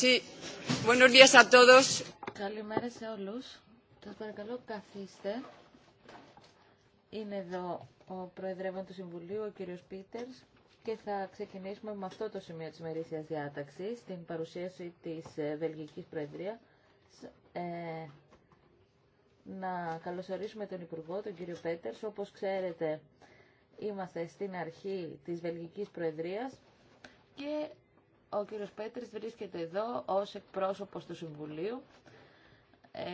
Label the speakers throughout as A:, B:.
A: Sí. Buenos días a todos. Καλημέρα σε όλους. Σας παρακαλώ καθίστε. Είναι εδώ ο Προεδρεύων του Συμβουλίου, ο κύριος Πίτερς, και θα ξεκινήσουμε με αυτό το σημείο της μερίσιας διάταξης, την παρουσίαση της ε, Βελγικής Προεδρίας. Ε, να καλωσορίσουμε τον Υπουργό, τον κύριο Πέτερς. Όπως ξέρετε, είμαστε στην αρχή της Βελγικής Προεδρίας και ο κύριος Πέτρης βρίσκεται εδώ ως εκπρόσωπος του Συμβουλίου.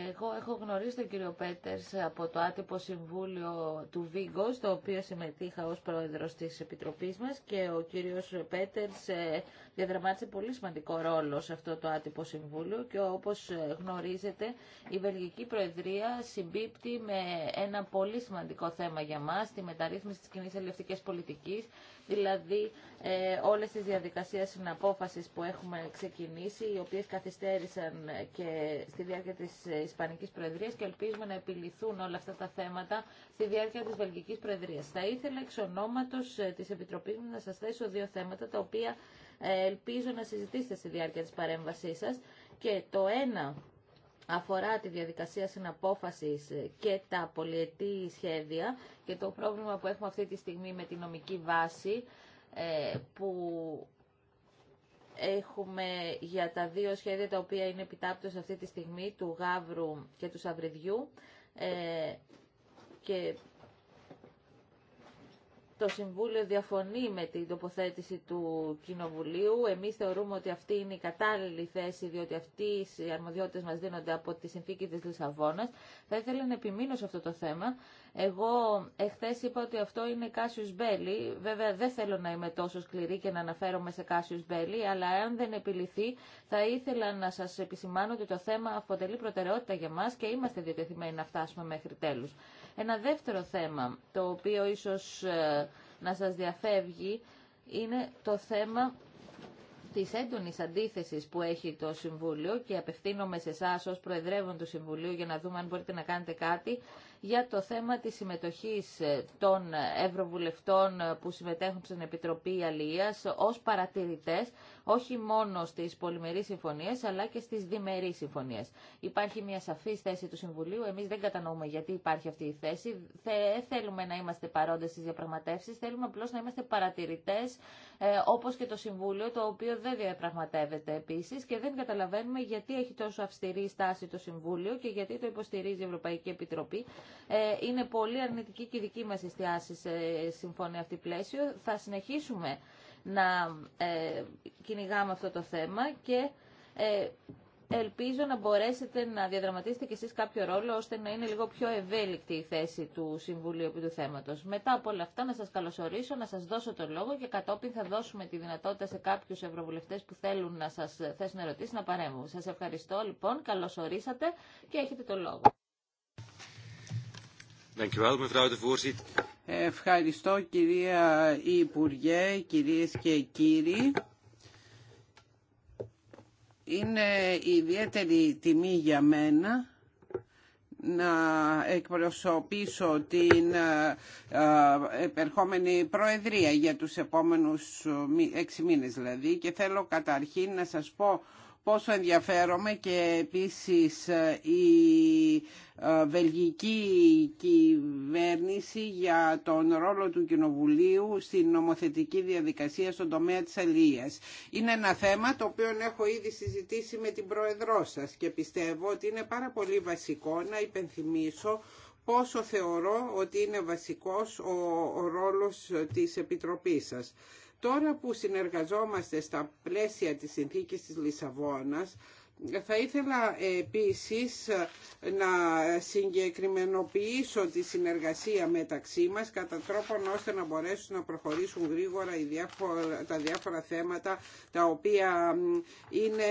A: Εγώ έχω γνωρίσει τον κύριο Πέτερς από το άτυπο συμβούλιο του Βίγκο, στο οποίο συμμετείχα ως πρόεδρος της Επιτροπής μας και ο κύριος Πέτερς ε, διαδραμάτισε πολύ σημαντικό ρόλο σε αυτό το άτυπο συμβούλιο και όπως ε, γνωρίζετε η Βελγική Προεδρία συμπίπτει με ένα πολύ σημαντικό θέμα για μας, τη μεταρρύθμιση της κοινή ελευθερικής πολιτικής δηλαδή ε, όλες τις διαδικασίες συναπόφασης που έχουμε ξεκινήσει, οι οποίες καθυστέρησαν ε, και στη διάρκεια της ε, Ισπανικής Προεδρίας και ελπίζουμε να επιληθούν όλα αυτά τα θέματα στη διάρκεια της Βελγικής Προεδρίας. Θα ήθελα εξ ονόματος ε, της Επιτροπής μου να σας θέσω δύο θέματα, τα οποία ελπίζω να συζητήσετε στη διάρκεια της παρέμβασής σας. Και το ένα αφορά τη διαδικασία συναπόφασης και τα πολιετή σχέδια και το πρόβλημα που έχουμε αυτή τη στιγμή με τη νομική βάση ε, που έχουμε για τα δύο σχέδια τα οποία είναι επιτάπτως αυτή τη στιγμή του Γαύρου και του Σαβριδιού ε, και το Συμβούλιο διαφωνεί με την τοποθέτηση του Κοινοβουλίου. Εμείς θεωρούμε ότι αυτή είναι η κατάλληλη θέση, διότι αυτοί οι αρμοδιότητες μας δίνονται από τη συνθήκη της Λισαβόνας. Θα ήθελα να επιμείνω σε αυτό το θέμα, εγώ εχθέ είπα ότι αυτό είναι Κάσιους μπέλι. Βέβαια δεν θέλω να είμαι τόσο σκληρή και να αναφέρομαι σε Κάσιους μπέλι, αλλά αν δεν επιληθεί θα ήθελα να σα επισημάνω ότι το θέμα αποτελεί προτεραιότητα για μα και είμαστε διατεθειμένοι να φτάσουμε μέχρι τέλους. Ένα δεύτερο θέμα, το οποίο ίσως ε, να σα διαφεύγει, είναι το θέμα τη έντονη αντίθεση που έχει το Συμβούλιο και απευθύνομαι σε εσά ω Προεδρεύον του Συμβουλίου για να δούμε αν μπορείτε να κάνετε κάτι για το θέμα της συμμετοχής ε, των ευρωβουλευτών ε, που συμμετέχουν στην Επιτροπή Αλίας ως παρατηρητές όχι μόνο στις πολυμερείς συμφωνίες αλλά και στις διμερείς συμφωνίες. Υπάρχει μια σαφή θέση του Συμβουλίου, εμείς δεν κατανοούμε γιατί υπάρχει αυτή η θέση, δεν θέλουμε να είμαστε παρόντες στις διαπραγματεύσεις, θέλουμε απλώς να είμαστε παρατηρητές ε, όπως και το Συμβούλιο το οποίο δεν διαπραγματεύεται επίσης και δεν καταλαβαίνουμε γιατί έχει τόσο αυστηρή στάση το Συμβούλιο και γιατί το υποστηρίζει η Ευρωπαϊκή Επιτροπή. Ε, είναι πολύ αρνητική και η δική μα εστιάση σε ε, συμφωνία αυτή πλαίσιο. Θα συνεχίσουμε να ε, κυνηγάμε αυτό το θέμα και ε, ελπίζω να μπορέσετε να διαδραματίσετε κι εσείς κάποιο ρόλο ώστε να είναι λίγο πιο ευέλικτη η θέση του Συμβουλίου επί του θέματος. Μετά από όλα αυτά να σας καλωσορίσω, να σας δώσω το λόγο και κατόπιν θα δώσουμε τη δυνατότητα σε κάποιους ευρωβουλευτές που θέλουν να σας θέσουν ερωτήσεις να παρέμβουν. Σας ευχαριστώ λοιπόν, καλωσορίσατε και έχετε το λόγο. mevrouw de voorzitter.
B: Ευχαριστώ κυρία Υπουργέ, κυρίες και κύριοι. Είναι ιδιαίτερη τιμή για μένα να εκπροσωπήσω την ε, ε, επερχόμενη Προεδρία για τους επόμενους έξι μήνες δηλαδή και θέλω καταρχήν να σας πω πόσο ενδιαφέρομαι και επίσης ε, η ε, βελγική κυβέρνηση για τον ρόλο του Κοινοβουλίου στην νομοθετική διαδικασία στον τομέα της αλληλείας. Είναι ένα θέμα το οποίο έχω ήδη συζητήσει με την Πρόεδρό σας και πιστεύω ότι είναι πάρα πολύ βασικό να υπενθυμίσω πόσο θεωρώ ότι είναι βασικός ο, ο ρόλος της Επιτροπής σας. Τώρα που συνεργαζόμαστε στα πλαίσια της συνθήκης της Λισαβόνας, θα ήθελα επίσης να συγκεκριμενοποιήσω τη συνεργασία μεταξύ μας κατά τρόπον ώστε να μπορέσουν να προχωρήσουν γρήγορα οι τα διάφορα θέματα τα οποία είναι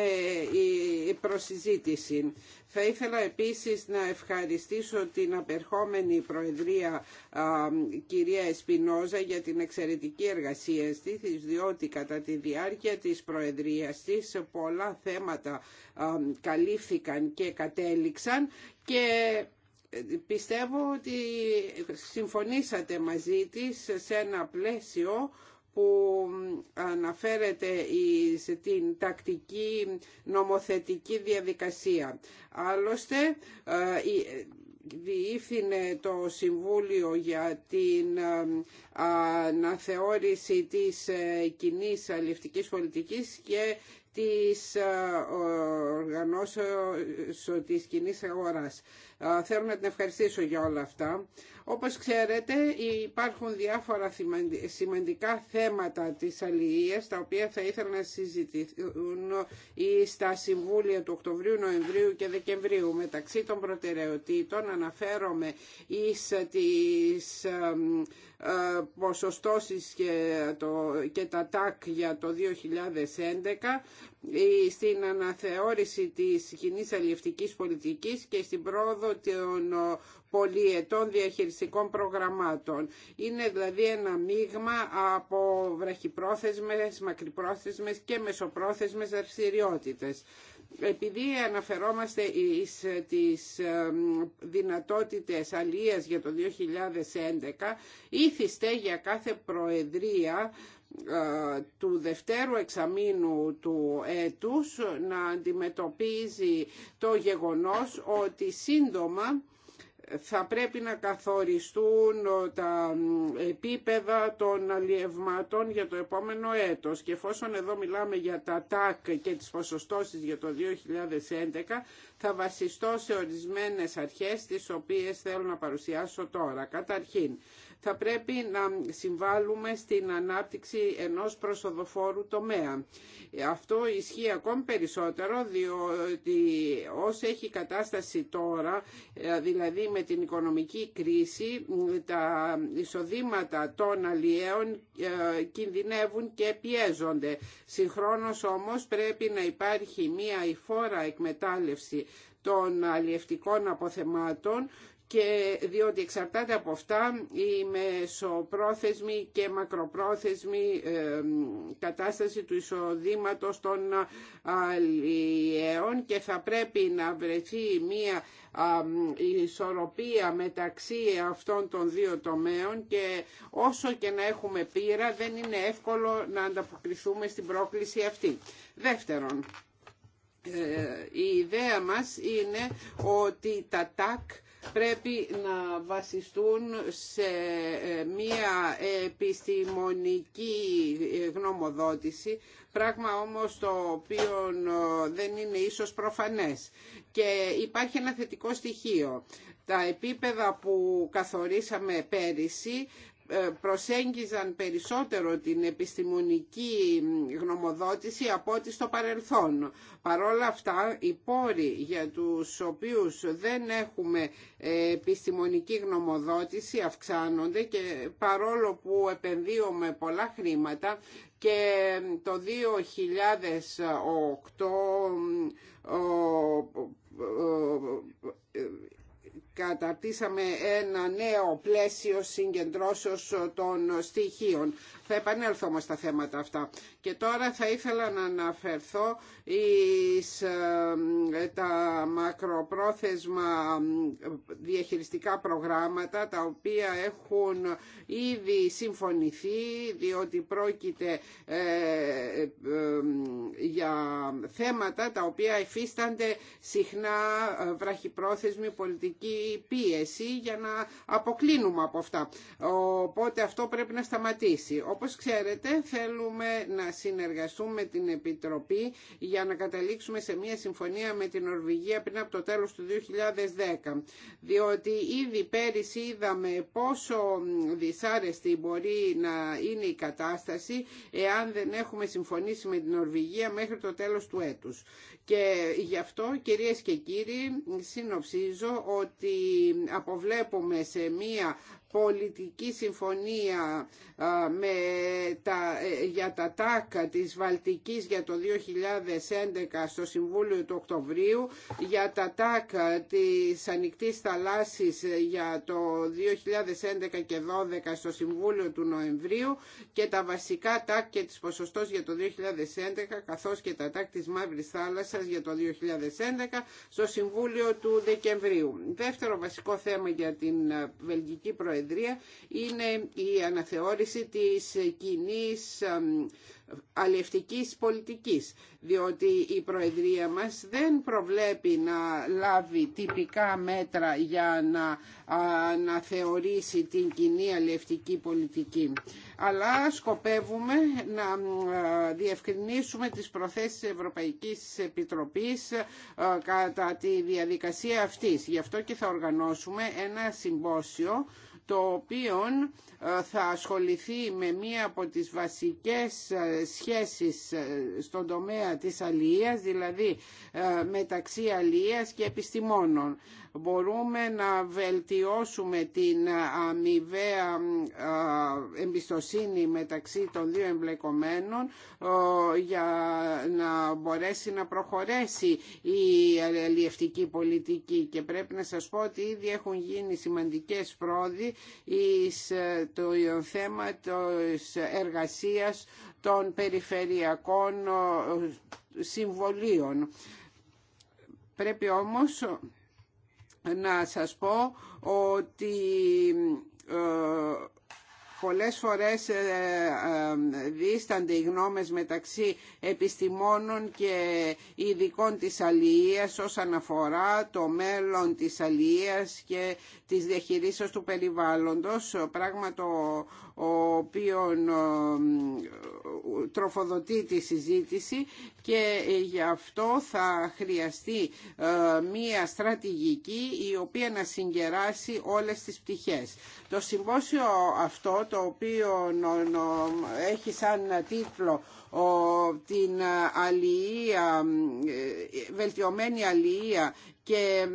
B: η προσυζήτηση. Θα ήθελα επίσης να ευχαριστήσω την απερχόμενη Προεδρία κυρία Εσπινόζα για την εξαιρετική εργασία της, διότι κατά τη διάρκεια της Προεδρίας της πολλά θέματα καλύφθηκαν και κατέληξαν και πιστεύω ότι συμφωνήσατε μαζί της σε ένα πλαίσιο που αναφέρεται στην τακτική νομοθετική διαδικασία. Άλλωστε, ε, διήφθηνε το Συμβούλιο για την ε, αναθεώρηση της ε, κοινή αλληλευτικής πολιτικής και της οργανώσεως της κοινή αγοράς. Θέλω να την ευχαριστήσω για όλα αυτά. Όπως ξέρετε υπάρχουν διάφορα σημαντικά θέματα της αλληλείας τα οποία θα ήθελα να συζητηθούν στα Συμβούλια του Οκτωβρίου, Νοεμβρίου και Δεκεμβρίου. Μεταξύ των προτεραιοτήτων αναφέρομαι εις τις ε, ποσοστώσεις και, και τα τάκ για το 2011 στην αναθεώρηση της κοινή αλληλευτικής πολιτικής και στην πρόοδο των πολιετών διαχειριστικών προγραμμάτων. Είναι δηλαδή ένα μείγμα από βραχυπρόθεσμες, μακρυπρόθεσμες και μεσοπρόθεσμες δραστηριότητε. Επειδή αναφερόμαστε εις τις δυνατότητες αλίας για το 2011, ήθιστε για κάθε προεδρία ε, του δευτέρου εξαμήνου του έτους να αντιμετωπίζει το γεγονός ότι σύντομα θα πρέπει να καθοριστούν τα επίπεδα των αλλιευμάτων για το επόμενο έτος και εφόσον εδώ μιλάμε για τα ΤΑΚ και τις ποσοστώσεις για το 2011 θα βασιστώ σε ορισμένες αρχές τις οποίες θέλω να παρουσιάσω τώρα. Καταρχήν, θα πρέπει να συμβάλλουμε στην ανάπτυξη ενός προσοδοφόρου τομέα. Αυτό ισχύει ακόμη περισσότερο διότι όσο έχει κατάσταση τώρα, ε, δηλαδή με την οικονομική κρίση, τα εισοδήματα των αλλιέων ε, κινδυνεύουν και πιέζονται. Συγχρόνως όμως πρέπει να υπάρχει μία υφόρα εκμετάλλευση των αλλιευτικών αποθεμάτων και διότι εξαρτάται από αυτά η μεσοπρόθεσμη και μακροπρόθεσμη κατάσταση του εισοδήματος των αλλιέων και θα πρέπει να βρεθεί μία ισορροπία μεταξύ αυτών των δύο τομέων και όσο και να έχουμε πείρα δεν είναι εύκολο να ανταποκριθούμε στην πρόκληση αυτή. Δεύτερον, ε, η ιδέα μας είναι ότι τα ΤΑΚ πρέπει να βασιστούν σε ε, μία επιστημονική ε, γνωμοδότηση, πράγμα όμως το οποίο ε, δεν είναι ίσως προφανές. Και υπάρχει ένα θετικό στοιχείο. Τα επίπεδα που καθορίσαμε πέρυσι ε, προσέγγιζαν περισσότερο την επιστημονική γνωμοδότηση από ό,τι στο παρελθόν. Παρόλα αυτά, οι πόροι για τους οποίους δεν έχουμε ε, επιστημονική γνωμοδότηση αυξάνονται και παρόλο που επενδύουμε πολλά χρήματα και το 2008 καταρτήσαμε ένα νέο πλαίσιο συγκεντρώσεως των στοιχείων. Θα επανέλθω όμως στα θέματα αυτά. Και τώρα θα ήθελα να αναφερθώ εις ε, τα μακροπρόθεσμα διαχειριστικά προγράμματα τα οποία έχουν ήδη συμφωνηθεί διότι πρόκειται ε, ε, για θέματα τα οποία υφίστανται συχνά βραχυπρόθεσμη πολιτική πίεση για να αποκλίνουμε από αυτά. Οπότε αυτό πρέπει να σταματήσει. Όπως ξέρετε θέλουμε να συνεργαστούμε την Επιτροπή για να καταλήξουμε σε μια συμφωνία με την Ορβηγία πριν από το τέλος του 2010. Διότι ήδη πέρυσι είδαμε πόσο δυσάρεστη μπορεί να είναι η κατάσταση εάν δεν έχουμε συμφωνήσει με την Ορβηγία μέχρι το τέλος του έτους. Και γι' αυτό κυρίες και κύριοι συνοψίζω ότι αποβλέπουμε σε μία πολιτική συμφωνία με τα, ε, για τα τάκα της Βαλτικής για το 2011 στο Συμβούλιο του Οκτωβρίου, για τα τάκα της Ανοιχτής Θαλάσσης ε, για το 2011 και 2012 στο Συμβούλιο του Νοεμβρίου και τα βασικά τάκ και της ποσοστός για το 2011 καθώς και τα τάκ της Μαύρης Θάλασσας για το 2011 στο Συμβούλιο του Δεκεμβρίου. Δεύτερο βασικό θέμα για την ε, Βελγική Προεδρία είναι η αναθεώρηση της κοινή αλλιευτικής πολιτικής διότι η Προεδρία μας δεν προβλέπει να λάβει τυπικά μέτρα για να, αναθεωρήσει την κοινή αλληλευτική πολιτική. Αλλά σκοπεύουμε να διευκρινίσουμε τις προθέσεις της Ευρωπαϊκής Επιτροπής κατά τη διαδικασία αυτής. Γι' αυτό και θα οργανώσουμε ένα συμπόσιο το οποίο ε, θα ασχοληθεί με μία από τις βασικές ε, σχέσεις ε, στον τομέα της αλληλείας, δηλαδή μεταξύ αλληλείας και επιστημόνων μπορούμε να βελτιώσουμε την αμοιβαία εμπιστοσύνη μεταξύ των δύο εμπλεκομένων για να μπορέσει να προχωρέσει η αλληλευτική πολιτική και πρέπει να σας πω ότι ήδη έχουν γίνει σημαντικές πρόοδοι ε, το θέμα της εργασίας των περιφερειακών συμβολίων. Πρέπει όμως να σας πω ότι ε, πολλές φορές ε, ε, δίστανται οι γνώμες μεταξύ επιστημόνων και ειδικών της αλληλείας όσον αφορά το μέλλον της αλληλείας και της διαχειρίσεως του περιβάλλοντος, πράγμα το οποίο τροφοδοτεί τη συζήτηση και γι' αυτό θα χρειαστεί ε, μία στρατηγική η οποία να συγκεράσει όλες τις πτυχές. Το συμπόσιο αυτό το οποίο έχει σαν τίτλο την αλληλεία, ε, βελτιωμένη αλληλεία και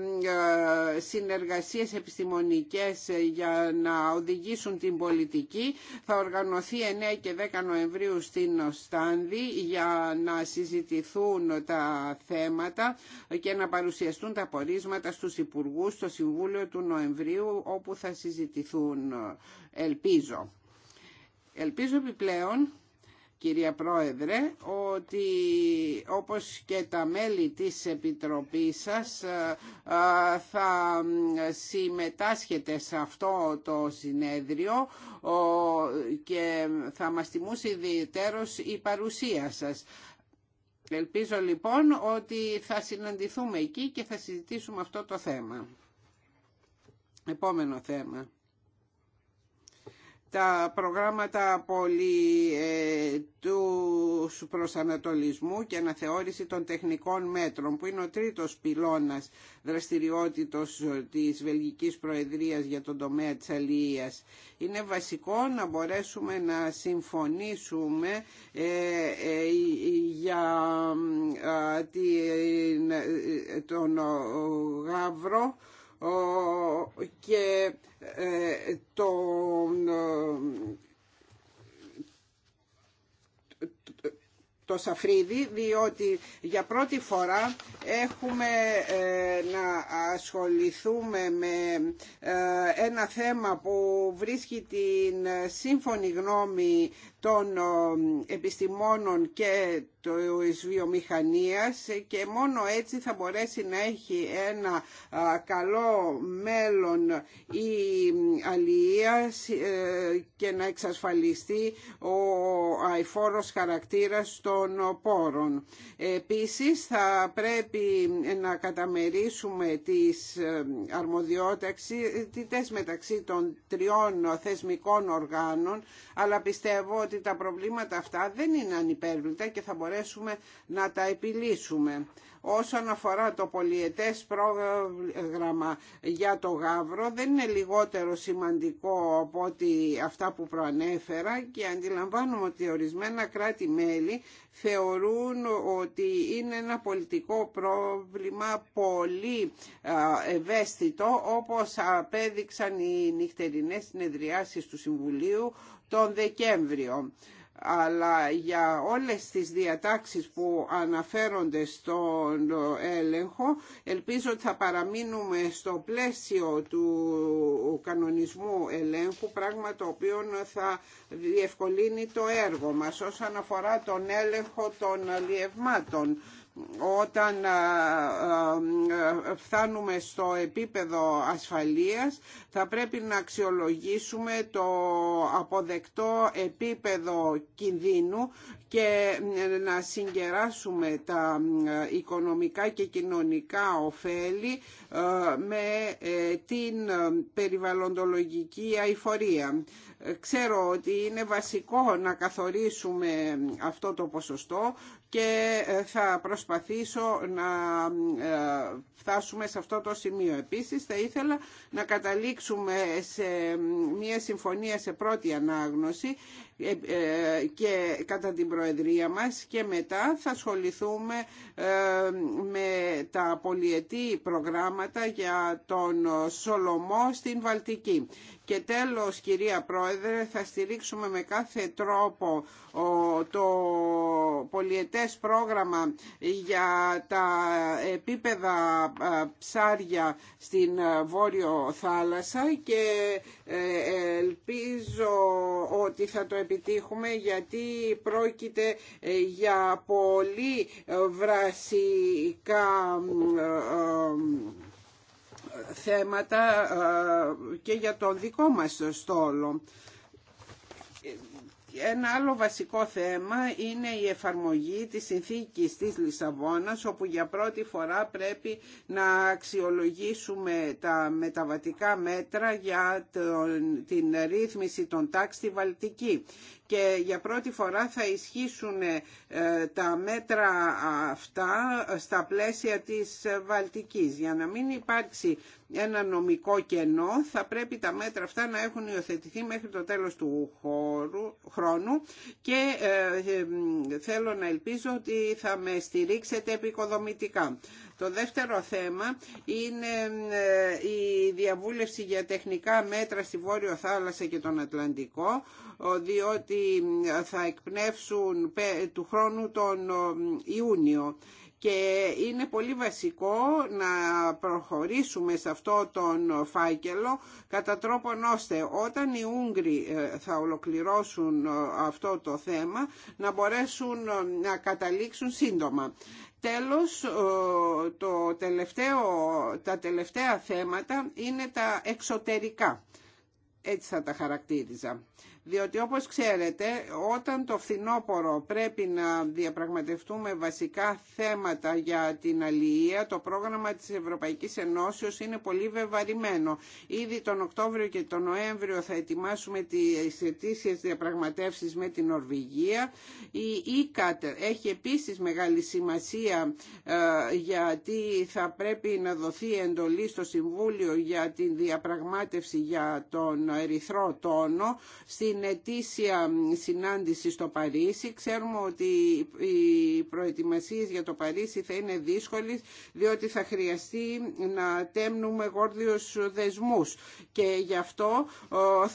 B: ε, συνεργασίες επιστημονικές για να οδηγήσουν την πολιτική. Θα οργανωθεί 9 και 10 Νοεμβρίου στην Οστάνδη για να συζητηθούν τα θέματα και να παρουσιαστούν τα πορίσματα στους Υπουργούς στο Συμβούλιο του Νοεμβρίου όπου θα συζητηθούν, ελπίζω. Ελπίζω επιπλέον κυρία Πρόεδρε, ότι όπως και τα μέλη της Επιτροπής σας ε, ε, θα συμμετάσχετε σε αυτό το συνέδριο και θα μας τιμούσε ιδιαίτερος η παρουσία σας. Ελπίζω λοιπόν ότι θα συναντηθούμε εκεί και θα συζητήσουμε αυτό το θέμα. Επόμενο θέμα τα προγράμματα πολυ, ε, του προσανατολισμού και αναθεώρηση των τεχνικών μέτρων που είναι ο τρίτος πυλώνας δραστηριότητος της Βελγικής Προεδρίας για τον τομέα της αλληλείας. Είναι βασικό να μπορέσουμε να συμφωνήσουμε ε, ε, για την, τον Γαύρο, και ε, το ε, το Σαφρίδι διότι για πρώτη φορά έχουμε ε, να ασχοληθούμε με ένα θέμα που βρίσκει την σύμφωνη γνώμη των επιστημόνων και της βιομηχανίας και μόνο έτσι θα μπορέσει να έχει ένα καλό μέλλον η αλληλεία ε, και να εξασφαλιστεί ο αηφόρος χαρακτήρας των πόρων. Επίσης θα πρέπει να καταμερίσουμε τις ε, αρμοδιότητες μεταξύ των τριών θεσμικών οργάνων αλλά πιστεύω ότι τα προβλήματα αυτά δεν είναι ανυπέρβλητα και θα μπορέσουμε να τα επιλύσουμε. Όσον αφορά το πολιετές πρόγραμμα για το Γαύρο δεν είναι λιγότερο σημαντικό από ότι αυτά που προανέφερα και αντιλαμβάνομαι ότι ορισμένα κράτη-μέλη θεωρούν ότι είναι ένα πολιτικό πρόβλημα πολύ ευαίσθητο όπως απέδειξαν οι νυχτερινές συνεδριάσεις του Συμβουλίου τον Δεκέμβριο αλλά για όλες τις διατάξεις που αναφέρονται στον έλεγχο ελπίζω ότι θα παραμείνουμε στο πλαίσιο του κανονισμού ελέγχου πράγμα το οποίο θα διευκολύνει το έργο μας όσον αφορά τον έλεγχο των αλλιευμάτων όταν ε, ε, ε, φτάνουμε στο επίπεδο ασφαλείας θα πρέπει να αξιολογήσουμε το αποδεκτό επίπεδο κινδύνου και να συγκεράσουμε τα οικονομικά και κοινωνικά ωφέλη με την περιβαλλοντολογική αηφορία. Ξέρω ότι είναι βασικό να καθορίσουμε αυτό το ποσοστό και ε, θα προσπαθήσω να ε, φτάσουμε σε αυτό το σημείο. Επίσης θα ήθελα να καταλήξουμε σε μια συμφωνία σε πρώτη ανάγνωση ε, ε, και κατά την Προεδρία μας και μετά θα ασχοληθούμε ε, με τα πολιετή προγράμματα για τον Σολομό στην Βαλτική. Και τέλος κυρία Πρόεδρε θα στηρίξουμε με κάθε τρόπο το πολιετές πρόγραμμα για τα επίπεδα ψάρια στην Βόρειο Θάλασσα και ελπίζω ότι θα το επιτρέψουμε επιτύχουμε γιατί πρόκειται ε, για πολύ ε, βρασικά ε, θέματα και για τον δικό μας στόλο ένα άλλο βασικό θέμα είναι η εφαρμογή της συνθήκης της Λισαβόνας, όπου για πρώτη φορά πρέπει να αξιολογήσουμε τα μεταβατικά μέτρα για την ρύθμιση των τάξ στη Βαλτική. Και για πρώτη φορά θα ισχύσουν ε, τα μέτρα αυτά στα πλαίσια της Βαλτικής. Για να μην υπάρξει ένα νομικό κενό. Θα πρέπει τα μέτρα αυτά να έχουν υιοθετηθεί μέχρι το τέλος του χώρου, χρόνου και ε, ε, θέλω να ελπίζω ότι θα με στηρίξετε επικοδομητικά. Το δεύτερο θέμα είναι ε, η διαβούλευση για τεχνικά μέτρα στη Βόρειο Θάλασσα και τον Ατλαντικό, διότι θα εκπνεύσουν του χρόνου τον Ιούνιο και είναι πολύ βασικό να προχωρήσουμε σε αυτό τον φάκελο κατά τρόπον ώστε όταν οι Ούγγροι ε, θα ολοκληρώσουν ε, αυτό το θέμα να μπορέσουν ε, να καταλήξουν σύντομα. Τέλος, το τελευταίο, τα τελευταία θέματα είναι τα εξωτερικά. Έτσι θα τα χαρακτήριζα. Διότι όπως ξέρετε όταν το φθινόπωρο πρέπει να διαπραγματευτούμε βασικά θέματα για την αλληλεία το πρόγραμμα της Ευρωπαϊκής Ενώσεως είναι πολύ βεβαρημένο. Ήδη τον Οκτώβριο και τον Νοέμβριο θα ετοιμάσουμε τις ετήσιες διαπραγματεύσεις με την Νορβηγία. Η ΕΚΑΤ έχει επίσης μεγάλη σημασία ε, γιατί θα πρέπει να δοθεί εντολή στο Συμβούλιο για την διαπραγμάτευση για τον ερυθρό τόνο την ετήσια συνάντηση στο Παρίσι. Ξέρουμε ότι οι προετοιμασίες για το Παρίσι θα είναι δύσκολες διότι θα χρειαστεί να τέμνουμε γόρδιους δεσμούς και γι' αυτό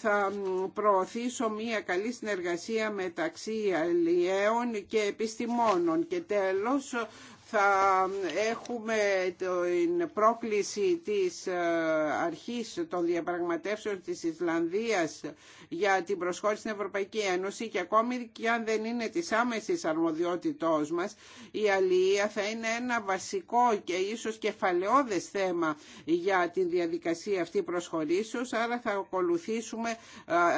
B: θα προωθήσω μια καλή συνεργασία μεταξύ αλλιέων και επιστημόνων. Και τέλος θα έχουμε την πρόκληση της ε, αρχής των διαπραγματεύσεων της Ισλανδίας για την προσχώρηση στην Ευρωπαϊκή Ένωση και ακόμη και αν δεν είναι της άμεσης αρμοδιότητός μας η αλληλεία θα είναι ένα βασικό και ίσως κεφαλαιόδες θέμα για την διαδικασία αυτή προσχωρήσεως άρα θα ακολουθήσουμε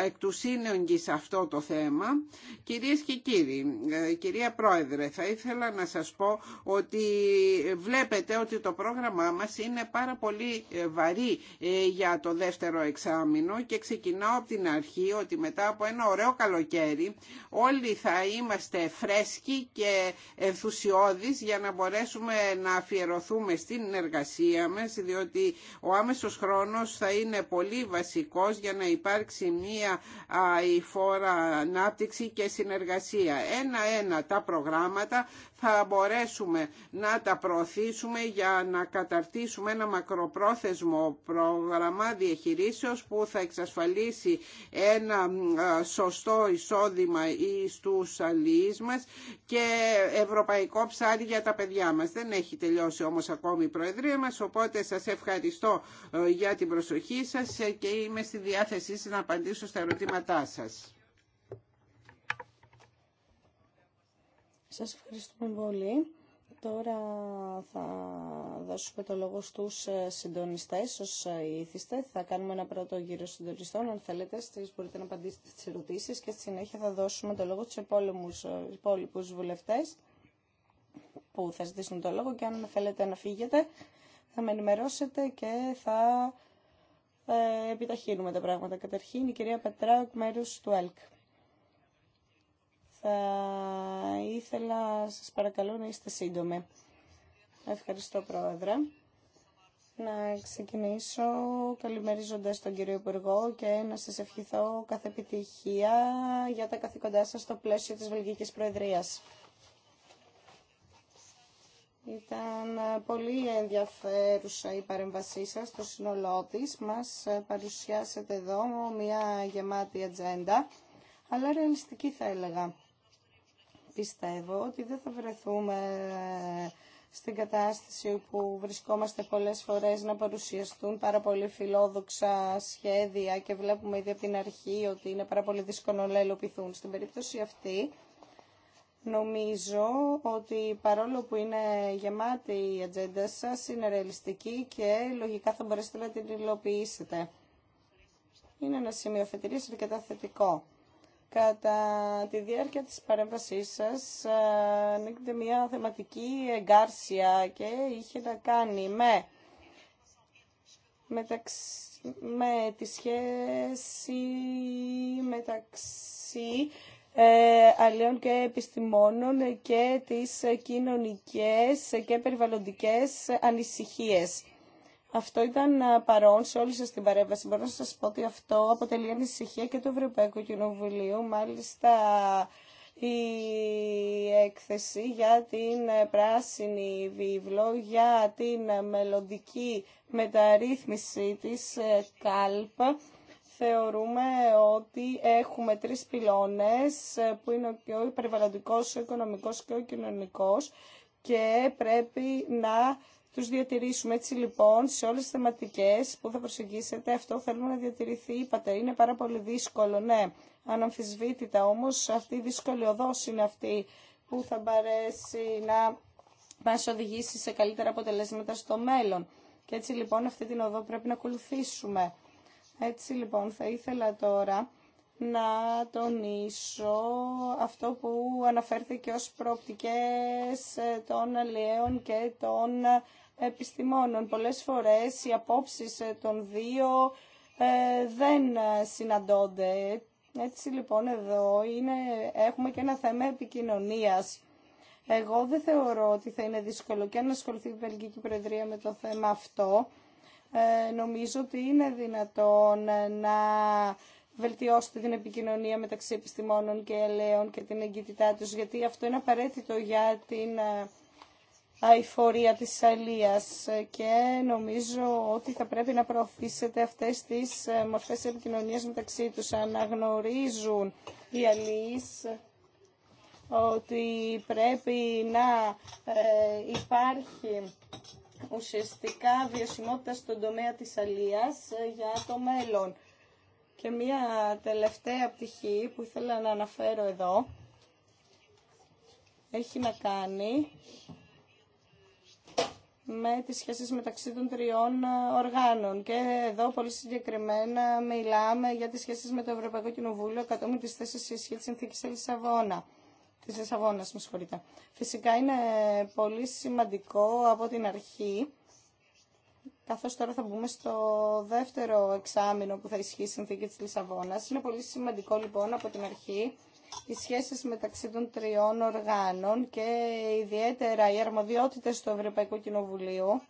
B: ε, εκ του σε αυτό το θέμα. Κυρίες και κύριοι, ε, κυρία Πρόεδρε, θα ήθελα να σας πω ότι βλέπετε ότι το πρόγραμμά μας είναι πάρα πολύ ε, βαρύ ε, για το δεύτερο εξάμεινο και ξεκινάω από την αρχή ότι μετά από ένα ωραίο καλοκαίρι όλοι θα είμαστε φρέσκοι και ενθουσιώδεις για να μπορέσουμε να αφιερωθούμε στην εργασία μας διότι ο άμεσος χρόνος θα είναι πολύ βασικός για να υπάρξει μία η ανάπτυξη και συνεργασία. Ένα-ένα τα προγράμματα θα μπορέσουμε να τα προωθήσουμε για να καταρτήσουμε ένα μακροπρόθεσμο πρόγραμμα διαχειρίσεως που θα εξασφαλίσει ένα σωστό εισόδημα στους αλληλείς μας και ευρωπαϊκό ψάρι για τα παιδιά μας. Δεν έχει τελειώσει όμως ακόμη η Προεδρία μας, οπότε σας ευχαριστώ ε, για την προσοχή σας και είμαι στη διάθεσή σας να απαντήσω στα ερωτήματά σας.
C: Σας ευχαριστούμε πολύ. Τώρα θα δώσουμε το λόγο στους ε, συντονιστές, όσους ε, ήθιστε. Θα κάνουμε ένα πρώτο γύρο συντονιστών. Αν θέλετε, στις μπορείτε να απαντήσετε στις ερωτήσεις και στη συνέχεια θα δώσουμε το λόγο στους υπόλοιπου ε, βουλευτές που θα ζητήσουν το λόγο και αν θέλετε να φύγετε θα με ενημερώσετε και θα επιταχύνουμε τα πράγματα. Καταρχήν η κυρία Πετράκ, μέρος του ΕΛΚ. Θα ήθελα, σας παρακαλώ, να είστε σύντομοι. Ευχαριστώ, Πρόεδρε. Να ξεκινήσω καλημερίζοντας τον κύριο Υπουργό και να σας ευχηθώ κάθε επιτυχία για τα καθήκοντά σας στο πλαίσιο της Βελγικής Προεδρίας. Ήταν πολύ ενδιαφέρουσα η παρέμβασή σας στο σύνολό της. Μας παρουσιάσετε εδώ μια γεμάτη ατζέντα, αλλά ρεαλιστική θα έλεγα πιστεύω ότι δεν θα βρεθούμε στην κατάσταση που βρισκόμαστε πολλές φορές να παρουσιαστούν πάρα πολύ φιλόδοξα σχέδια και βλέπουμε ήδη από την αρχή ότι είναι πάρα πολύ δύσκολο να ελοπιθούν. Στην περίπτωση αυτή νομίζω ότι παρόλο που είναι γεμάτη η ατζέντα σας είναι ρεαλιστική και λογικά θα μπορέσετε να την υλοποιήσετε. Είναι ένα σημείο αρκετά θετικό. Κατά τη διάρκεια της παρέμβασής σας ανοίγεται ε, μια θεματική εγκάρσια και είχε να κάνει με, μεταξύ, με τη σχέση μεταξύ ε, αλλιών και επιστημόνων και τις κοινωνικές και περιβαλλοντικές ανησυχίες. Αυτό ήταν ε, παρόν σε όλη σας την παρέμβαση. Μπορώ να σας πω ότι αυτό αποτελεί ανησυχία και του Ευρωπαϊκού Κοινοβουλίου. Μάλιστα η έκθεση για την ε, πράσινη βίβλο, για την μελλοντική μεταρρύθμιση της ε, ΚΑΛΠ. Θεωρούμε ότι έχουμε τρεις πυλώνες που είναι και ο περιβαλλοντικός, ο οικονομικός και ο κοινωνικός και πρέπει να του διατηρήσουμε. Έτσι λοιπόν σε όλες τι θεματικές που θα προσεγγίσετε αυτό θέλουμε να διατηρηθεί. Είπατε είναι πάρα πολύ δύσκολο, ναι. Αναμφισβήτητα όμως αυτή η δύσκολη οδό είναι αυτή που θα παρέσει να μα οδηγήσει σε καλύτερα αποτελέσματα στο μέλλον. Και έτσι λοιπόν αυτή την οδό πρέπει να ακολουθήσουμε. Έτσι λοιπόν θα ήθελα τώρα να τονίσω αυτό που αναφέρθηκε ως προοπτικές ε, των αλλιέων και των επιστημόνων. Πολλές φορές οι απόψεις ε, των δύο ε, δεν συναντώνται. Έτσι λοιπόν εδώ είναι, έχουμε και ένα θέμα επικοινωνίας. Εγώ δεν θεωρώ ότι θα είναι δύσκολο και αν ασχοληθεί η Βελγική Προεδρία με το θέμα αυτό, νομίζω ότι είναι δυνατόν να βελτιώστε την επικοινωνία μεταξύ επιστημόνων και ελαίων και την εγκύτητά τους, γιατί αυτό είναι απαραίτητο για την ε, αηφορία της αλίας και νομίζω ότι θα πρέπει να προωθήσετε αυτές τις ε, μορφές επικοινωνίας μεταξύ τους. Αναγνωρίζουν οι αλίες ότι πρέπει να ε, υπάρχει ουσιαστικά βιωσιμότητα στον τομέα της αλίας για το μέλλον. Και μία τελευταία πτυχή που ήθελα να αναφέρω εδώ έχει να κάνει με τις σχέσεις μεταξύ των τριών ε, οργάνων. Και εδώ πολύ συγκεκριμένα μιλάμε για τις σχέσεις με το Ευρωπαϊκό Κοινοβούλιο κατόπιν της θέσης ισχύ της συνθήκης Ελισαβόνα. Της Ελισαβόνας, με Φυσικά είναι πολύ σημαντικό από την αρχή καθώς τώρα θα μπούμε στο δεύτερο εξάμεινο που θα ισχύει η συνθήκη της Λισαβόνας. Είναι πολύ σημαντικό λοιπόν από την αρχή οι σχέσεις μεταξύ των τριών οργάνων και ιδιαίτερα οι αρμοδιότητες του Ευρωπαϊκού Κοινοβουλίου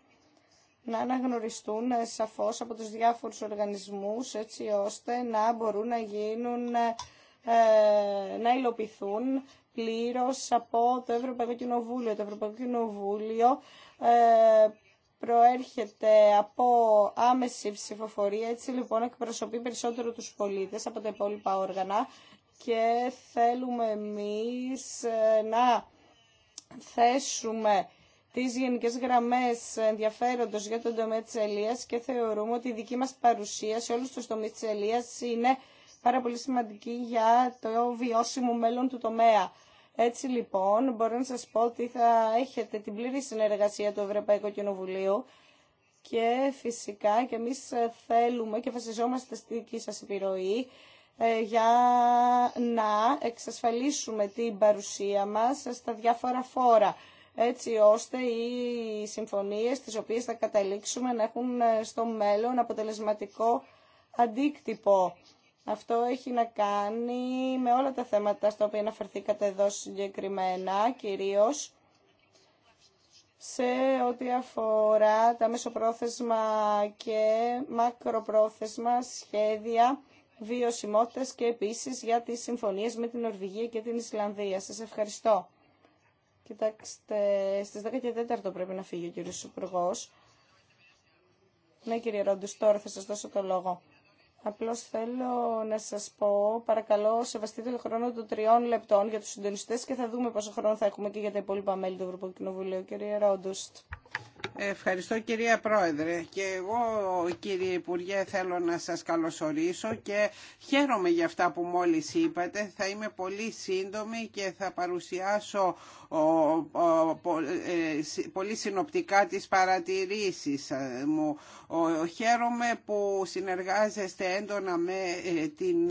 C: να αναγνωριστούν σαφώς από τους διάφορους οργανισμούς έτσι ώστε να μπορούν να γίνουν, ε, να υλοποιηθούν πλήρως από το Ευρωπαϊκό Κοινοβούλιο. Το Ευρωπαϊκό Κοινοβούλιο ε, προέρχεται από άμεση ψηφοφορία, έτσι λοιπόν εκπροσωπεί περισσότερο τους πολίτες από τα υπόλοιπα όργανα και θέλουμε εμείς ε, να θέσουμε τις γενικές γραμμές ενδιαφέροντος για τον τομέα της Ελίας και θεωρούμε ότι η δική μας παρουσία σε όλους τους τομείς της Ελίας είναι πάρα πολύ σημαντική για το βιώσιμο μέλλον του τομέα. Έτσι λοιπόν μπορώ να σας πω ότι θα έχετε την πλήρη συνεργασία του Ευρωπαϊκού Κοινοβουλίου και φυσικά και εμείς θέλουμε και βασιζόμαστε στη δική σας επιρροή ε, για να εξασφαλίσουμε την παρουσία μας στα διάφορα φόρα έτσι ώστε οι συμφωνίες τις οποίες θα καταλήξουμε να έχουν ε, στο μέλλον αποτελεσματικό αντίκτυπο. Αυτό έχει να κάνει με όλα τα θέματα στα οποία αναφερθήκατε εδώ συγκεκριμένα, κυρίως σε ό,τι αφορά τα μεσοπρόθεσμα και μακροπρόθεσμα σχέδια βιωσιμότητας και επίσης για τις συμφωνίες με την Νορβηγία και την Ισλανδία. Σας ευχαριστώ. Κοιτάξτε, στις 14 πρέπει να φύγει ο κύριος Υπουργός. Ναι κύριε Ρόντους, τώρα θα σας δώσω το λόγο. Απλώς θέλω να σας πω, παρακαλώ, σεβαστείτε τον χρόνο των τριών λεπτών για τους συντονιστές και θα δούμε πόσο χρόνο θα έχουμε και για τα υπόλοιπα μέλη του Ευρωπαϊκού Κοινοβουλίου. Κύριε Ρόντουστ.
B: Ευχαριστώ κυρία Πρόεδρε και εγώ κύριε Υπουργέ θέλω να σας καλωσορίσω και χαίρομαι για αυτά που μόλις είπατε. Θα είμαι πολύ σύντομη και θα παρουσιάσω ε, πολύ συνοπτικά τις παρατηρήσεις ε, μου. Χαίρομαι που συνεργάζεστε έντονα με ε, την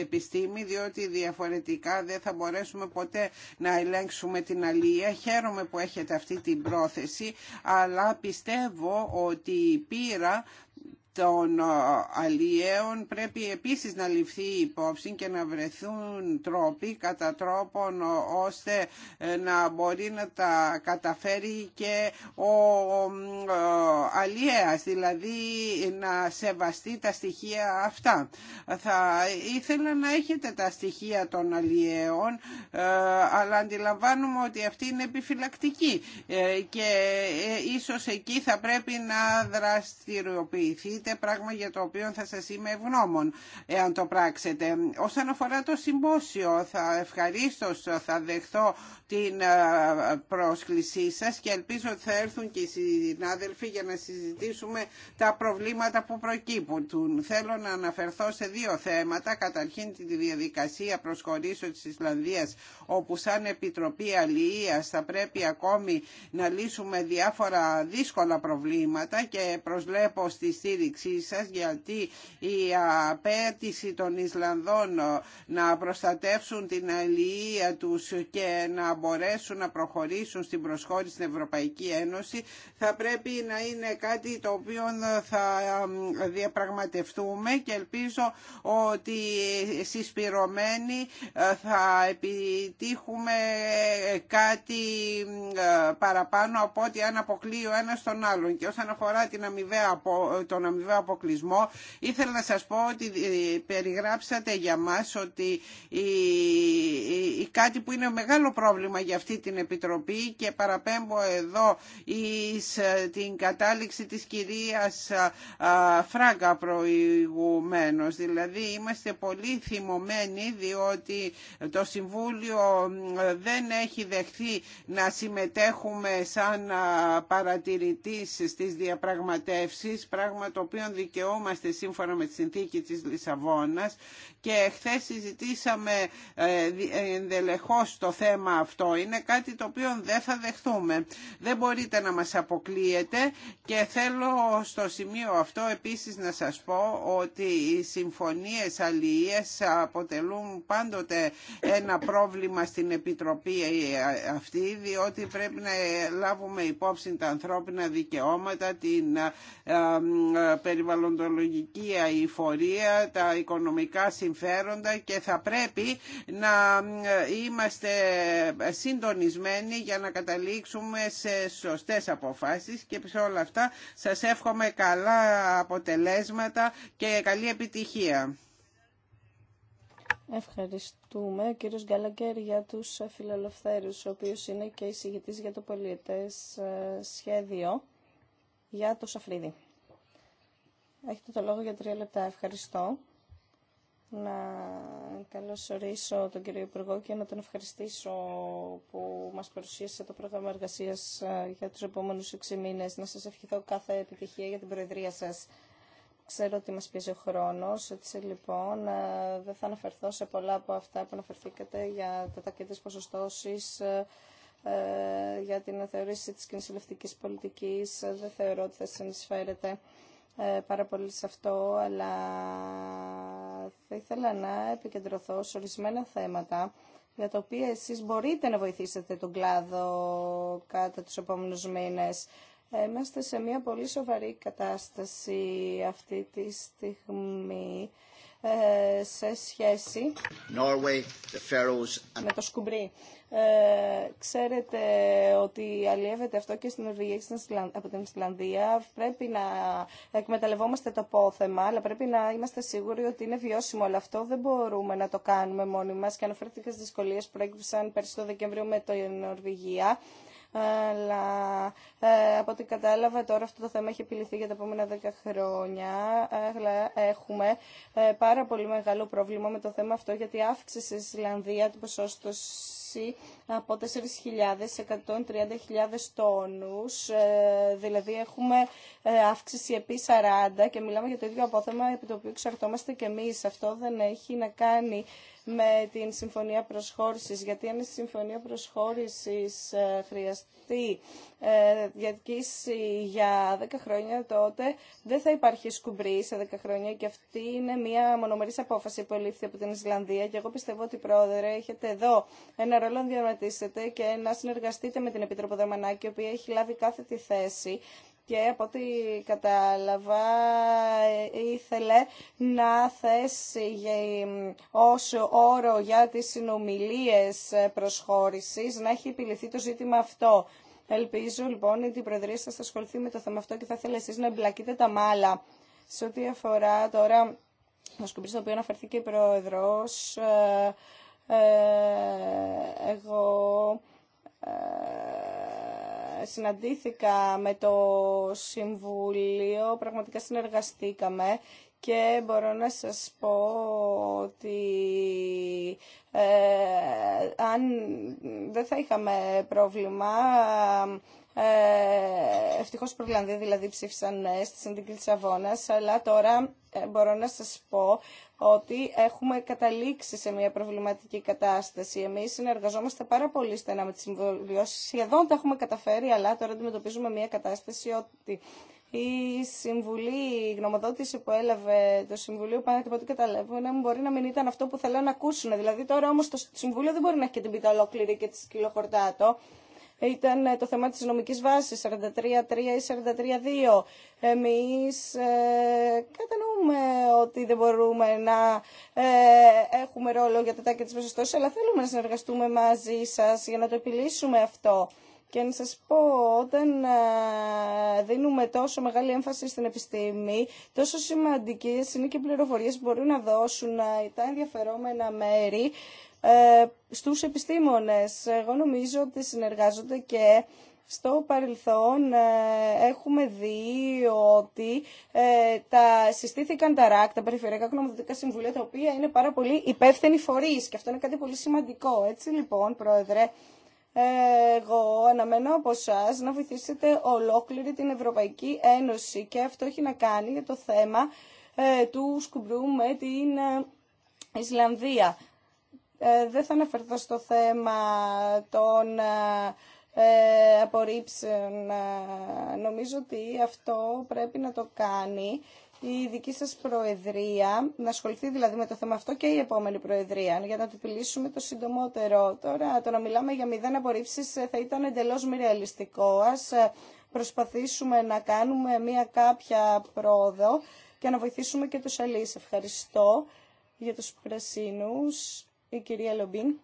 B: επιστήμη διότι διαφορετικά δεν θα μπορέσουμε ποτέ να ελέγξουμε την αλληλεία. Χαίρομαι που έχετε αυτή την πρόθεση αλλά πιστεύω ότι πήρα των ε, αλλιέων πρέπει επίσης να ληφθεί υπόψη και να βρεθούν τρόποι κατά τρόπον ε, ώστε ε, να μπορεί να τα καταφέρει και ο αλλιέας, δηλαδή να σεβαστεί τα στοιχεία αυτά. Θα ήθελα να έχετε τα στοιχεία των αλλιέων, αλλά αντιλαμβάνουμε ότι αυτή είναι επιφυλακτική και ίσως εκεί θα πρέπει να δραστηριοποιηθεί πείτε πράγμα για το οποίο θα σας είμαι ευγνώμων εάν το πράξετε. Όσον αφορά το συμπόσιο, θα ευχαρίστω θα δεχθώ την ε, πρόσκλησή σας και ελπίζω ότι θα έρθουν και οι συνάδελφοι για να συζητήσουμε τα προβλήματα που προκύπτουν. Θέλω να αναφερθώ σε δύο θέματα. Καταρχήν τη διαδικασία προσχωρήσεων της Ισλανδίας, όπου σαν Επιτροπή Αλληλείας θα πρέπει ακόμη να λύσουμε διάφορα δύσκολα προβλήματα και προσβλέπω στη στήριξη γιατί η απέτηση των Ισλανδών να προστατεύσουν την αλληλεία τους και να μπορέσουν να προχωρήσουν στην προσχώρηση στην Ευρωπαϊκή Ένωση θα πρέπει να είναι κάτι το οποίο θα διαπραγματευτούμε και ελπίζω ότι συσπηρωμένοι ε, θα επιτύχουμε κάτι παραπάνω από ό,τι αν αποκλείει ο ένας τον άλλον. Και όσον αφορά την αμοιβαία, τον αποκλεισμό. Ήθελα να σας πω ότι ε, περιγράψατε για μας ότι η, ε, ε, κάτι που είναι μεγάλο πρόβλημα για αυτή την Επιτροπή και παραπέμπω εδώ εις την κατάληξη της κυρίας Φράγκα προηγουμένως. Δηλαδή είμαστε πολύ θυμωμένοι διότι το Συμβούλιο δεν έχει δεχθεί να συμμετέχουμε σαν παρατηρητής στις διαπραγματεύσεις, πράγμα το οποίων δικαιούμαστε σύμφωνα με τη συνθήκη της Λισαβόνας και χθε συζητήσαμε ε, ε, ενδελεχώς το θέμα αυτό. Είναι κάτι το οποίο δεν θα δεχθούμε. Δεν μπορείτε να μας αποκλείετε και θέλω στο σημείο αυτό επίσης να σας πω ότι οι συμφωνίες αλληλείας αποτελούν πάντοτε ένα πρόβλημα στην Επιτροπή ε, αυτή διότι πρέπει να λάβουμε υπόψη τα ανθρώπινα δικαιώματα, την περιβαλλοντολογική αηφορία, τα οικονομικά συμφέροντα και θα πρέπει να είμαστε συντονισμένοι για να καταλήξουμε σε σωστές αποφάσεις και σε όλα αυτά σας εύχομαι καλά αποτελέσματα και
C: καλή επιτυχία. Ευχαριστούμε κύριο Γκάλαγκερ για τους φιλελευθέρους, ο οποίος είναι και εισηγητής για το πολιετές ε, σχέδιο για το Σαφρίδι. Έχετε το λόγο για τρία λεπτά. Ευχαριστώ. Να καλωσορίσω τον κύριο Υπουργό και να τον ευχαριστήσω που μας παρουσίασε το πρόγραμμα εργασίας ε, για τους επόμενους έξι μήνες. Να σας ευχηθώ κάθε επιτυχία για την Προεδρία σας. Ξέρω ότι μας πιέζει ο χρόνος, έτσι λοιπόν ε, δεν θα αναφερθώ σε πολλά από αυτά που αναφερθήκατε για τα τακέτες ποσοστώσεις, ε, για την θεωρήση της κοινωνιστικής πολιτικής. Δεν θεωρώ ότι θα συνεισφέρετε ε, πάρα πολύ σε αυτό, αλλά θα ήθελα να επικεντρωθώ σε ορισμένα θέματα για τα οποία εσείς μπορείτε να βοηθήσετε τον κλάδο κατά τους επόμενους μήνες. Είμαστε σε μια πολύ σοβαρή κατάσταση αυτή τη στιγμή ε, σε σχέση
B: Norway, με το
C: σκουμπρί. Ε, ξέρετε ότι αλλιεύεται αυτό και στην Ορβηγία και από την Ισλανδία. Πρέπει να εκμεταλλευόμαστε το πόθεμα, αλλά πρέπει να είμαστε σίγουροι ότι είναι βιώσιμο όλο αυτό. Δεν μπορούμε να το κάνουμε μόνοι μας και αναφέρθηκα στις δυσκολίες που προέκυψαν πέρσι το Δεκεμβρίο με την Ορβηγία αλλά ε, από ό,τι κατάλαβα τώρα αυτό το θέμα έχει επιληθεί για τα επόμενα 10 χρόνια. Έχουμε ε, πάρα πολύ μεγάλο πρόβλημα με το θέμα αυτό γιατί αύξησε η Ισλανδία την ποσόστοση από 4.000 σε 130.000 τόνους, ε, δηλαδή έχουμε αύξηση επί 40 και μιλάμε για το ίδιο απόθεμα επί το οποίο εξαρτώμαστε και εμείς. Αυτό δεν έχει να κάνει με την Συμφωνία Προσχώρησης, γιατί αν η Συμφωνία Προσχώρησης ε, χρειαστεί ε, διαρκήσει για 10 χρόνια, τότε δεν θα υπάρχει σκουμπρί σε 10 χρόνια και αυτή είναι μια μονομερής απόφαση που ελήφθη από την Ισλανδία και εγώ πιστεύω ότι πρόεδρε έχετε εδώ ένα ρόλο να διαρματίσετε και να συνεργαστείτε με την Δαμανάκη, η οποία έχει λάβει κάθε τη θέση και από ό,τι κατάλαβα ε, ήθελε να θέσει ως όρο για τις συνομιλίες ε, προσχώρησης να έχει επιληθεί το ζήτημα αυτό. Ελπίζω λοιπόν ότι η Προεδρία σας θα ασχοληθεί με το θέμα αυτό και θα ήθελα εσείς να εμπλακείτε τα μάλα. Σε ό,τι αφορά τώρα το σκουμπί στο οποίο αναφερθήκε η Πρόεδρος, ε, εγώ συναντήθηκα με το Συμβούλιο, πραγματικά συνεργαστήκαμε και μπορώ να σας πω ότι ε, αν δεν θα είχαμε πρόβλημα ε, ευτυχώς Προβλανδοί δηλαδή ψήφισαν ναι στη συνδίκη Αβώνας αλλά τώρα ε, μπορώ να σας πω ότι έχουμε καταλήξει σε μια προβληματική κατάσταση. Εμείς συνεργαζόμαστε πάρα πολύ στενά με τις συμβουλώσεις. Σχεδόν τα έχουμε καταφέρει, αλλά τώρα αντιμετωπίζουμε μια κατάσταση ότι η συμβουλή, η γνωμοδότηση που έλαβε το Συμβουλίο, πάνω από ό,τι καταλαβαίνω, μπορεί να μην ήταν αυτό που θέλω να ακούσουν. Δηλαδή τώρα όμως το Συμβούλιο δεν μπορεί να έχει και την πίτα ολόκληρη και τη σκυλοχορτάτο ήταν ε, το θέμα της νομικής βάσης η 43.2. Εμείς ε, κατανοούμε ότι δεν μπορούμε να ε, έχουμε ρόλο για τα τάκια της ποσοστώσης, αλλά θέλουμε να συνεργαστούμε μαζί σας για να το επιλύσουμε αυτό. Και να σας πω, όταν δίνουμε τόσο μεγάλη έμφαση στην επιστήμη, τόσο σημαντικές είναι και οι πληροφορίες που μπορούν να δώσουν τα ενδιαφερόμενα μέρη ε, στους επιστήμονες. Εγώ νομίζω ότι συνεργάζονται και στο παρελθόν ε, έχουμε δει ότι ε, τα συστήθηκαν τα ΡΑΚ, τα Περιφερειακά Γνωμοδοτικά Συμβουλία, τα οποία είναι πάρα πολύ υπεύθυνοι φορείς και αυτό είναι κάτι πολύ σημαντικό. Έτσι λοιπόν, Πρόεδρε, εγώ αναμένω από εσά να βοηθήσετε ολόκληρη την Ευρωπαϊκή Ένωση και αυτό έχει να κάνει για το θέμα του σκουμπρού με την Ισλανδία. Ε, δεν θα αναφερθώ στο θέμα των ε, απορρίψεων. Ε, νομίζω ότι αυτό πρέπει να το κάνει η δική σας Προεδρία, να ασχοληθεί δηλαδή με το θέμα αυτό και η επόμενη Προεδρία, για να το επιλύσουμε το συντομότερο. Τώρα, το να μιλάμε για μηδέν απορρίψεις ε, θα ήταν εντελώς μη ρεαλιστικό. Ας προσπαθήσουμε να κάνουμε μια κάποια πρόοδο και να βοηθήσουμε και τους αλείς. Ευχαριστώ για τους πρασίνους η κυρία Λομπίν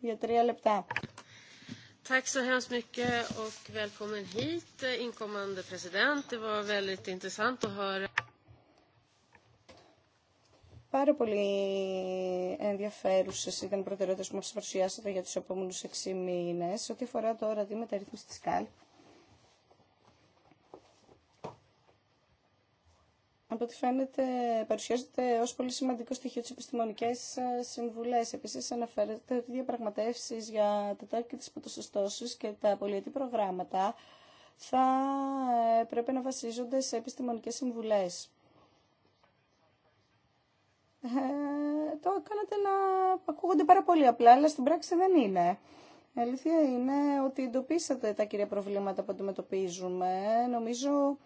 C: για τρία λεπτά.
A: Tack så hemskt mycket och välkommen hit, eh, inkommande president. Det var väldigt intressant att höra.
C: Πάρα πολύ ενδιαφέρουσε ήταν οι προτεραιότητε που μα παρουσιάσατε για του επόμενου 6 μήνε. Ό,τι αφορά τώρα τη μεταρρύθμιση τη ΚΑΛ, από ό,τι φαίνεται παρουσιάζεται ως πολύ σημαντικό στοιχείο τη επιστημονικές ε, συμβουλές. Επίσης αναφέρεται ότι οι διαπραγματεύσεις για τα τάρκη της ποτοσυστώση και τα πολιετή προγράμματα θα ε, πρέπει να βασίζονται σε επιστημονικέ συμβουλέ. Ε, το κάνατε να ακούγονται πάρα πολύ απλά, αλλά στην πράξη δεν είναι. Η αλήθεια είναι ότι εντοπίσατε τα κυρία προβλήματα που αντιμετωπίζουμε. Νομίζω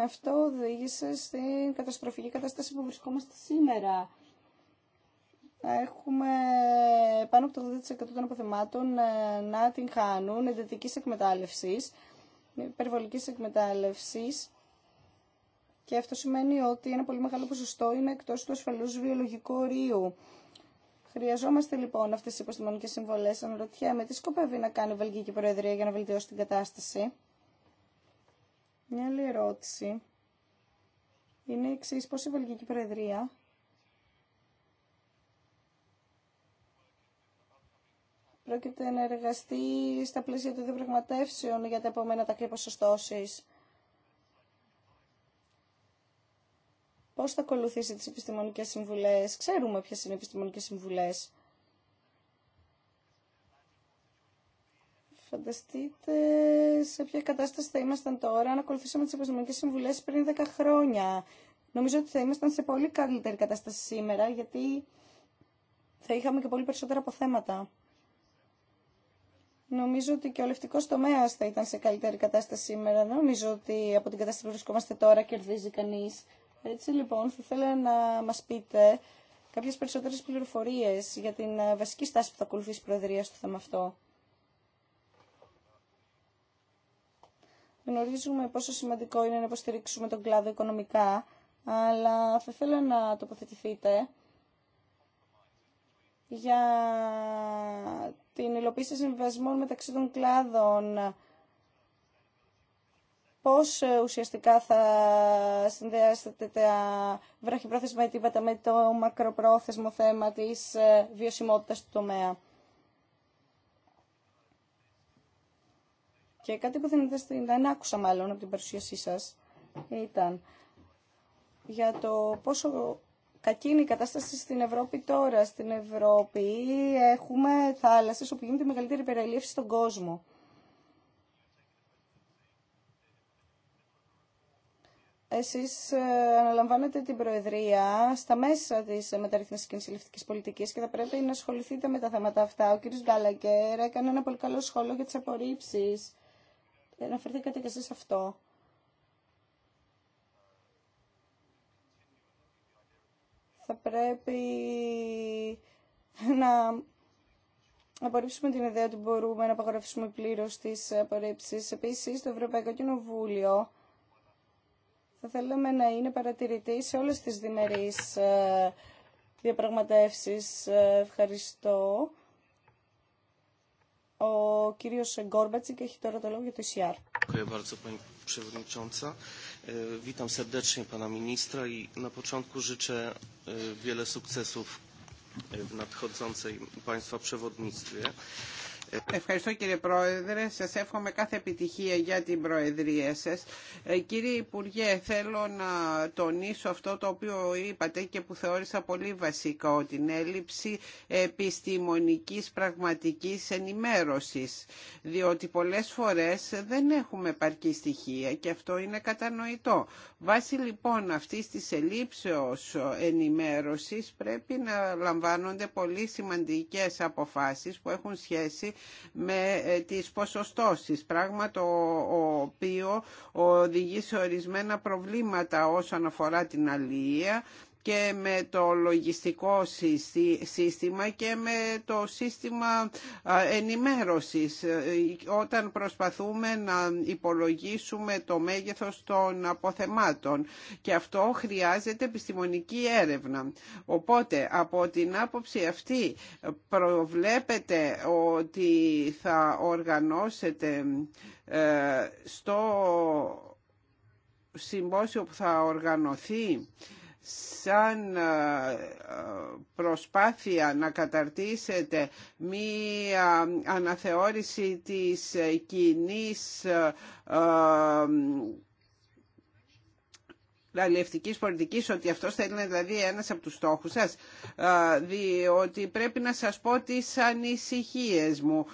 C: αυτό οδήγησε στην καταστροφική κατάσταση που βρισκόμαστε σήμερα. Έχουμε πάνω από το 80% των αποθεμάτων ε, να την χάνουν εντατική εκμετάλλευση, υπερβολική εκμετάλλευση. Και αυτό σημαίνει ότι ένα πολύ μεγάλο ποσοστό είναι εκτό του ασφαλούς βιολογικού ορίου. Χρειαζόμαστε λοιπόν αυτές υποστημονικέ συμβολέ. συμβολές. Αναρωτιέμαι τι σκοπεύει να κάνει η Βελγική Προεδρία για να βελτιώσει την κατάσταση. Μια άλλη ερώτηση είναι εξή. Πώς η Βελγική Προεδρία πρόκειται να εργαστεί στα πλαίσια των διαπραγματεύσεων για τα επόμενα τακτή ποσοστώσεις. Πώς θα ακολουθήσει τις επιστημονικές συμβουλές. Ξέρουμε ποιες είναι οι επιστημονικές συμβουλές. Φανταστείτε σε ποια κατάσταση θα ήμασταν τώρα αν ακολουθήσαμε τι επιστημονικέ συμβουλέ πριν 10 χρόνια. Νομίζω ότι θα ήμασταν σε πολύ καλύτερη κατάσταση σήμερα γιατί θα είχαμε και πολύ περισσότερα αποθέματα. Νομίζω ότι και ο λευτικό τομέα θα ήταν σε καλύτερη κατάσταση σήμερα. Δεν Νομίζω ότι από την κατάσταση που βρισκόμαστε τώρα κερδίζει κανεί. Έτσι λοιπόν, θα ήθελα να μα πείτε κάποιε περισσότερε πληροφορίε για την ε, βασική στάση που θα ακολουθήσει η Προεδρία στο θέμα αυτό. Γνωρίζουμε πόσο σημαντικό είναι να υποστηρίξουμε τον κλάδο οικονομικά, αλλά θα ήθελα να τοποθετηθείτε για την υλοποίηση συμβασμών μεταξύ των κλάδων. Πώς ε, ουσιαστικά θα συνδέασετε τα βραχυπρόθεσμα αιτήματα με το μακροπρόθεσμο θέμα της ε, βιωσιμότητας του τομέα. Και κάτι που δεν, δεν άκουσα μάλλον από την παρουσίασή σας ήταν για το πόσο κακή είναι η κατάσταση στην Ευρώπη τώρα. Στην Ευρώπη έχουμε θάλασσες όπου γίνεται η μεγαλύτερη περιελήψη στον κόσμο. Εσείς ε, αναλαμβάνετε την Προεδρία στα μέσα της μεταρρύθμισης και νησιλευτικής πολιτικής και θα πρέπει να ασχοληθείτε με τα θέματα αυτά. Ο κ. Γκάλακερ έκανε ένα πολύ καλό σχόλιο για τις απορρίψεις αναφερθήκατε και εσείς αυτό. Θα πρέπει να απορρίψουμε την ιδέα ότι μπορούμε να απαγορεύσουμε πλήρως τι απορρίψει. Επίση, το Ευρωπαϊκό Κοινοβούλιο θα θέλαμε να είναι παρατηρητή σε όλες τις διμερεί ε, διαπραγματεύσει. Ε, ευχαριστώ. Ο κύριος Γκόρμπατσικ έχει τώρα το λόγο για το ECR.
B: Witam serdecznie pana ministra i na początku życzę wiele sukcesów w nadchodzącej państwa przewodnictwie. Ευχαριστώ κύριε Πρόεδρε. Σας εύχομαι κάθε επιτυχία για την Προεδρία σας. Ε, κύριε Υπουργέ, θέλω να τονίσω αυτό το οποίο είπατε και που θεώρησα πολύ βασικό, την έλλειψη επιστημονική πραγματικής ενημέρωση, Διότι πολλές φορές δεν έχουμε επαρκή στοιχεία και αυτό είναι κατανοητό. Βάσει λοιπόν αυτής της ελλείψεω ενημέρωση, πρέπει να λαμβάνονται πολύ σημαντικέ αποφάσεις που έχουν σχέση με ε, τις ποσοστώσεις, πράγμα το οποίο οδηγεί σε ορισμένα προβλήματα όσον αφορά την αλληλεία και με το λογιστικό σύστημα και με το σύστημα ενημέρωσης ε, όταν προσπαθούμε να υπολογίσουμε το μέγεθος των αποθεμάτων και αυτό χρειάζεται επιστημονική έρευνα. Οπότε από την άποψη αυτή προβλέπετε ότι θα οργανώσετε ε, στο συμπόσιο που θα οργανωθεί σαν ε, ε, προσπάθεια να καταρτίσετε μία αναθεώρηση της ε, κοινής αλληλευτική πολιτική, ότι αυτό θα είναι δηλαδή ένας από τους στόχους σα, διότι πρέπει να σας πω τι ανησυχίες μου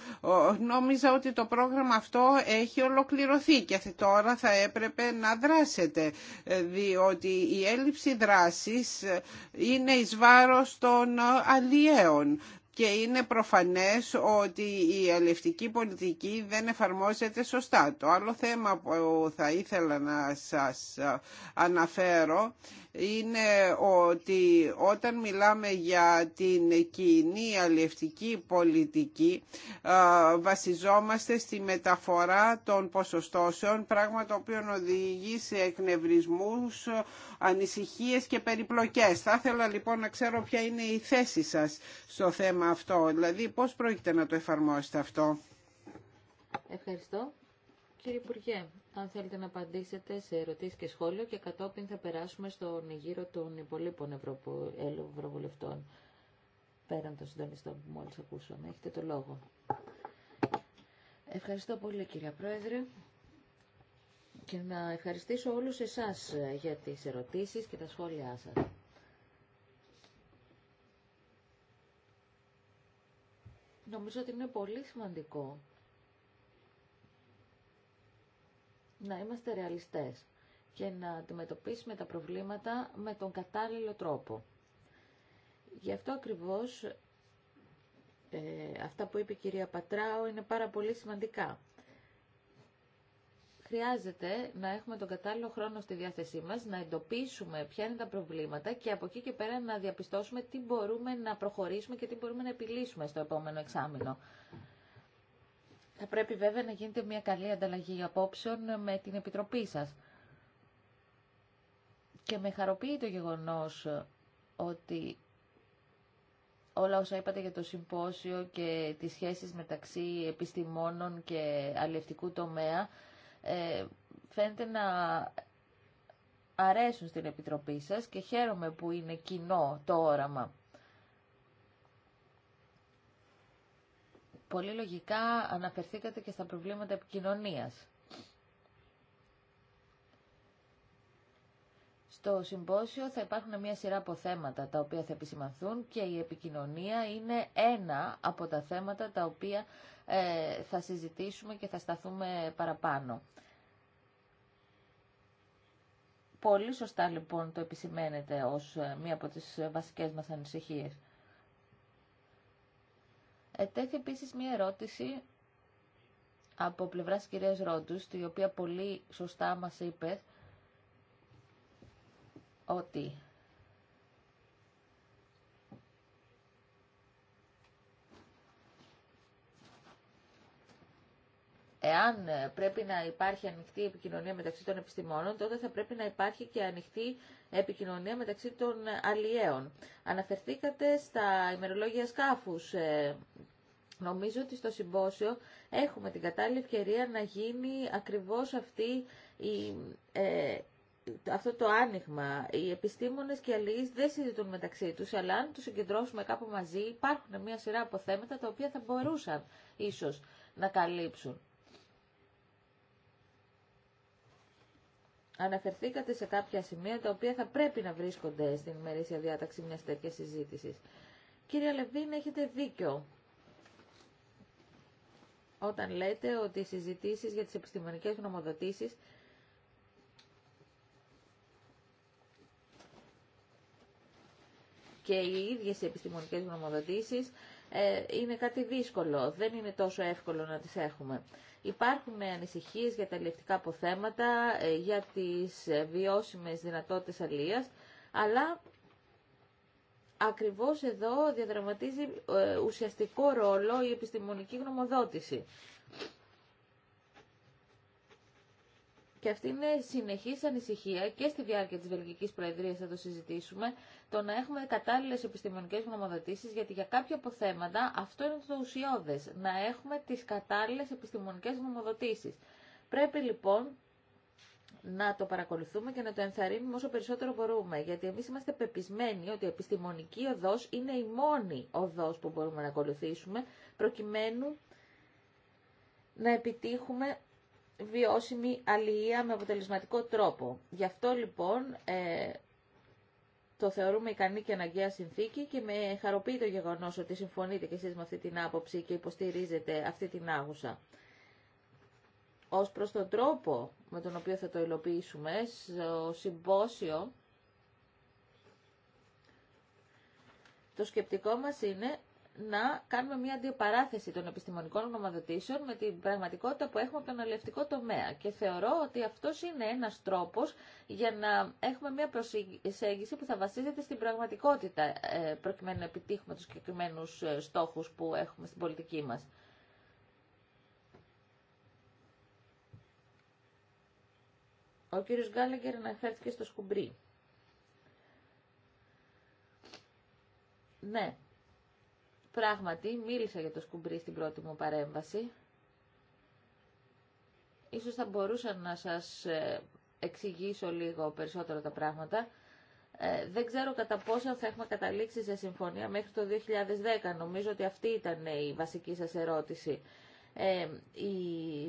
B: νόμιζα ότι το πρόγραμμα αυτό έχει ολοκληρωθεί και τώρα θα έπρεπε να δράσετε ε, διότι η έλλειψη δράσης ε, είναι ει βάρο των ε, αλλιέων και είναι προφανές ότι η αλληλευτική πολιτική δεν εφαρμόζεται σωστά. Το άλλο θέμα που θα ήθελα να σας αναφέρω είναι ότι όταν μιλάμε για την κοινή αλληλευτική πολιτική βασιζόμαστε στη μεταφορά των ποσοστώσεων πράγμα το οποίο οδηγεί σε εκνευρισμούς ανησυχίες και περιπλοκές. Θα ήθελα λοιπόν να ξέρω ποια είναι η θέση σας στο θέμα αυτό, δηλαδή πώς πρόκειται να το εφαρμόσετε αυτό.
A: Ευχαριστώ. Κύριε Υπουργέ, αν θέλετε να απαντήσετε σε ερωτήσεις και σχόλιο και κατόπιν θα περάσουμε στον γύρο των υπολείπων ευρωβουλευτών πέραν των συντονιστών που μόλις ακούσαμε. Έχετε το λόγο. Ευχαριστώ πολύ κύριε Πρόεδρε και να ευχαριστήσω όλους εσάς ε, για τις ερωτήσεις και τα σχόλιά σας. Νομίζω ότι είναι πολύ σημαντικό να είμαστε ρεαλιστές και να αντιμετωπίσουμε τα προβλήματα με τον κατάλληλο τρόπο. Γι' αυτό ακριβώς ε, αυτά που είπε η κυρία Πατράου είναι πάρα πολύ σημαντικά χρειάζεται να έχουμε τον κατάλληλο χρόνο στη διάθεσή μας, να εντοπίσουμε ποια είναι τα προβλήματα και από εκεί και πέρα να διαπιστώσουμε τι μπορούμε να προχωρήσουμε και τι μπορούμε να επιλύσουμε στο επόμενο εξάμεινο. Θα πρέπει βέβαια να γίνεται μια καλή ανταλλαγή απόψεων με την Επιτροπή σας. Και με χαροποιεί το γεγονός ότι όλα όσα είπατε για το συμπόσιο και τις σχέσεις μεταξύ επιστημόνων και αλληλευτικού τομέα ε, φαίνεται να αρέσουν στην Επιτροπή σας και χαίρομαι που είναι κοινό το όραμα. Πολύ λογικά αναφερθήκατε και στα προβλήματα επικοινωνίας. Στο συμπόσιο θα υπάρχουν μια σειρά από θέματα τα οποία θα επισημανθούν και η επικοινωνία είναι ένα από τα θέματα τα οποία ε, θα συζητήσουμε και θα σταθούμε παραπάνω. Πολύ σωστά λοιπόν το επισημαίνετε ως ε, μία από τις βασικές μας ανησυχίες. Ετέθη επίσης μία ερώτηση από πλευράς κυρίας Ρόντους, η οποία πολύ σωστά μας είπε ότι Εάν ε, πρέπει να υπάρχει ανοιχτή επικοινωνία μεταξύ των επιστημόνων, τότε θα πρέπει να υπάρχει και ανοιχτή επικοινωνία μεταξύ των αλλιέων. Αναφερθήκατε στα ημερολόγια σκάφους. Ε, νομίζω ότι στο συμπόσιο έχουμε την κατάλληλη ευκαιρία να γίνει ακριβώς αυτή η, ε, αυτό το άνοιγμα. Οι επιστήμονες και οι αλληλείς δεν συζητούν μεταξύ τους, αλλά αν τους συγκεντρώσουμε κάπου μαζί υπάρχουν μια σειρά από θέματα τα οποία θα μπορούσαν ίσως να καλύψουν. αναφερθήκατε σε κάποια σημεία τα οποία θα πρέπει να βρίσκονται στην ημερήσια διάταξη μιας τέτοιας συζήτησης. Κύριε Λεβίν, έχετε δίκιο όταν λέτε ότι οι συζητήσεις για τις επιστημονικές γνωμοδοτήσεις και οι ίδιες οι επιστημονικές γνωμοδοτήσεις ε, είναι κάτι δύσκολο, δεν είναι τόσο εύκολο να τις έχουμε. Υπάρχουν ανησυχίες για τα αλληλευτικά αποθέματα, ε, για τις ε, βιώσιμες δυνατότητες αλίας, αλλά ακριβώς εδώ διαδραματίζει ε, ουσιαστικό ρόλο η επιστημονική γνωμοδότηση. Και αυτή είναι συνεχή ανησυχία και στη διάρκεια τη Βελγική Προεδρία θα το συζητήσουμε, το να έχουμε κατάλληλε επιστημονικέ γνωμοδοτήσει, γιατί για κάποια αποθέματα αυτό είναι το ουσιώδες, να έχουμε τι κατάλληλε επιστημονικέ γνωμοδοτήσει. Πρέπει λοιπόν να το παρακολουθούμε και να το ενθαρρύνουμε όσο περισσότερο μπορούμε. Γιατί εμεί είμαστε πεπισμένοι ότι η επιστημονική οδό είναι η μόνη οδός που μπορούμε να ακολουθήσουμε προκειμένου να επιτύχουμε βιώσιμη αλληλεία με αποτελεσματικό τρόπο. Γι' αυτό λοιπόν ε, το θεωρούμε ικανή και αναγκαία συνθήκη και με χαροποιεί το γεγονός ότι συμφωνείτε και εσείς με αυτή την άποψη και υποστηρίζετε αυτή την άγουσα. Ως προς τον τρόπο με τον οποίο θα το υλοποιήσουμε, στο συμπόσιο, το σκεπτικό μας είναι να κάνουμε μια αντιπαράθεση των επιστημονικών ονομαδοτήσεων με την πραγματικότητα που έχουμε από τον αλληλευτικό τομέα. Και θεωρώ ότι αυτός είναι ένας τρόπος για να έχουμε μια προσέγγιση που θα βασίζεται στην πραγματικότητα ε, προκειμένου να επιτύχουμε τους συγκεκριμένου ε, στόχους που έχουμε στην πολιτική μας. Ο κύριος Γκάλεγκερ αναφέρθηκε στο σκουμπρί. Ναι, Πράγματι, μίλησα για το σκουμπρί στην πρώτη μου παρέμβαση. Ίσως θα μπορούσα να σας ε, εξηγήσω λίγο περισσότερο τα πράγματα. Ε, δεν ξέρω κατά πόσο θα έχουμε καταλήξει σε συμφωνία μέχρι το 2010. Νομίζω ότι αυτή ήταν η βασική σας ερώτηση ε, οι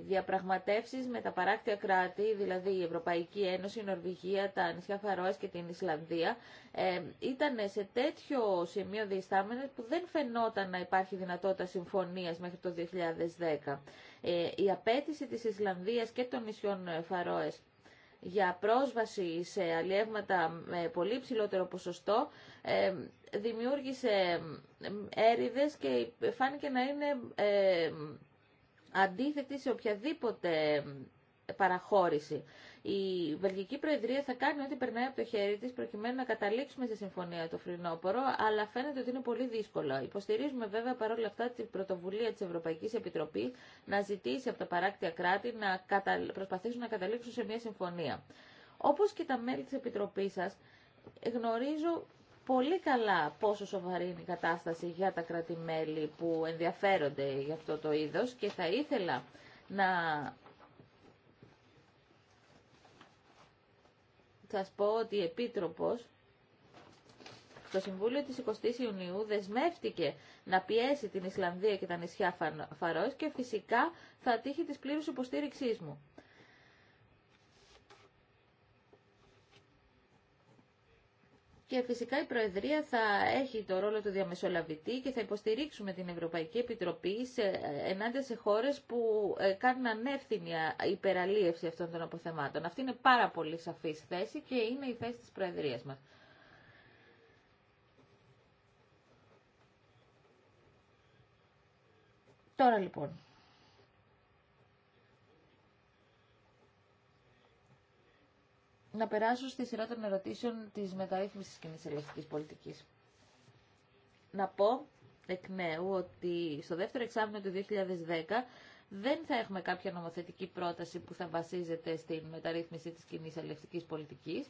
A: διαπραγματεύσεις με τα παράκτια κράτη, δηλαδή η Ευρωπαϊκή Ένωση, η Νορβηγία, τα νησιά Φαρόες και την Ισλανδία, ε, ήταν σε τέτοιο σημείο διεστάμενες που δεν φαινόταν να υπάρχει δυνατότητα συμφωνίας μέχρι το 2010. Ε, η απέτηση της Ισλανδίας και των νησιών Φαρόες για πρόσβαση σε αλλιεύματα με πολύ ψηλότερο ποσοστό ε, δημιούργησε ε, έρηδες και φάνηκε να είναι... Ε, αντίθετη σε οποιαδήποτε παραχώρηση. Η Βελγική Προεδρία θα κάνει ό,τι περνάει από το χέρι τη προκειμένου να καταλήξουμε σε συμφωνία το φρινόπωρο, αλλά φαίνεται ότι είναι πολύ δύσκολο. Υποστηρίζουμε βέβαια παρόλα αυτά την πρωτοβουλία τη Ευρωπαϊκή Επιτροπή να ζητήσει από τα παράκτια κράτη να προσπαθήσουν να καταλήξουν σε μια συμφωνία. Όπω και τα μέλη τη Επιτροπή σα, γνωρίζω πολύ καλά πόσο σοβαρή είναι η κατάσταση για τα κρατημέλη που ενδιαφέρονται για αυτό το είδος και θα ήθελα να σας πω ότι η Επίτροπος στο Συμβούλιο της 20ης Ιουνιού δεσμεύτηκε να πιέσει την Ισλανδία και τα νησιά Φαρός και φυσικά θα τύχει της πλήρους υποστήριξής μου. και φυσικά η Προεδρία θα έχει το ρόλο του διαμεσολαβητή και θα υποστηρίξουμε την Ευρωπαϊκή Επιτροπή σε, ενάντια σε χώρες που ε, κάνουν ανεύθυνη υπεραλίευση αυτών των αποθεμάτων. Αυτή είναι πάρα πολύ σαφής θέση και είναι η θέση της Προεδρίας μας. Τώρα λοιπόν, να περάσω στη σειρά των ερωτήσεων της μεταρρύθμισης κοινής ελευθερικής πολιτικής. Να πω εκ νέου ότι στο δεύτερο εξάμεινο του 2010 δεν θα έχουμε κάποια νομοθετική πρόταση που θα βασίζεται στην μεταρρύθμιση της κοινή ελευθερικής πολιτικής.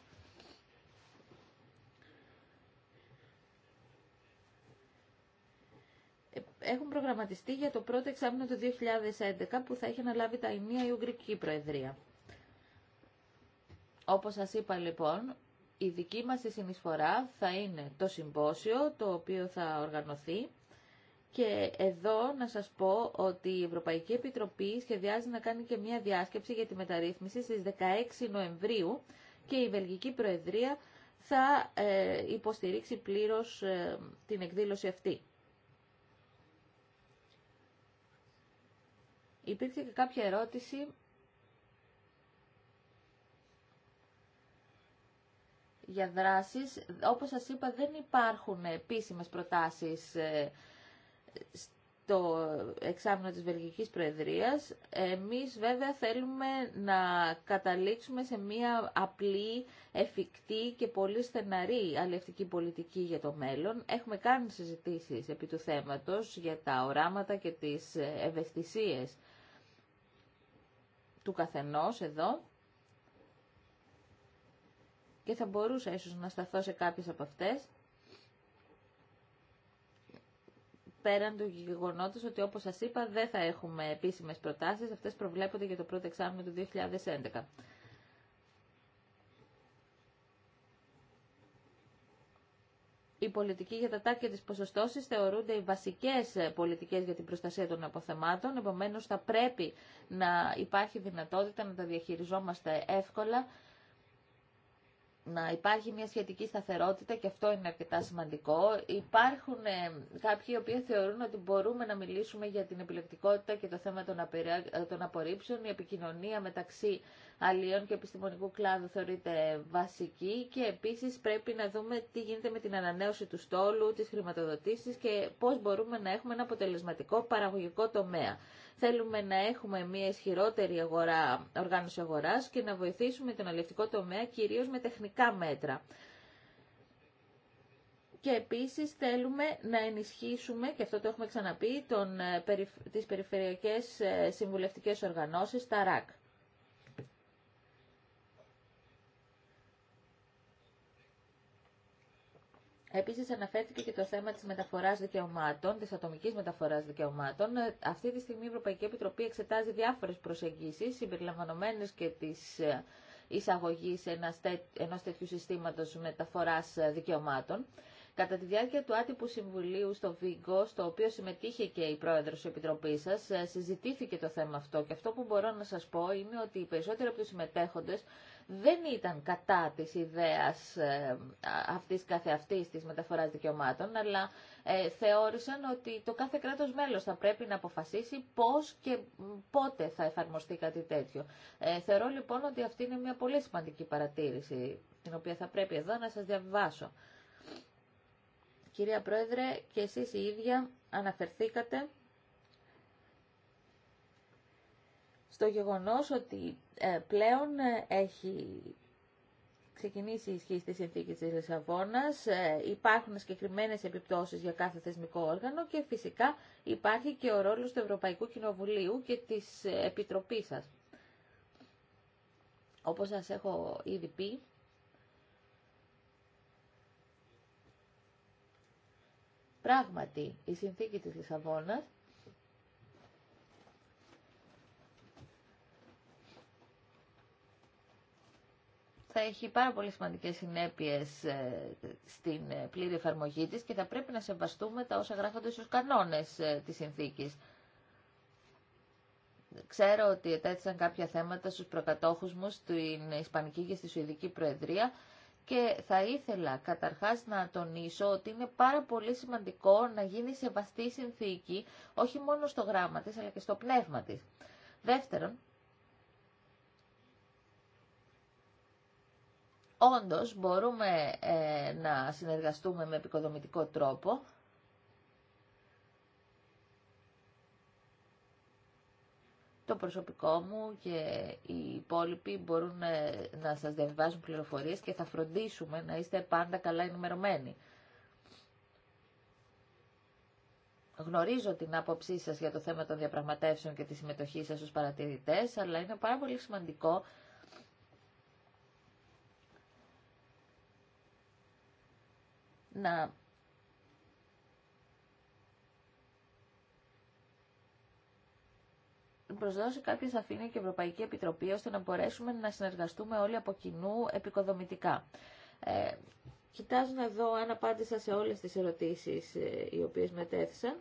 A: Έχουν προγραμματιστεί για το πρώτο εξάμεινο του 2011 που θα έχει αναλάβει τα Ινία η Ουγγρική Προεδρία. Όπως σας είπα λοιπόν, η δική μας συνεισφορά θα είναι το συμπόσιο το οποίο θα οργανωθεί και εδώ να σας πω ότι η Ευρωπαϊκή Επιτροπή σχεδιάζει να κάνει και μια διάσκεψη για τη μεταρρύθμιση στις 16 Νοεμβρίου και η Βελγική Προεδρία θα ε, υποστηρίξει πλήρως ε, την εκδήλωση αυτή. Υπήρξε και κάποια ερώτηση για δράσεις. Όπως σας είπα, δεν υπάρχουν επίσημες προτάσεις ε, στο εξάμεινο της Βελγικής Προεδρίας. Εμείς βέβαια θέλουμε να καταλήξουμε σε μια απλή, εφικτή και πολύ στεναρή αλληλευτική πολιτική για το μέλλον. Έχουμε κάνει συζητήσεις επί του θέματος για τα οράματα και τις ευαισθησίες του καθενός εδώ και θα μπορούσα ίσως να σταθώ σε κάποιες από αυτές. Πέραν του γεγονότο ότι όπως σας είπα δεν θα έχουμε επίσημες προτάσεις, αυτές προβλέπονται για το πρώτο εξάμεινο του 2011. Η πολιτική για τα τάκια της ποσοστώσης θεωρούνται οι βασικές πολιτικές για την προστασία των αποθεμάτων, επομένως θα πρέπει να υπάρχει δυνατότητα να τα διαχειριζόμαστε εύκολα να υπάρχει μια σχετική σταθερότητα και αυτό είναι αρκετά σημαντικό. Υπάρχουν ε, κάποιοι οι οποίοι θεωρούν ότι μπορούμε να μιλήσουμε για την επιλεκτικότητα και το θέμα ε, των απορρίψεων. Η επικοινωνία μεταξύ αλλιών και επιστημονικού κλάδου θεωρείται βασική και επίσης πρέπει να δούμε τι γίνεται με την ανανέωση του στόλου, τις χρηματοδοτήσεις και πώς μπορούμε να έχουμε ένα αποτελεσματικό παραγωγικό τομέα. Θέλουμε να έχουμε μια ισχυρότερη οργάνωση αγοράς και να βοηθήσουμε τον αλληλευτικό τομέα κυρίως με τεχνικά μέτρα. Και επίσης θέλουμε να ενισχύσουμε, και αυτό το έχουμε ξαναπεί, τον, ε, τις περιφερειακές ε, συμβουλευτικές οργανώσεις, τα ΡΑΚ. Επίσης αναφέρθηκε και το θέμα της μεταφοράς δικαιωμάτων, της ατομικής μεταφοράς δικαιωμάτων. Ε, αυτή τη στιγμή η Ευρωπαϊκή Επιτροπή εξετάζει διάφορες προσεγγίσεις, συμπεριλαμβανομένες και της ε, εισαγωγής ενός τέτοιου συστήματος μεταφοράς ε, δικαιωμάτων. Κατά τη διάρκεια του άτυπου συμβουλίου στο Βίγκο, στο οποίο συμμετείχε και η πρόεδρο τη Επιτροπή σα, συζητήθηκε το θέμα αυτό. Και αυτό που μπορώ να σα πω είναι ότι οι περισσότεροι από του συμμετέχοντε δεν ήταν κατά της ιδέας ε, αυτής καθεαυτής της μεταφοράς δικαιωμάτων, αλλά ε, θεώρησαν ότι το κάθε κράτος μέλος θα πρέπει να αποφασίσει πώς και πότε θα εφαρμοστεί κάτι τέτοιο. Ε, θεωρώ λοιπόν ότι αυτή είναι μια πολύ σημαντική παρατήρηση, την οποία θα πρέπει εδώ να σας διαβάσω. Κυρία Πρόεδρε, και εσείς η ίδια αναφερθήκατε Το γεγονός ότι ε, πλέον ε, έχει ξεκινήσει η ισχύ της Συνθήκη της Λισαβόνας, ε, υπάρχουν συγκεκριμένες επιπτώσεις για κάθε θεσμικό όργανο και φυσικά υπάρχει και ο ρόλος του Ευρωπαϊκού Κοινοβουλίου και της Επιτροπής σας. Όπως σας έχω ήδη πει, πράγματι η συνθήκη της Λισαβόνας θα έχει πάρα πολύ σημαντικές συνέπειες ε, στην ε, πλήρη εφαρμογή της και θα πρέπει να σεβαστούμε τα όσα γράφονται στους κανόνες ε, της συνθήκης. Ξέρω ότι ετέθησαν κάποια θέματα στους προκατόχους μου στην Ισπανική και στη Σουηδική Προεδρία και θα ήθελα καταρχάς να τονίσω ότι είναι πάρα πολύ σημαντικό να γίνει σεβαστή η συνθήκη όχι μόνο στο γράμμα της αλλά και στο πνεύμα της. Δεύτερον, όντως μπορούμε ε, να συνεργαστούμε με επικοδομητικό τρόπο. Το προσωπικό μου και οι υπόλοιποι μπορούν ε, να σας διαβιβάζουν πληροφορίες και θα φροντίσουμε να είστε πάντα καλά ενημερωμένοι. Γνωρίζω την άποψή σας για το θέμα των διαπραγματεύσεων και τη συμμετοχή σας ως παρατηρητές, αλλά είναι πάρα πολύ σημαντικό να προσδώσει κάποια σαφήνεια και η Ευρωπαϊκή Επιτροπή ώστε να μπορέσουμε να συνεργαστούμε όλοι από κοινού επικοδομητικά. Ε, κοιτάζω εδώ αν απάντησα σε όλες τις ερωτήσεις ε, οι οποίες μετέθησαν.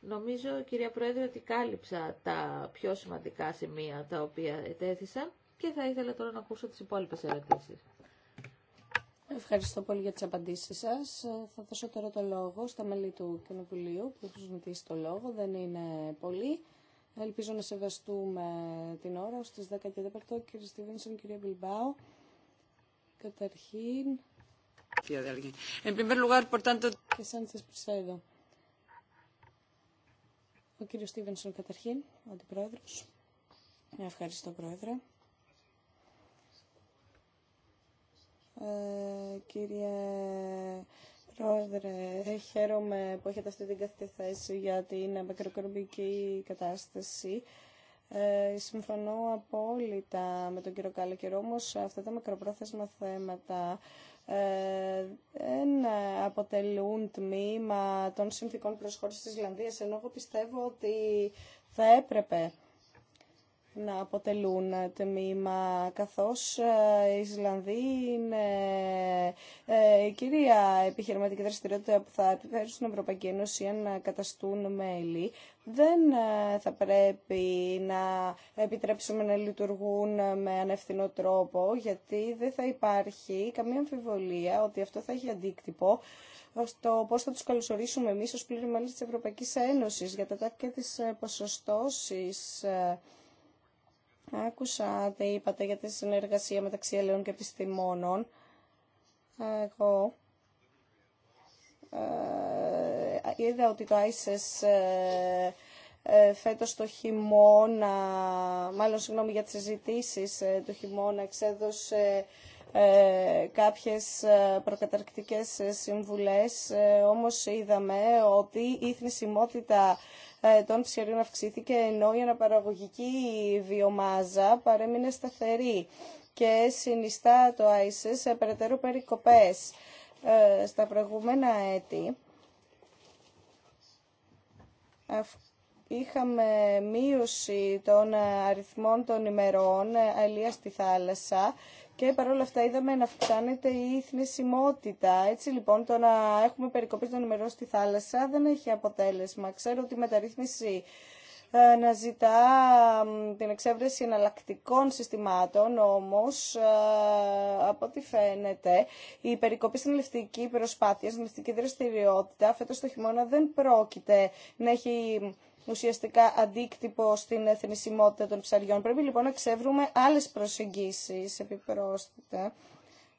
A: Νομίζω, κυρία Πρόεδρε, ότι κάλυψα τα πιο σημαντικά σημεία τα οποία ετέθησαν και θα ήθελα τώρα να ακούσω τις υπόλοιπες ερωτήσεις. Ευχαριστώ
C: πολύ για τις απαντήσεις σας. Θα δώσω τώρα το λόγο στα μέλη του Κοινοβουλίου που έχουν ζητήσει το λόγο. Δεν είναι πολλοί. Ελπίζω να σεβαστούμε την ώρα στις 10 και 4. Κύριε Στίβενσον, κύριε Μπιλμπάου. Καταρχήν... Και σαν σας προσέδω. Ο κύριος Στίβενσον καταρχήν, ο αντιπρόεδρος. Ευχαριστώ, πρόεδρε. Ε, κύριε Πρόεδρε, χαίρομαι που έχετε αυτή την καθήκη θέση για την μεκροκρομπική κατάσταση. Ε, συμφωνώ απόλυτα με τον κύριο Κάλεκερ, όμως αυτά τα μακροπρόθεσμα θέματα ε, δεν αποτελούν τμήμα των συνθήκων προσχώρησης της Ισλανδίας, ενώ εγώ πιστεύω ότι θα έπρεπε να αποτελούν τμήμα, καθώς οι ε, Ισλανδοί είναι ε, η κυρία επιχειρηματική δραστηριότητα που θα επιφέρουν στην Ευρωπαϊκή Ένωση αν καταστούν μέλη. Δεν ε, θα πρέπει να επιτρέψουμε να λειτουργούν με ανευθυνό τρόπο, γιατί δεν θα υπάρχει καμία αμφιβολία ότι αυτό θα έχει αντίκτυπο στο πώ θα του καλωσορίσουμε εμεί ω πλήρη μέλη τη Ευρωπαϊκή Ένωση για τα τάκια τη ποσοστώσης. Άκουσα τι είπατε για τη συνεργασία μεταξύ ελαιών και επιστημόνων. Εγώ ε, είδα ότι το ISIS ε, ε, φέτος το χειμώνα, μάλλον συγγνώμη για τις συζητήσει ε, του χειμώνα, εξέδωσε κάποιες προκαταρκτικές συμβουλές, όμως είδαμε ότι η θνησιμότητα ε, των ψηριών αυξήθηκε ενώ η αναπαραγωγική βιομάζα παρέμεινε σταθερή και συνιστά το ΆΙΣΕ σε περαιτέρω περικοπές ε, στα προηγούμενα έτη. Είχαμε μείωση των αριθμών των ημερών ε, αλία στη θάλασσα και παρόλα αυτά είδαμε να αυξάνεται η θνησιμότητα. Έτσι λοιπόν το να έχουμε περικοπή των ημερών στη θάλασσα δεν έχει αποτέλεσμα. Ξέρω ότι η μεταρρύθμιση ε, να ζητά την εξέβρεση εναλλακτικών συστημάτων, όμως ε, από ό,τι φαίνεται η περικοπή στην ελευτική προσπάθεια, στην ελευτική δραστηριότητα φέτος το χειμώνα δεν πρόκειται να έχει ουσιαστικά αντίκτυπο στην εθνισμότητα των ψαριών. Πρέπει λοιπόν να ξεύρουμε άλλες προσεγγίσεις επιπρόσθετα.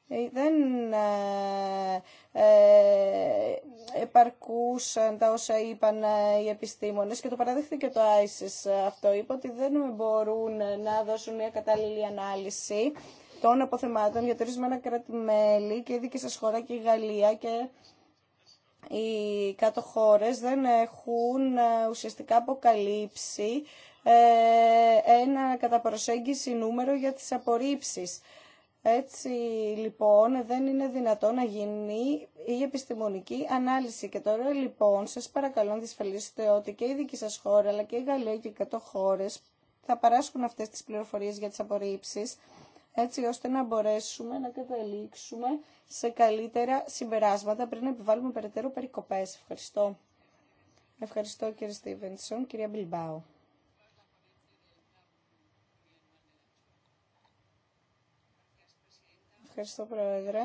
C: Ε, δεν ε, ε, επαρκούσαν τα όσα είπαν οι επιστήμονες και το και το ISIS αυτό. Είπε ότι δεν μπορούν να δώσουν μια κατάλληλη ανάλυση των αποθεμάτων για τρεις κρατη κράτη-μέλη και ειδική σας χώρα και η Γαλλία και οι κάτω χώρες δεν έχουν ε, ουσιαστικά αποκαλύψει ε, ένα κατά προσέγγιση νούμερο για τις απορρίψεις. Έτσι λοιπόν δεν είναι δυνατό να γίνει η επιστημονική ανάλυση. Και τώρα λοιπόν σας παρακαλώ να δυσφαλίσετε ότι και η δική σας χώρα αλλά και οι Γαλλία και οι 100 χώρες θα παράσχουν αυτές τις πληροφορίες για τις απορρίψεις έτσι ώστε να μπορέσουμε να καταλήξουμε σε καλύτερα συμπεράσματα πριν να επιβάλλουμε περαιτέρω περικοπές. Ευχαριστώ. Ευχαριστώ κύριε Στίβενσον. Κυρία Μπιλμπάου. Ευχαριστώ Πρόεδρε.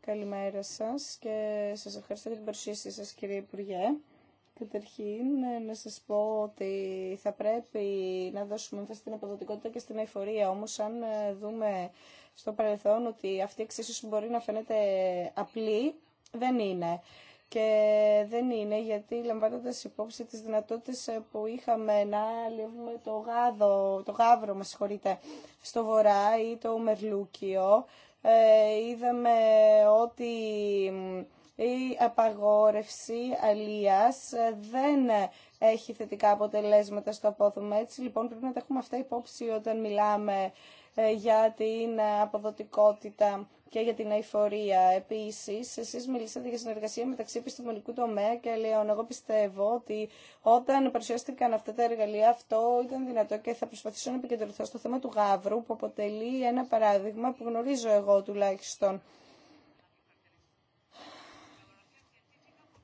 C: Καλημέρα σας και σας ευχαριστώ για την παρουσίασή σας κύριε Υπουργέ. Καταρχήν, ε, να σας πω ότι θα πρέπει να δώσουμε έμφαση στην αποδοτικότητα και στην εφορία. Όμως, αν ε, δούμε στο παρελθόν ότι αυτή η εξίσωση μπορεί να φαίνεται απλή, δεν είναι. Και δεν είναι γιατί λαμβάνοντα υπόψη τις δυνατότητες ε, που είχαμε να λύουμε το, γάδο, το γάβρο μας στο βορρά ή το μερλούκιο, είδαμε ότι η απαγόρευση αλίας ε, δεν έχει θετικά αποτελέσματα στο απόδομα. Έτσι λοιπόν πρέπει να τα έχουμε αυτά υπόψη όταν μιλάμε ε, για την αποδοτικότητα και για την αηφορία. Επίσης, εσείς μιλήσατε για συνεργασία μεταξύ επιστημονικού τομέα και λέω, εγώ πιστεύω ότι όταν παρουσιάστηκαν αυτά τα εργαλεία, αυτό ήταν δυνατό και θα προσπαθήσω να επικεντρωθώ στο θέμα του γάβρου, που αποτελεί ένα παράδειγμα που γνωρίζω εγώ τουλάχιστον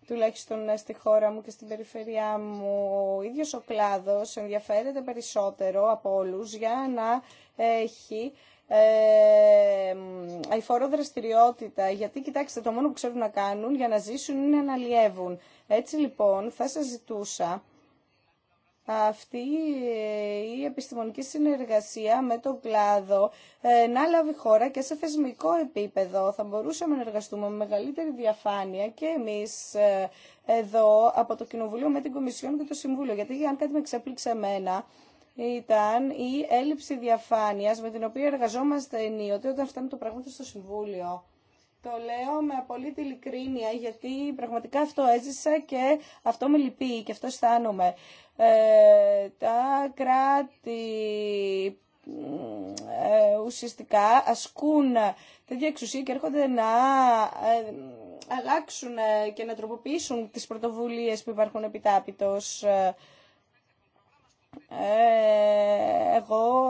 C: τουλάχιστον ε, στη χώρα μου και στην περιφερειά μου, ο ίδιος ο κλάδος ενδιαφέρεται περισσότερο από όλους για να έχει ε, ε δραστηριότητα, γιατί κοιτάξτε το μόνο που ξέρουν να κάνουν για να ζήσουν είναι να αλλιεύουν. Έτσι λοιπόν θα σας ζητούσα αυτή ε, η επιστημονική συνεργασία με τον κλάδο ε, να λάβει χώρα και σε θεσμικό επίπεδο. Θα μπορούσαμε να εργαστούμε με μεγαλύτερη διαφάνεια και εμείς ε, εδώ από το Κοινοβουλίο με την Κομισιόν και το Συμβούλιο. Γιατί αν κάτι με εξέπληξε εμένα, ήταν η έλλειψη διαφάνειας με την οποία εργαζόμαστε ενίοτε όταν φτάνουν το πράγμα στο Συμβούλιο. Το λέω με απολύτη ειλικρίνεια γιατί πραγματικά αυτό έζησα και αυτό με λυπεί και αυτό αισθάνομαι. Ε, τα κράτη ε, ουσιαστικά ασκούν τέτοια εξουσία και έρχονται να ε, αλλάξουν και να τροποποιήσουν τις πρωτοβουλίες που υπάρχουν επιτάπητος. εγώ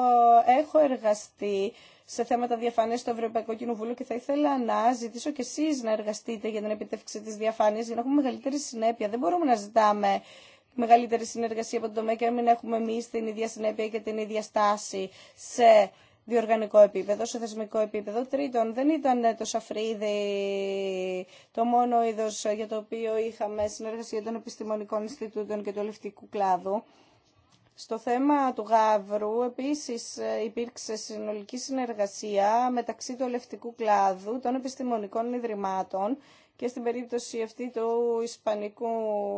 C: έχω εργαστεί σε θέματα διαφάνειας στο Ευρωπαϊκό Κοινοβούλιο και θα ήθελα να ζητήσω και εσείς να εργαστείτε για την επιτεύξη της διαφάνειας για να έχουμε μεγαλύτερη συνέπεια. Δεν μπορούμε να ζητάμε μεγαλύτερη συνεργασία από τον τομέα και να μην έχουμε εμεί την ίδια συνέπεια και την ίδια στάση σε διοργανικό επίπεδο, σε θεσμικό επίπεδο. Τρίτον, δεν ήταν το σαφρίδι το μόνο είδος για το οποίο είχαμε συνεργασία των επιστημονικών Ινστιτούτων και του ελευτικού κλάδου. Στο θέμα του Γαύρου, επίσης, ε, υπήρξε συνολική συνεργασία μεταξύ του ελευτικού κλάδου, των επιστημονικών ιδρυμάτων και στην περίπτωση αυτή του Ισπανικού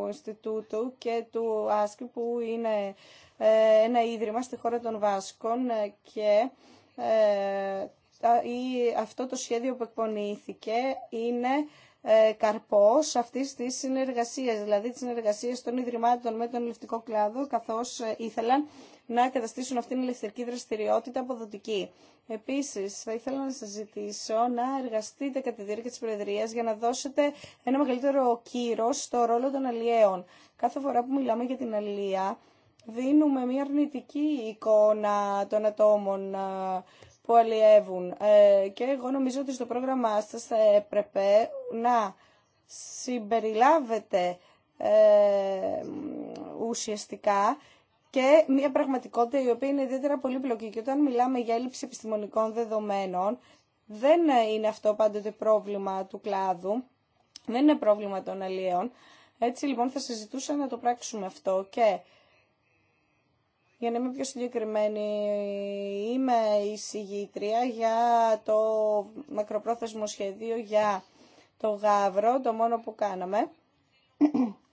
C: Ινστιτούτου και του Άσκη που είναι ε, ένα ίδρυμα στη χώρα των Βάσκων ε, και ε, αυτό το σχέδιο που εκπονήθηκε είναι καρπός αυτής της συνεργασίας, δηλαδή της συνεργασίας των Ιδρυμάτων με τον λευτικό κλάδο, καθώς ήθελαν να καταστήσουν αυτήν την ελευθερική δραστηριότητα αποδοτική. Επίσης, θα ήθελα να σας ζητήσω να εργαστείτε κατά τη διάρκεια τη Προεδρία για να δώσετε ένα μεγαλύτερο κύρος στο ρόλο των αλλιέων. Κάθε φορά που μιλάμε για την αλληλεία, δίνουμε μια αρνητική εικόνα των ατόμων που αλλιεύουν. Ε, και εγώ νομίζω ότι στο πρόγραμμά σας θα έπρεπε να συμπεριλάβετε ε, ουσιαστικά και μια πραγματικότητα η οποία είναι ιδιαίτερα πολύπλοκη. Και όταν μιλάμε για έλλειψη επιστημονικών δεδομένων, δεν είναι αυτό πάντοτε πρόβλημα του κλάδου, δεν είναι πρόβλημα των αλλιέων. Έτσι λοιπόν θα συζητούσα να το πράξουμε αυτό και για να είμαι πιο συγκεκριμένη, είμαι συγγήτρια για το μακροπρόθεσμο σχέδιο για το γάβρο, το μόνο που κάναμε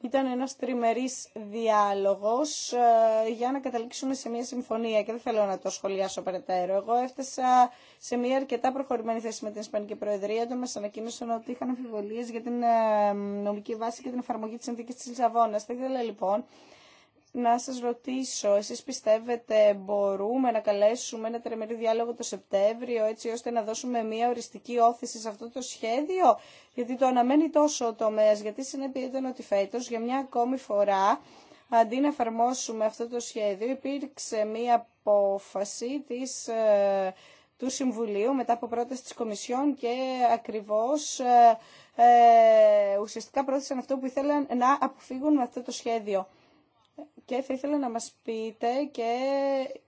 C: ήταν ένας τριμερής διάλογος ε, για να καταλήξουμε σε μια συμφωνία και δεν θέλω να το σχολιάσω περαιτέρω. Εγώ έφτασα σε μια αρκετά προχωρημένη θέση με την Ισπανική Προεδρία, όταν μας ανακοίνωσαν ότι είχαν αμφιβολίες για την ε, νομική βάση και την εφαρμογή της συνθήκης της Λισαβόνας. Θα ήθελα λοιπόν να σας ρωτήσω, εσείς πιστεύετε μπορούμε να καλέσουμε ένα τρεμερή διάλογο το Σεπτέμβριο έτσι ώστε να δώσουμε μια οριστική όθηση σε αυτό το σχέδιο, γιατί το αναμένει τόσο ο τομέας, γιατί συνέπεια ήταν ότι φέτος για μια ακόμη φορά αντί να εφαρμόσουμε αυτό το σχέδιο υπήρξε μια απόφαση της ε, του Συμβουλίου μετά από πρόταση της Κομισιόν και ακριβώς ε, ε, ουσιαστικά πρόθεσαν αυτό που ήθελαν να αποφύγουν με αυτό το σχέδιο. Και θα ήθελα να μας πείτε και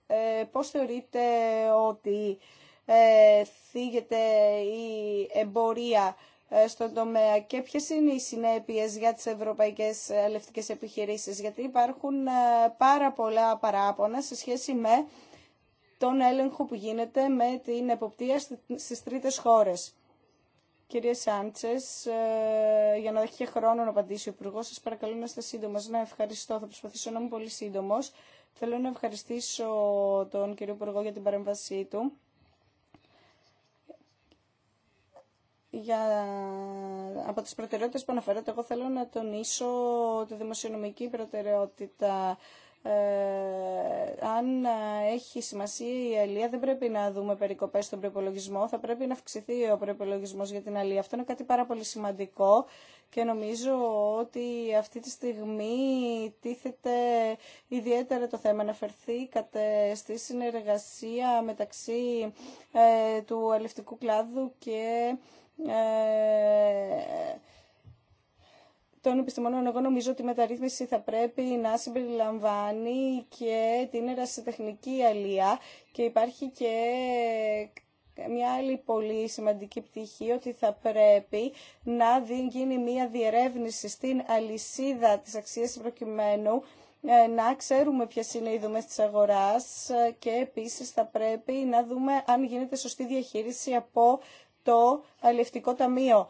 C: ε, πώς θεωρείτε ότι ε, θίγεται η εμπορία ε, στον τομέα και ποιες είναι οι συνέπειες για τις ευρωπαϊκές αλευτικές ε, επιχειρήσεις γιατί υπάρχουν ε, πάρα πολλά παράπονα σε σχέση με τον έλεγχο που γίνεται με την εποπτεία στις τρίτες χώρες. Κυρία Σάντσε, ε, για να έχει χρόνο να απαντήσει ο Υπουργό, σα παρακαλώ να είστε σύντομο. Να ευχαριστώ. Θα προσπαθήσω να είμαι πολύ σύντομο. Θέλω να ευχαριστήσω τον κύριο Υπουργό για την παρέμβασή του. Για... Από τις προτεραιότητες που αναφέρατε, εγώ θέλω να τονίσω τη δημοσιονομική προτεραιότητα ε, αν ε, έχει σημασία η αλία δεν πρέπει να δούμε περικοπές στον προπολογισμό, θα πρέπει να αυξηθεί ο προπολογισμό για την αλία. Αυτό είναι κάτι πάρα πολύ σημαντικό και νομίζω ότι αυτή τη στιγμή τίθεται ιδιαίτερα το θέμα. να φερθεί στη συνεργασία μεταξύ ε, του αλευτικού κλάδου και των επιστημονών. Εγώ νομίζω ότι η μεταρρύθμιση θα πρέπει να συμπεριλαμβάνει και την ερασιτεχνική αλία και υπάρχει και μια άλλη πολύ σημαντική πτυχή ότι θα πρέπει να γίνει μια διερεύνηση στην αλυσίδα της αξίας προκειμένου ε, να ξέρουμε ποιε είναι οι δομές της αγοράς ε, και επίσης θα πρέπει να δούμε αν γίνεται σωστή διαχείριση από το αλληλευτικό ταμείο.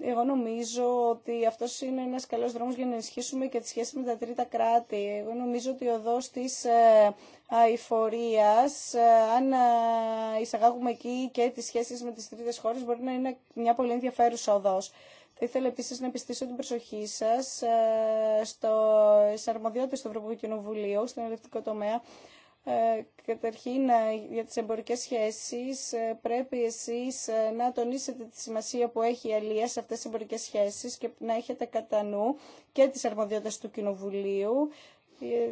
C: Εγώ νομίζω ότι αυτό είναι ένα καλό δρόμο για να ενισχύσουμε και τη σχέση με τα τρίτα κράτη. Εγώ νομίζω ότι ο οδό τη ε, αηφορία, ε, αν ε, εισαγάγουμε εκεί και τι σχέσει με τι τρίτε χώρε, μπορεί να είναι μια πολύ ενδιαφέρουσα οδό. Θα ήθελα επίση να επιστήσω την προσοχή σα στο αρμοδιότητε του Ευρωπαϊκού Κοινοβουλίου, στον ελεκτικό τομέα, ε, καταρχήν ε, για τις εμπορικές σχέσεις ε, πρέπει εσείς να τονίσετε τη σημασία που έχει η Αλία σε αυτές τις εμπορικές σχέσεις και να έχετε κατά νου και τις αρμοδιότητες του Κοινοβουλίου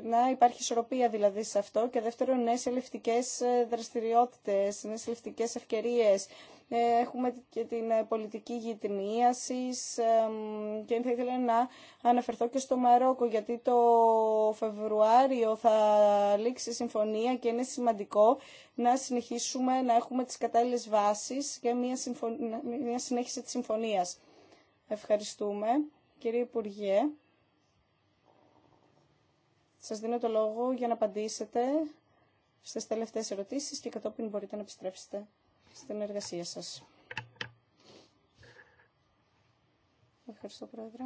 C: να υπάρχει ισορροπία δηλαδή σε αυτό και δεύτερον νέες ελευτικές δραστηριότητες, νέες ελευτικές ευκαιρίες ε, έχουμε και την ε, πολιτική γυτνίασης και θα ήθελα να αναφερθώ και στο Μαρόκο γιατί το Φεβρουάριο θα λήξει η συμφωνία και είναι σημαντικό να συνεχίσουμε να έχουμε τις κατάλληλες βάσεις για μια, μια συνέχιση της συμφωνίας. Ευχαριστούμε. Κύριε Υπουργέ, σας δίνω το λόγο για να απαντήσετε στις τελευταίες ερωτήσεις και κατόπιν μπορείτε να επιστρέψετε στην εργασία σας. Ευχαριστώ, Πρόεδρε.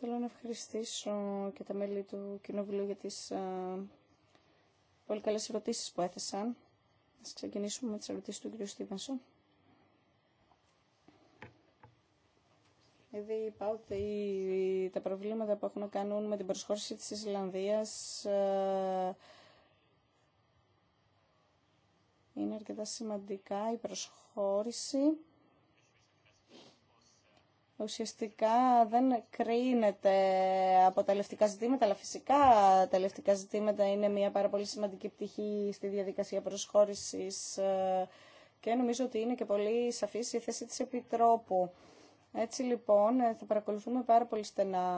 C: Θέλω να ευχαριστήσω και τα μέλη του Κοινοβουλίου για τις πολύ καλές ερωτήσεις που έθεσαν. Ας ξεκινήσουμε με τις ερωτήσεις του κ. Στίβενσον. Ήδη είπα ότι τα προβλήματα που έχουν να κάνουν με την προσχώρηση της Ισλανδίας είναι αρκετά σημαντικά η προσχώρηση. Ουσιαστικά δεν κρίνεται από τα λευτικά ζητήματα, αλλά φυσικά τα ελευτικά ζητήματα είναι μια πάρα πολύ σημαντική πτυχή στη διαδικασία προσχώρησης ε, και νομίζω ότι είναι και πολύ σαφής η θέση της Επιτρόπου. Έτσι λοιπόν ε, θα παρακολουθούμε πάρα πολύ στενά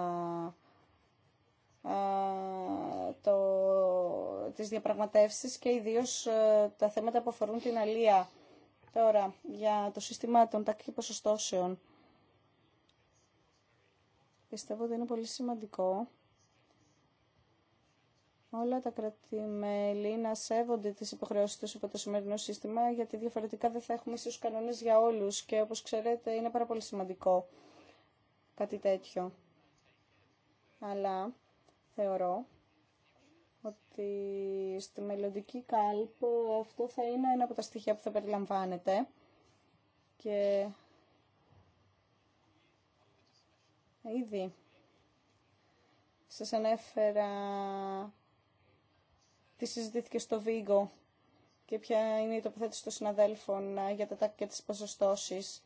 C: ε, το, τις διαπραγματεύσεις και ιδίως ε, τα θέματα που αφορούν την αλία. Τώρα, για το σύστημα των τακτικών ποσοστώσεων. Πιστεύω ότι είναι πολύ σημαντικό όλα τα κρατημέλη να σέβονται τις υποχρεώσεις τους από το σημερινό σύστημα, γιατί διαφορετικά δεν θα έχουμε ίσως κανόνες για όλους και όπως ξέρετε είναι πάρα πολύ σημαντικό κάτι τέτοιο. Αλλά θεωρώ ότι στη μελλοντική κάλπο αυτό θα είναι ένα από τα στοιχεία που θα περιλαμβάνεται και ήδη σας ανέφερα τι συζητήθηκε στο Βίγκο και ποια είναι η τοποθέτηση των συναδέλφων ε, για τα τάκια και τις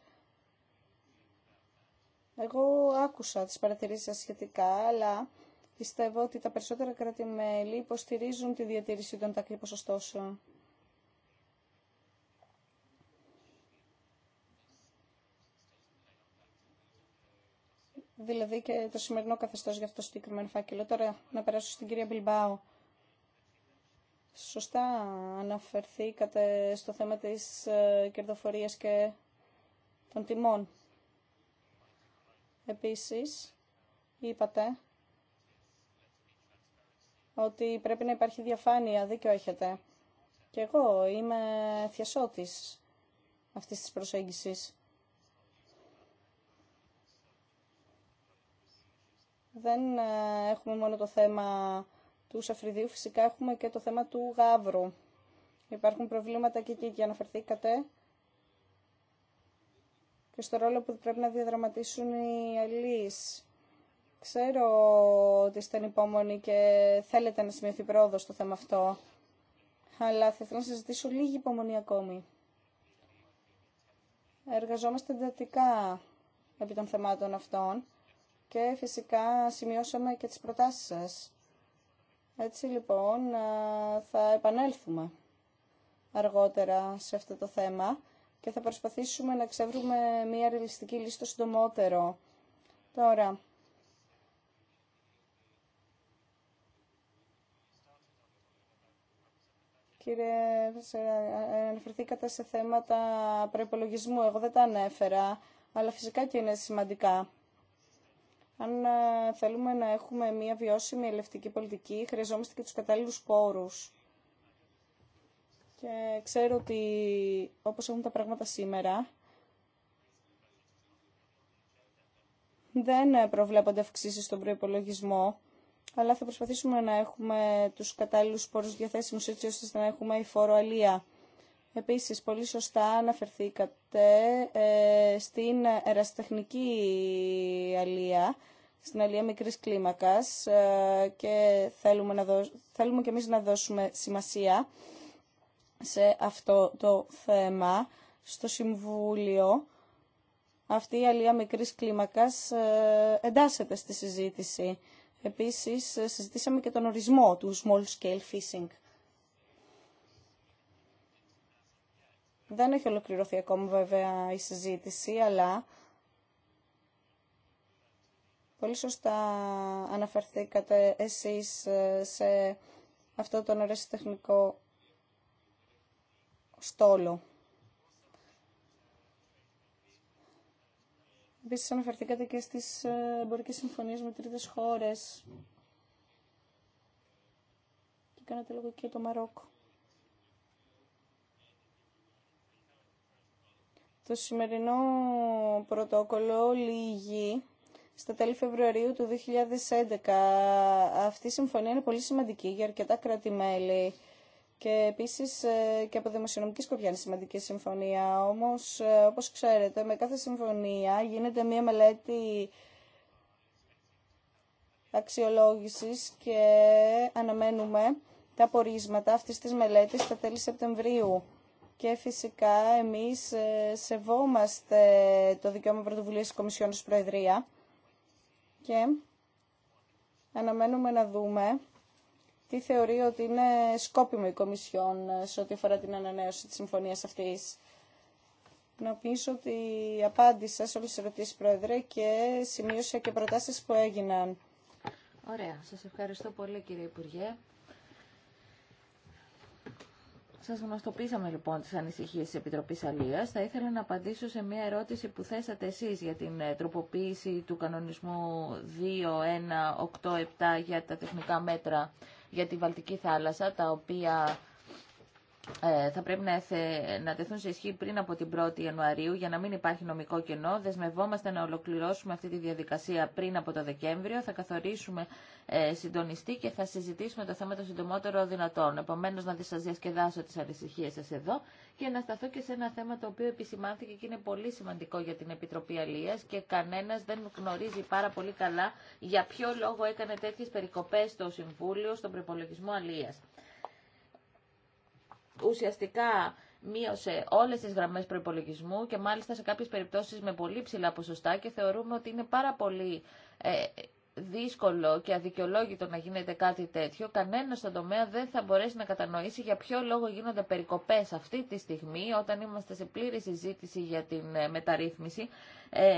C: Εγώ άκουσα τις παρατηρήσεις σας σχετικά, αλλά Πιστεύω ότι τα περισσότερα κράτη-μέλη υποστηρίζουν τη διατήρηση των τακτικών ποσοστώσεων. δηλαδή και το σημερινό καθεστώς για αυτό το συγκεκριμένο φάκελο. Τώρα να περάσω στην κυρία Μπιλμπάου. Σωστά αναφερθήκατε στο θέμα της ε, κερδοφορίας και των τιμών. Επίσης, είπατε ότι πρέπει να υπάρχει διαφάνεια, δίκιο έχετε. Και εγώ είμαι θιασότης αυτής της προσέγγισης. Δεν ε, έχουμε μόνο το θέμα του σαφριδίου, φυσικά έχουμε και το θέμα του Γαύρου. Υπάρχουν προβλήματα και εκεί και αναφερθήκατε και στο ρόλο που πρέπει να διαδραματίσουν οι αλληλείς. Ξέρω ότι είστε ανυπόμονοι και θέλετε να σημειωθεί πρόοδο στο θέμα αυτό, αλλά θα ήθελα να σα ζητήσω λίγη υπομονή ακόμη. Εργαζόμαστε εντατικά επί των θεμάτων αυτών και φυσικά σημειώσαμε και τις προτάσεις σας. Έτσι λοιπόν θα επανέλθουμε αργότερα σε αυτό το θέμα και θα προσπαθήσουμε να ξεβρούμε μια ρεαλιστική λίστα το συντομότερο. Τώρα, Κύριε αναφερθήκατε σε θέματα προπολογισμού. Εγώ δεν τα ανέφερα, αλλά φυσικά και είναι σημαντικά. Αν ε, θέλουμε να έχουμε μια βιώσιμη ελευτική πολιτική, χρειαζόμαστε και τους κατάλληλους πόρους. Και ξέρω ότι όπως έχουν τα πράγματα σήμερα, δεν προβλέπονται αυξήσεις στον προϋπολογισμό αλλά θα προσπαθήσουμε να έχουμε τους κατάλληλους πόρους διαθέσιμους έτσι ώστε να έχουμε η φοροαλία. Επίσης, πολύ σωστά αναφερθήκατε ε, στην εραστεχνική αλία, στην αλία μικρής κλίμακας ε, και θέλουμε, να θέλουμε και εμείς να δώσουμε σημασία σε αυτό το θέμα στο Συμβούλιο. Αυτή η αλία μικρής κλίμακας ε, εντάσσεται στη συζήτηση. Επίσης, ε, συζητήσαμε και τον ορισμό του small scale fishing. Δεν έχει ολοκληρωθεί ακόμα βέβαια η συζήτηση, αλλά πολύ σωστά αναφερθήκατε εσείς ε, σε αυτό τον αρέσει τεχνικό στόλο. Επίση, αναφερθήκατε και στι ε, εμπορικέ συμφωνίε με τρίτε χώρε. Και κάνατε λόγο και το Μαρόκο. Το σημερινό πρωτόκολλο λύγει στα τέλη Φεβρουαρίου του 2011. Αυτή η συμφωνία είναι πολύ σημαντική για αρκετά κράτη-μέλη και επίσης ε, και από δημοσιονομική σκοπιά είναι σημαντική συμφωνία. Όμως, ε, όπως ξέρετε, με κάθε συμφωνία γίνεται μια μελέτη αξιολόγησης και αναμένουμε τα πορίσματα αυτή της μελέτης στα τέλη Σεπτεμβρίου. Και φυσικά εμείς ε, σεβόμαστε το δικαίωμα πρωτοβουλία τη Κομισιόν Προεδρία και αναμένουμε να δούμε τι θεωρεί ότι είναι σκόπιμο η Κομισιόν ε, σε ό,τι αφορά την ανανέωση της συμφωνίας αυτής. Νομίζω ότι απάντησα σε όλες τις ερωτήσεις, Πρόεδρε, και σημείωσα και προτάσεις που
A: έγιναν. Ωραία. Σας ευχαριστώ πολύ, κύριε Υπουργέ. Σας γνωστοποίησαμε λοιπόν τις ανησυχίες της Επιτροπής Αλίας. Θα ήθελα να απαντήσω σε μια ερώτηση που θέσατε εσείς για την ε, τροποποίηση του κανονισμού 2187 για τα τεχνικά μέτρα για τη Βαλτική θάλασσα, τα οποία ε, θα πρέπει να, εθε, να τεθούν σε ισχύ πριν από την 1η Ιανουαρίου για να μην υπάρχει νομικό κενό. Δεσμευόμαστε να ολοκληρώσουμε αυτή τη διαδικασία πριν από το Δεκέμβριο. Θα καθορίσουμε ε, συντονιστή και θα συζητήσουμε το θέμα το συντομότερο δυνατόν. Επομένω, να σα διασκεδάσω τι ανησυχίε σα εδώ και να σταθώ και σε ένα θέμα το οποίο επισημάνθηκε και είναι πολύ σημαντικό για την Επιτροπή Αλία και κανένα δεν γνωρίζει πάρα πολύ καλά για ποιο λόγο έκανε τέτοιε περικοπέ στο Συμβούλιο, στον προπολογισμό Αλία ουσιαστικά μείωσε όλες τις γραμμές προϋπολογισμού και μάλιστα σε κάποιες περιπτώσεις με πολύ ψηλά ποσοστά και θεωρούμε ότι είναι πάρα πολύ ε, δύσκολο και αδικαιολόγητο να γίνεται κάτι τέτοιο. Κανένα στον τομέα δεν θα μπορέσει να κατανοήσει για ποιο λόγο γίνονται περικοπές αυτή τη στιγμή όταν είμαστε σε πλήρη συζήτηση για την ε, μεταρρύθμιση. Ε,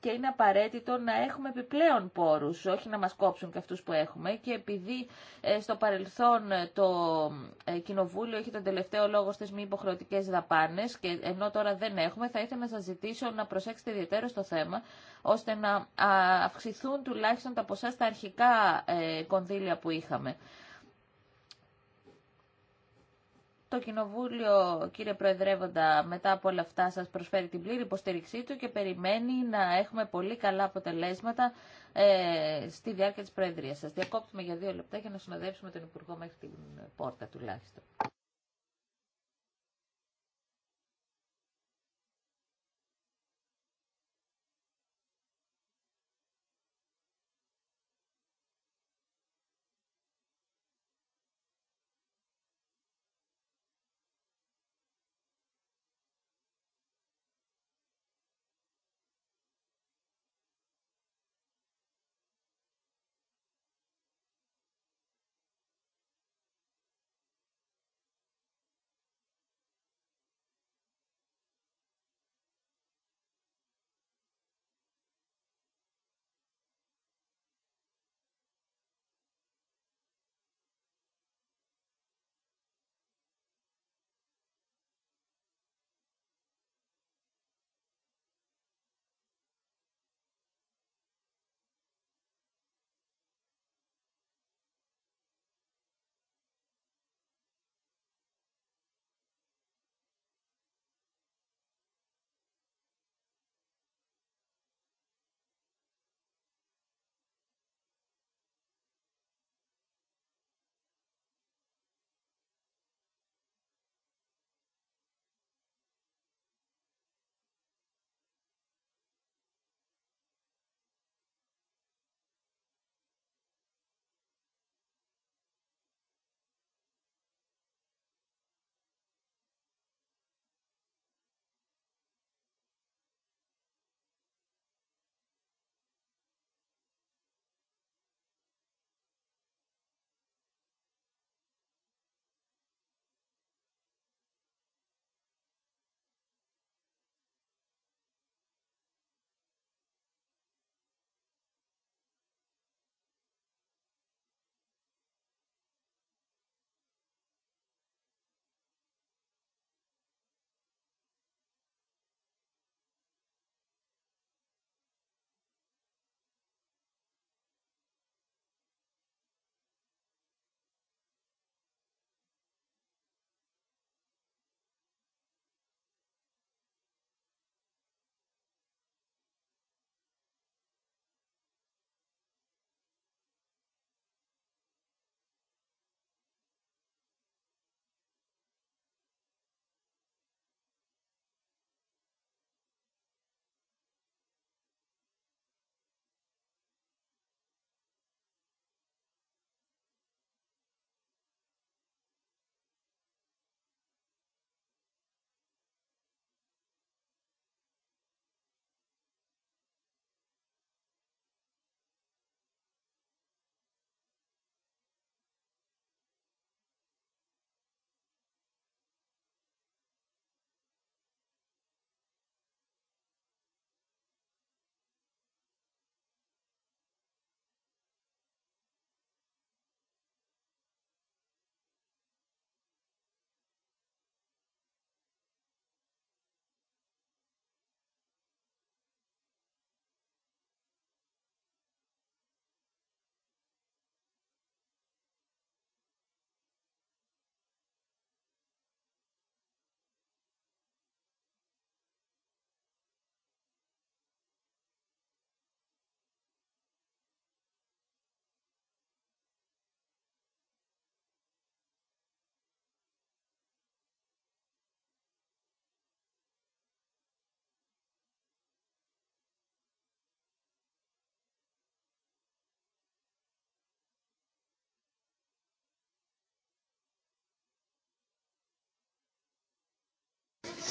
A: και είναι απαραίτητο να έχουμε επιπλέον πόρους, όχι να μας κόψουν και αυτούς που έχουμε. Και επειδή ε, στο παρελθόν ε, το ε, Κοινοβούλιο έχει τον τελευταίο λόγο στις μη υποχρεωτικές δαπάνες, και ενώ τώρα δεν έχουμε, θα ήθελα να σας ζητήσω να προσέξετε ιδιαίτερα στο θέμα, ώστε να αυξηθούν τουλάχιστον τα ποσά στα αρχικά κονδύλια που είχαμε. Το Κοινοβούλιο, κύριε Προεδρεύοντα, μετά από όλα αυτά σας προσφέρει την πλήρη υποστήριξή του και περιμένει να έχουμε πολύ καλά αποτελέσματα ε, στη διάρκεια της Προεδρίας σας. Διακόπτουμε για δύο λεπτά για να συνοδεύσουμε τον Υπουργό μέχρι την πόρτα τουλάχιστον.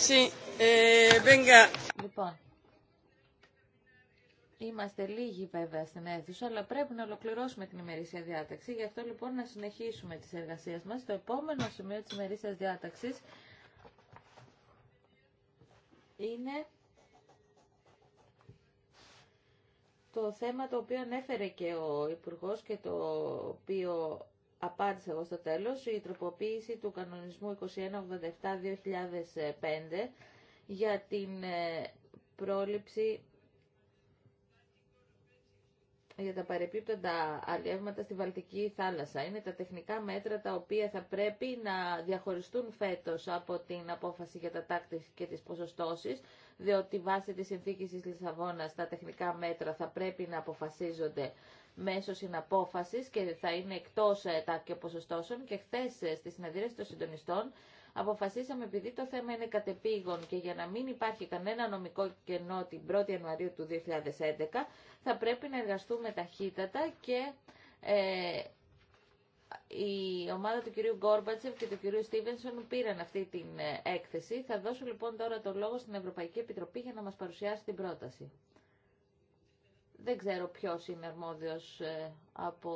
A: Eh, λοιπόν, είμαστε λίγοι βέβαια στην αίθουσα, αλλά πρέπει να ολοκληρώσουμε την ημερήσια διάταξη. Γι' αυτό λοιπόν να συνεχίσουμε τις εργασίες μας. Το επόμενο σημείο της ημερήσιας διάταξης είναι το θέμα το οποίο ανέφερε και ο Υπουργός και το οποίο απάντησα εγώ στο τέλος, η τροποποίηση του κανονισμού 2187-2005 για την ε, πρόληψη για τα παρεπίπτοντα αλλιεύματα στη Βαλτική θάλασσα. Είναι τα τεχνικά μέτρα τα οποία θα πρέπει να διαχωριστούν φέτος από την απόφαση για τα τάκτη και τις ποσοστώσεις, διότι βάσει της συνθήκης της Λισαβόνας τα τεχνικά μέτρα θα πρέπει να αποφασίζονται μέσω συναπόφαση και θα είναι εκτό ε, τα και ποσοστώσεων και χθε ε, στη συνεδρίαση των συντονιστών αποφασίσαμε επειδή το θέμα είναι κατεπήγον και για να μην υπάρχει κανένα νομικό κενό την 1η Ιανουαρίου του 2011 θα πρέπει να εργαστούμε ταχύτατα και ε, η ομάδα του κυρίου Γκόρμπατσεφ και του κυρίου Στίβενσον πήραν αυτή την ε, έκθεση. Θα δώσω λοιπόν τώρα το λόγο στην Ευρωπαϊκή Επιτροπή για να μας παρουσιάσει την πρόταση. Δεν ξέρω ποιος είναι αρμόδιος ε, από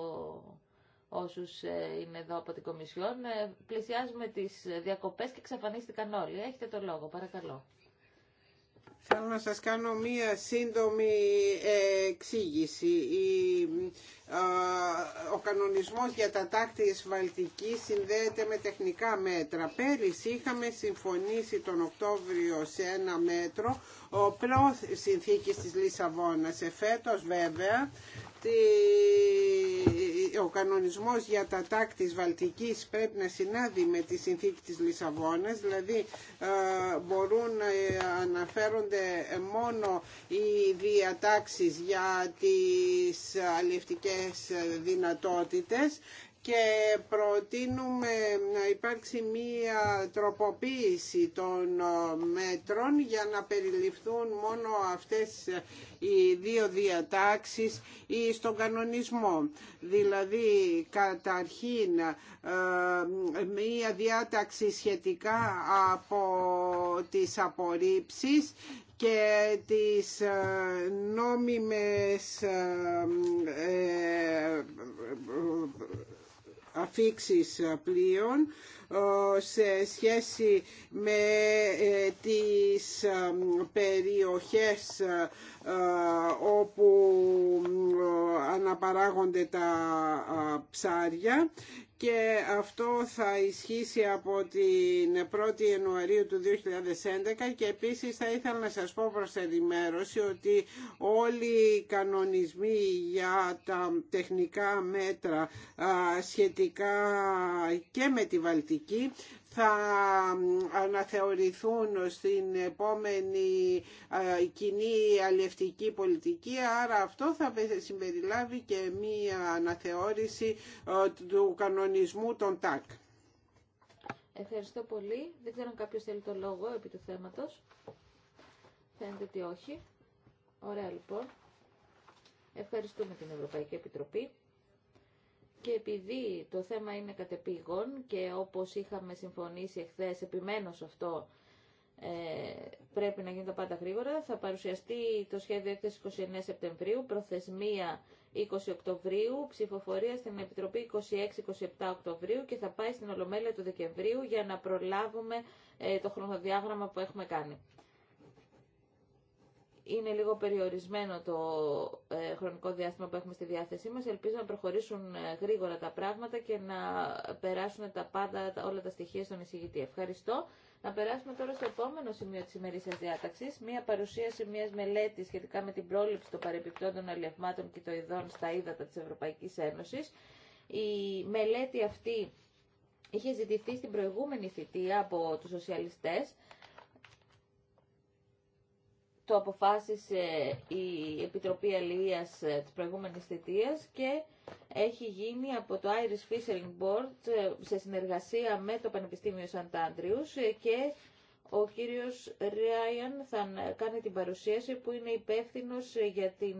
A: όσους ε, είναι εδώ από την Κομισιόν. Ε, πλησιάζουμε τις διακοπές και εξαφανίστηκαν όλοι. Έχετε το λόγο, παρακαλώ.
B: Θέλω να σας κάνω μία σύντομη εξήγηση. Η, ο κανονισμός για τα τάκτη τη συνδέεται με τεχνικά μέτρα. Πέρυσι είχαμε συμφωνήσει τον Οκτώβριο σε ένα μέτρο ο συνθήκης της Λισαβόνας. Εφέτος βέβαια ο κανονισμός για τα τάκ της Βαλτικής πρέπει να συνάδει με τη συνθήκη της Λισαβόνας, δηλαδή ε, μπορούν να ε, αναφέρονται μόνο οι διατάξεις για τις αλληλευτικές δυνατότητες και προτείνουμε να υπάρξει μία τροποποίηση των ε, μέτρων για να περιληφθούν μόνο αυτές ε, οι δύο διατάξεις ή στον κανονισμό. Δηλαδή, καταρχήν, ε, μία διάταξη σχετικά από τις απορρίψεις και τις νόμιμες αφήξεις πλοίων σε σχέση με ε, τις ε, περιοχές ε, όπου αναπαράγονται τα ψάρια και αυτό θα ισχύσει από την 1η Ιανουαρίου του 2011 και επίσης θα ήθελα να σας πω προς ενημέρωση ότι όλοι οι κανονισμοί για τα τεχνικά μέτρα σχετικά και με τη Βαλτική Αμερική θα αναθεωρηθούν στην επόμενη κοινή αλλιευτική πολιτική, άρα αυτό θα συμπεριλάβει και μία αναθεώρηση του κανονισμού των ΤΑΚ.
A: Ευχαριστώ πολύ. Δεν ξέρω αν κάποιος θέλει το λόγο επί του θέματος. Φαίνεται ότι όχι. Ωραία λοιπόν. Ευχαριστούμε την Ευρωπαϊκή Επιτροπή και επειδή το θέμα είναι κατεπήγον και όπως είχαμε συμφωνήσει εχθές επιμένω σε αυτό ε, πρέπει να γίνει τα πάντα γρήγορα. Θα παρουσιαστεί το σχέδιο έκθεση 29 Σεπτεμβρίου, προθεσμία 20 Οκτωβρίου, ψηφοφορία στην Επιτροπή 26-27 Οκτωβρίου και θα πάει στην Ολομέλεια του Δεκεμβρίου για να προλάβουμε ε, το χρονοδιάγραμμα που έχουμε κάνει είναι λίγο περιορισμένο το ε, χρονικό διάστημα που έχουμε στη διάθεσή μας. Ελπίζω να προχωρήσουν ε, γρήγορα τα πράγματα και να περάσουν τα πάντα, όλα τα στοιχεία στον εισηγητή. Ευχαριστώ. Να περάσουμε τώρα στο επόμενο σημείο της σας διάταξης, μία παρουσίαση μιας μελέτης σχετικά με την πρόληψη των παρεπιπτόντων αλλιευμάτων και των ειδών στα ύδατα της Ευρωπαϊκής Ένωσης. Η μελέτη αυτή είχε ζητηθεί στην προηγούμενη θητεία από τους σοσιαλιστές το αποφάσισε η Επιτροπή Αλληλείας ε, της προηγούμενης θητείας και έχει γίνει από το Irish Fishing Board ε, σε συνεργασία με το Πανεπιστήμιο Σαντάντριους ε, και ο κύριος Ράιαν θα κάνει την παρουσίαση που είναι υπεύθυνος για την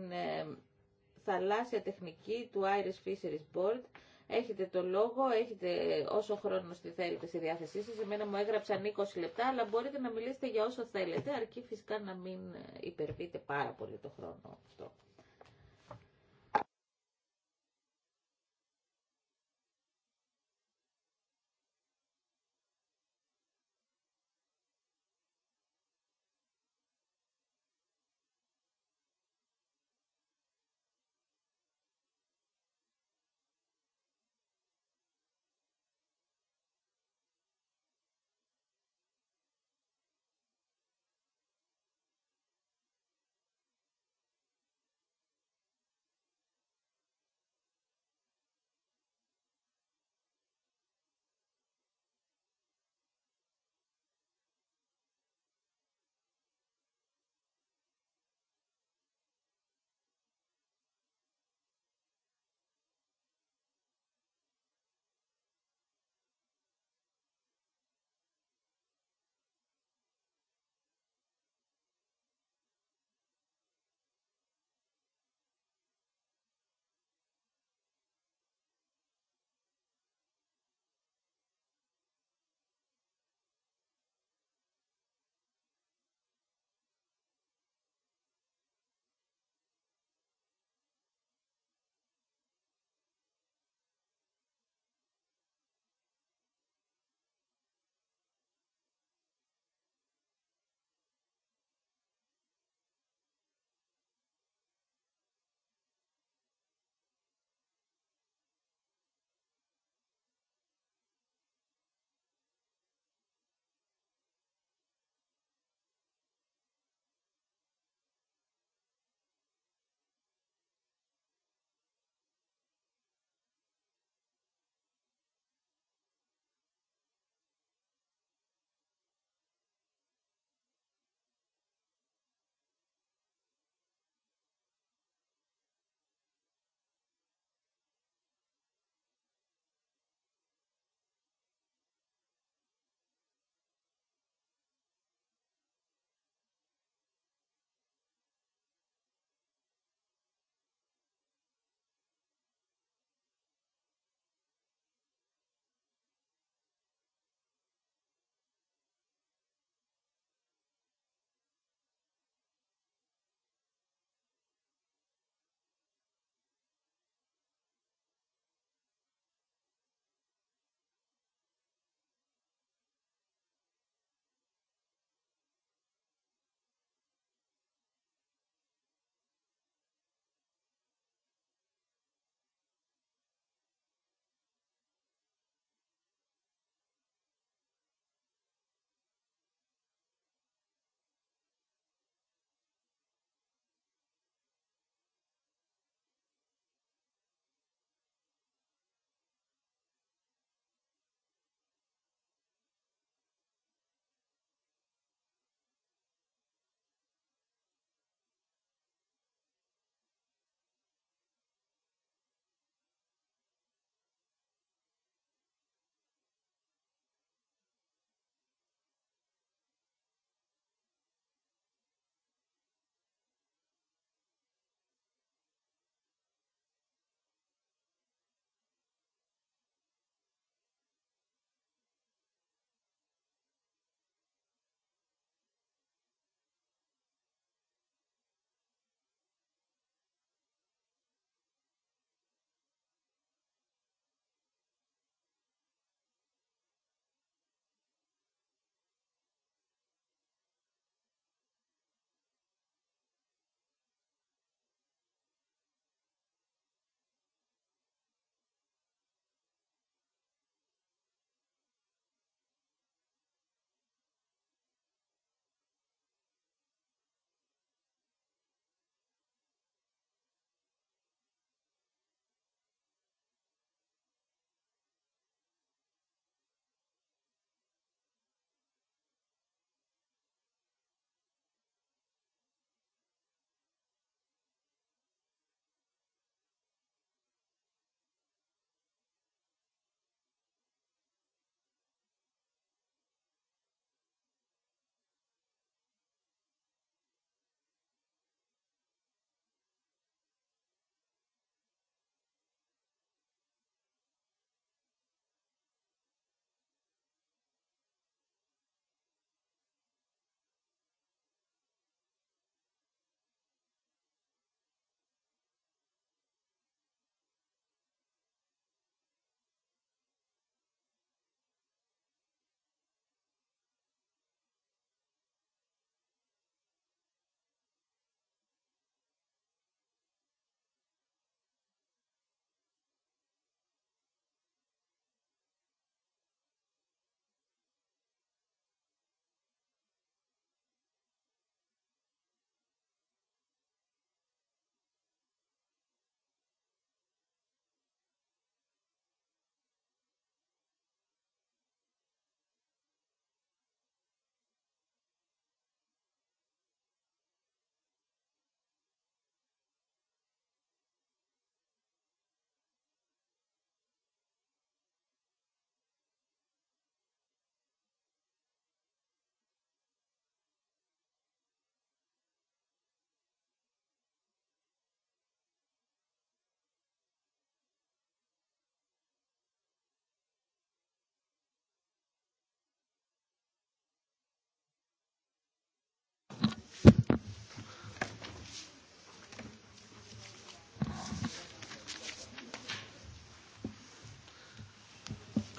A: θαλάσσια τεχνική του Irish Fisheries Board Έχετε το λόγο, έχετε όσο χρόνο στη θέλετε στη διάθεσή σας. Εμένα μου έγραψαν 20 λεπτά, αλλά μπορείτε να μιλήσετε για όσο θέλετε, αρκεί φυσικά να μην υπερβείτε πάρα πολύ το χρόνο αυτό.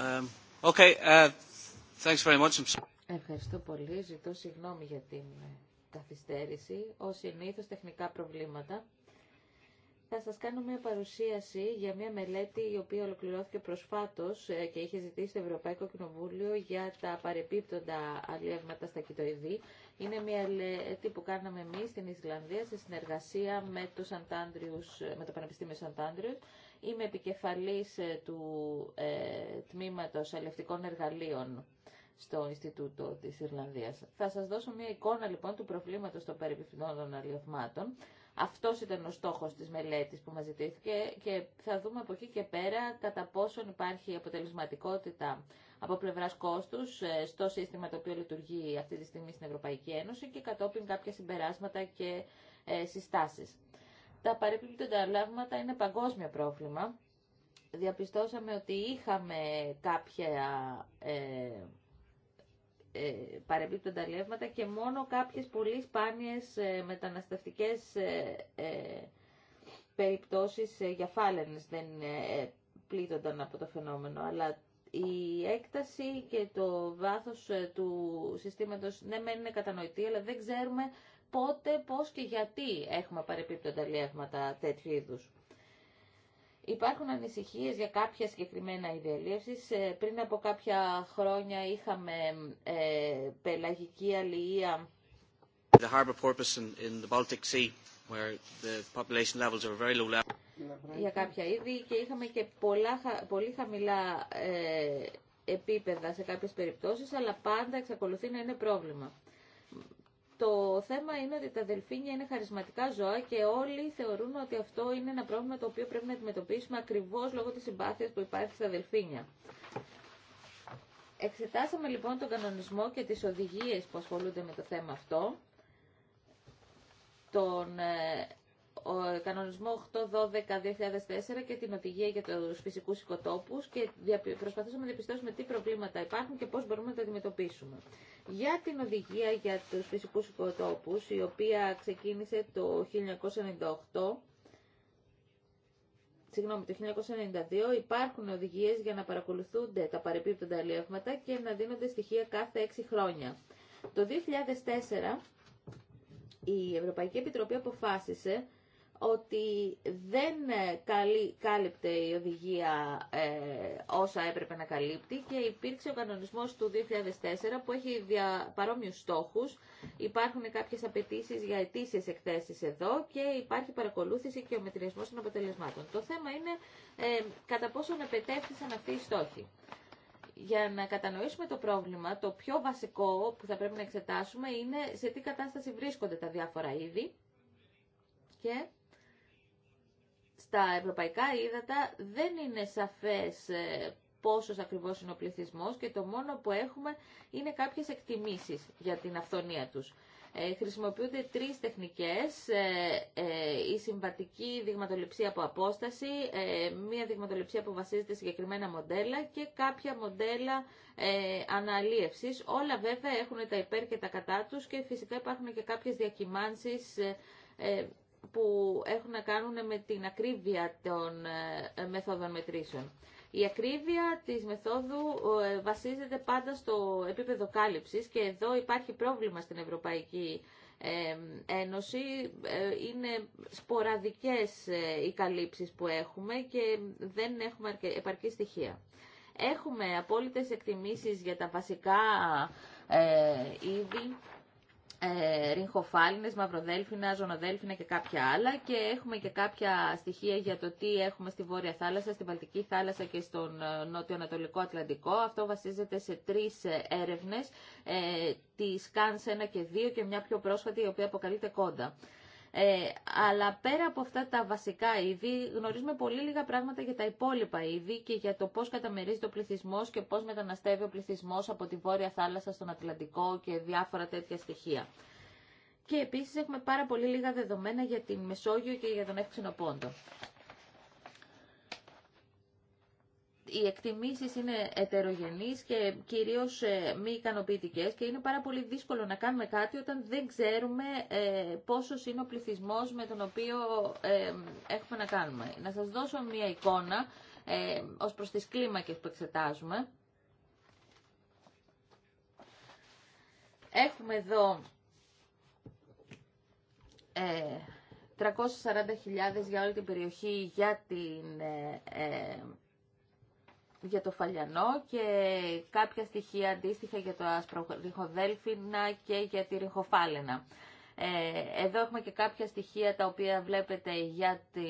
A: Um, uh, Ευχαριστώ πολύ. Ζητώ συγγνώμη για την καθυστέρηση. Ω συνήθως τεχνικά προβλήματα. Θα σας κάνω μια παρουσίαση για μια μελέτη η οποία ολοκληρώθηκε προσφάτως ε, και είχε ζητήσει το Ευρωπαϊκό Κοινοβούλιο για τα παρεπίπτοντα αλλιεύματα στα κοιτοειδή. Είναι μια μελέτη που κάναμε εμείς στην Ισλανδία σε συνεργασία με, το Πανεπιστήμιο Σαντ Είμαι επικεφαλής ε, του ε, τμήματος αλληλευτικών εργαλείων στο Ινστιτούτο της Ιρλανδίας. Θα σας δώσω μια εικόνα λοιπόν του προβλήματος των των αλληλευμάτων. Αυτός ήταν ο στόχος της μελέτης που μας ζητήθηκε και θα δούμε από εκεί και πέρα κατά πόσον υπάρχει αποτελεσματικότητα από πλευρά κόστου ε, στο σύστημα το οποίο λειτουργεί αυτή τη στιγμή στην Ευρωπαϊκή Ένωση και κατόπιν κάποια συμπεράσματα και ε, συστάσεις τα παρεπιπτόντα ανταλλαγματα είναι παγκόσμιο πρόβλημα. Διαπιστώσαμε ότι είχαμε κάποια ε, ε, παρεμπίπτοντα και μόνο κάποιες πολύ σπάνιες ε, μεταναστευτικές ε, ε περιπτώσεις ε, για φάλαινες δεν ε, πλήττονταν από το φαινόμενο. Αλλά η έκταση και το βάθος του συστήματος ναι μένει είναι κατανοητή, αλλά δεν ξέρουμε πότε, πώς και γιατί έχουμε παρεπίπτοντα λιεύματα τέτοιου είδου. Υπάρχουν ανησυχίες για κάποια συγκεκριμένα ιδιαλίευση. Ε, πριν από κάποια χρόνια είχαμε ε, πελαγική αλληλεία. The harbor porpoise in, the Baltic Sea, where the population levels are very low level. Για κάποια είδη και είχαμε και πολλά, πολύ χαμηλά ε, επίπεδα σε κάποιες περιπτώσεις, αλλά πάντα εξακολουθεί να είναι πρόβλημα. Το θέμα είναι ότι τα δελφίνια είναι χαρισματικά ζώα και όλοι θεωρούν ότι αυτό είναι ένα πρόβλημα το οποίο πρέπει να αντιμετωπίσουμε ακριβώς λόγω της συμπάθειας που υπάρχει στα δελφίνια. Εξετάσαμε λοιπόν τον κανονισμό και τις οδηγίες που ασχολούνται με το θέμα αυτό, τον ε, ο κανονισμό 812-2004 και την οδηγία για τους φυσικούς οικοτόπους και προσπαθήσαμε να διαπιστώσουμε τι προβλήματα υπάρχουν και πώς μπορούμε να τα αντιμετωπίσουμε. Για την οδηγία για τους φυσικούς οικοτόπους, η οποία ξεκίνησε το 1998, Συγγνώμη, το 1992 υπάρχουν οδηγίες για να παρακολουθούνται τα παρεπίπτοντα αλλιεύματα και να δίνονται στοιχεία κάθε 6 χρόνια. Το 2004 η Ευρωπαϊκή Επιτροπή αποφάσισε ότι δεν ε, κάλυπτε η οδηγία ε, όσα έπρεπε να καλύπτει και υπήρξε ο κανονισμός του 2004 που έχει δια, παρόμοιους στόχους. Υπάρχουν κάποιες απαιτήσει για αιτήσεις εκθέσεις εδώ και υπάρχει παρακολούθηση και ο μετριασμός των αποτελεσμάτων. Το θέμα είναι ε, κατά πόσο επετέφθησαν αυτοί οι στόχοι. Για να κατανοήσουμε το πρόβλημα, το πιο βασικό που θα πρέπει να εξετάσουμε είναι σε τι κατάσταση βρίσκονται τα διάφορα είδη και στα ευρωπαϊκά ύδατα δεν είναι σαφές ε, πόσος ακριβώς είναι ο πληθυσμός και το μόνο που έχουμε είναι κάποιες εκτιμήσεις για την αυθονία τους. Ε, χρησιμοποιούνται τρεις τεχνικές, ε, ε, η συμβατική δειγματοληψία από απόσταση, μία δειγματοληψία που βασίζεται σε συγκεκριμένα μοντέλα και κάποια μοντέλα αναλύευσης. Όλα βέβαια έχουν τα υπέρ και τα κατά τους και φυσικά υπάρχουν και κάποιες διακυμάνσεις που έχουν να κάνουν με την ακρίβεια των ε, μεθόδων μετρήσεων. Η ακρίβεια της μεθόδου ε, βασίζεται πάντα στο επίπεδο κάλυψης και εδώ υπάρχει πρόβλημα στην Ευρωπαϊκή ε, Ένωση. Είναι σποραδικές οι καλύψεις που έχουμε και δεν έχουμε επαρκή στοιχεία. Έχουμε απόλυτες εκτιμήσεις για τα βασικά είδη ε, ριγχοφάλινες, μαυροδέλφινα, ζωνοδέλφινα και κάποια άλλα και έχουμε και κάποια στοιχεία για το τι έχουμε στη Βόρεια Θάλασσα, στη Βαλτική Θάλασσα και στον ε, Νότιο-Ανατολικό Ατλαντικό. Αυτό βασίζεται σε τρεις ε, έρευνες, ε, τη ΚΑΝΣ 1 και 2 και μια πιο πρόσφατη η οποία αποκαλείται Κόντα. Ε, αλλά πέρα από αυτά τα βασικά είδη γνωρίζουμε πολύ λίγα πράγματα για τα υπόλοιπα είδη και για το πώς καταμερίζεται ο πληθυσμός και πώς μεταναστεύει ο πληθυσμός από τη Βόρεια Θάλασσα στον Ατλαντικό και διάφορα τέτοια στοιχεία. Και επίσης έχουμε πάρα πολύ λίγα δεδομένα για την Μεσόγειο και για τον Εύξηνο Πόντο. οι εκτιμήσεις είναι ετερογενείς και κυρίως ε, μη ικανοποιητικέ και είναι πάρα πολύ δύσκολο να κάνουμε κάτι όταν δεν ξέρουμε ε, πόσος είναι ο πληθυσμός με τον οποίο ε, έχουμε να κάνουμε. Να σας δώσω μία εικόνα ως προς τις κλίμακες που εξετάζουμε. Έχουμε εδώ 340.000 για όλη την περιοχή για την για το φαλιανό και κάποια στοιχεία αντίστοιχα για το άσπρο ριχοδέλφινα και για τη ριχοφάλαινα. Ε, εδώ έχουμε και κάποια στοιχεία τα οποία βλέπετε για τη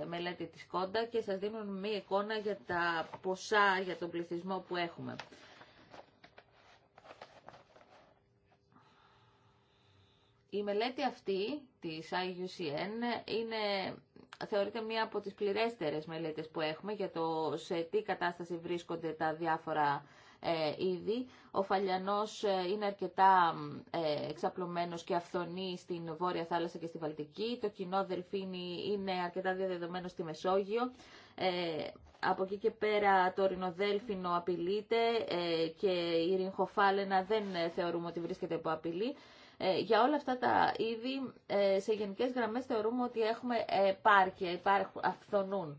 A: ε, μελέτη της κόντα και σας δίνουν μία εικόνα για τα ποσά για τον πληθυσμό που έχουμε. Η μελέτη αυτή της IUCN είναι θεωρείται μία από τις πληρέστερες μελέτες που έχουμε για το σε τι κατάσταση βρίσκονται τα διάφορα ε, είδη. Ο Φαλιανός ε, είναι αρκετά ε, εξαπλωμένος και αυθονή στην Βόρεια Θάλασσα και στη Βαλτική. Το κοινό δελφίνι είναι αρκετά διαδεδομένο στη Μεσόγειο. Ε, από εκεί και πέρα το ρινοδέλφινο απειλείται ε, και η ριγχοφάλαινα δεν θεωρούμε ότι βρίσκεται υπό απειλή. Ε, για όλα αυτά τα είδη, ε, σε γενικές γραμμές θεωρούμε ότι έχουμε επάρκεια, υπάρχουν, αυθονούν.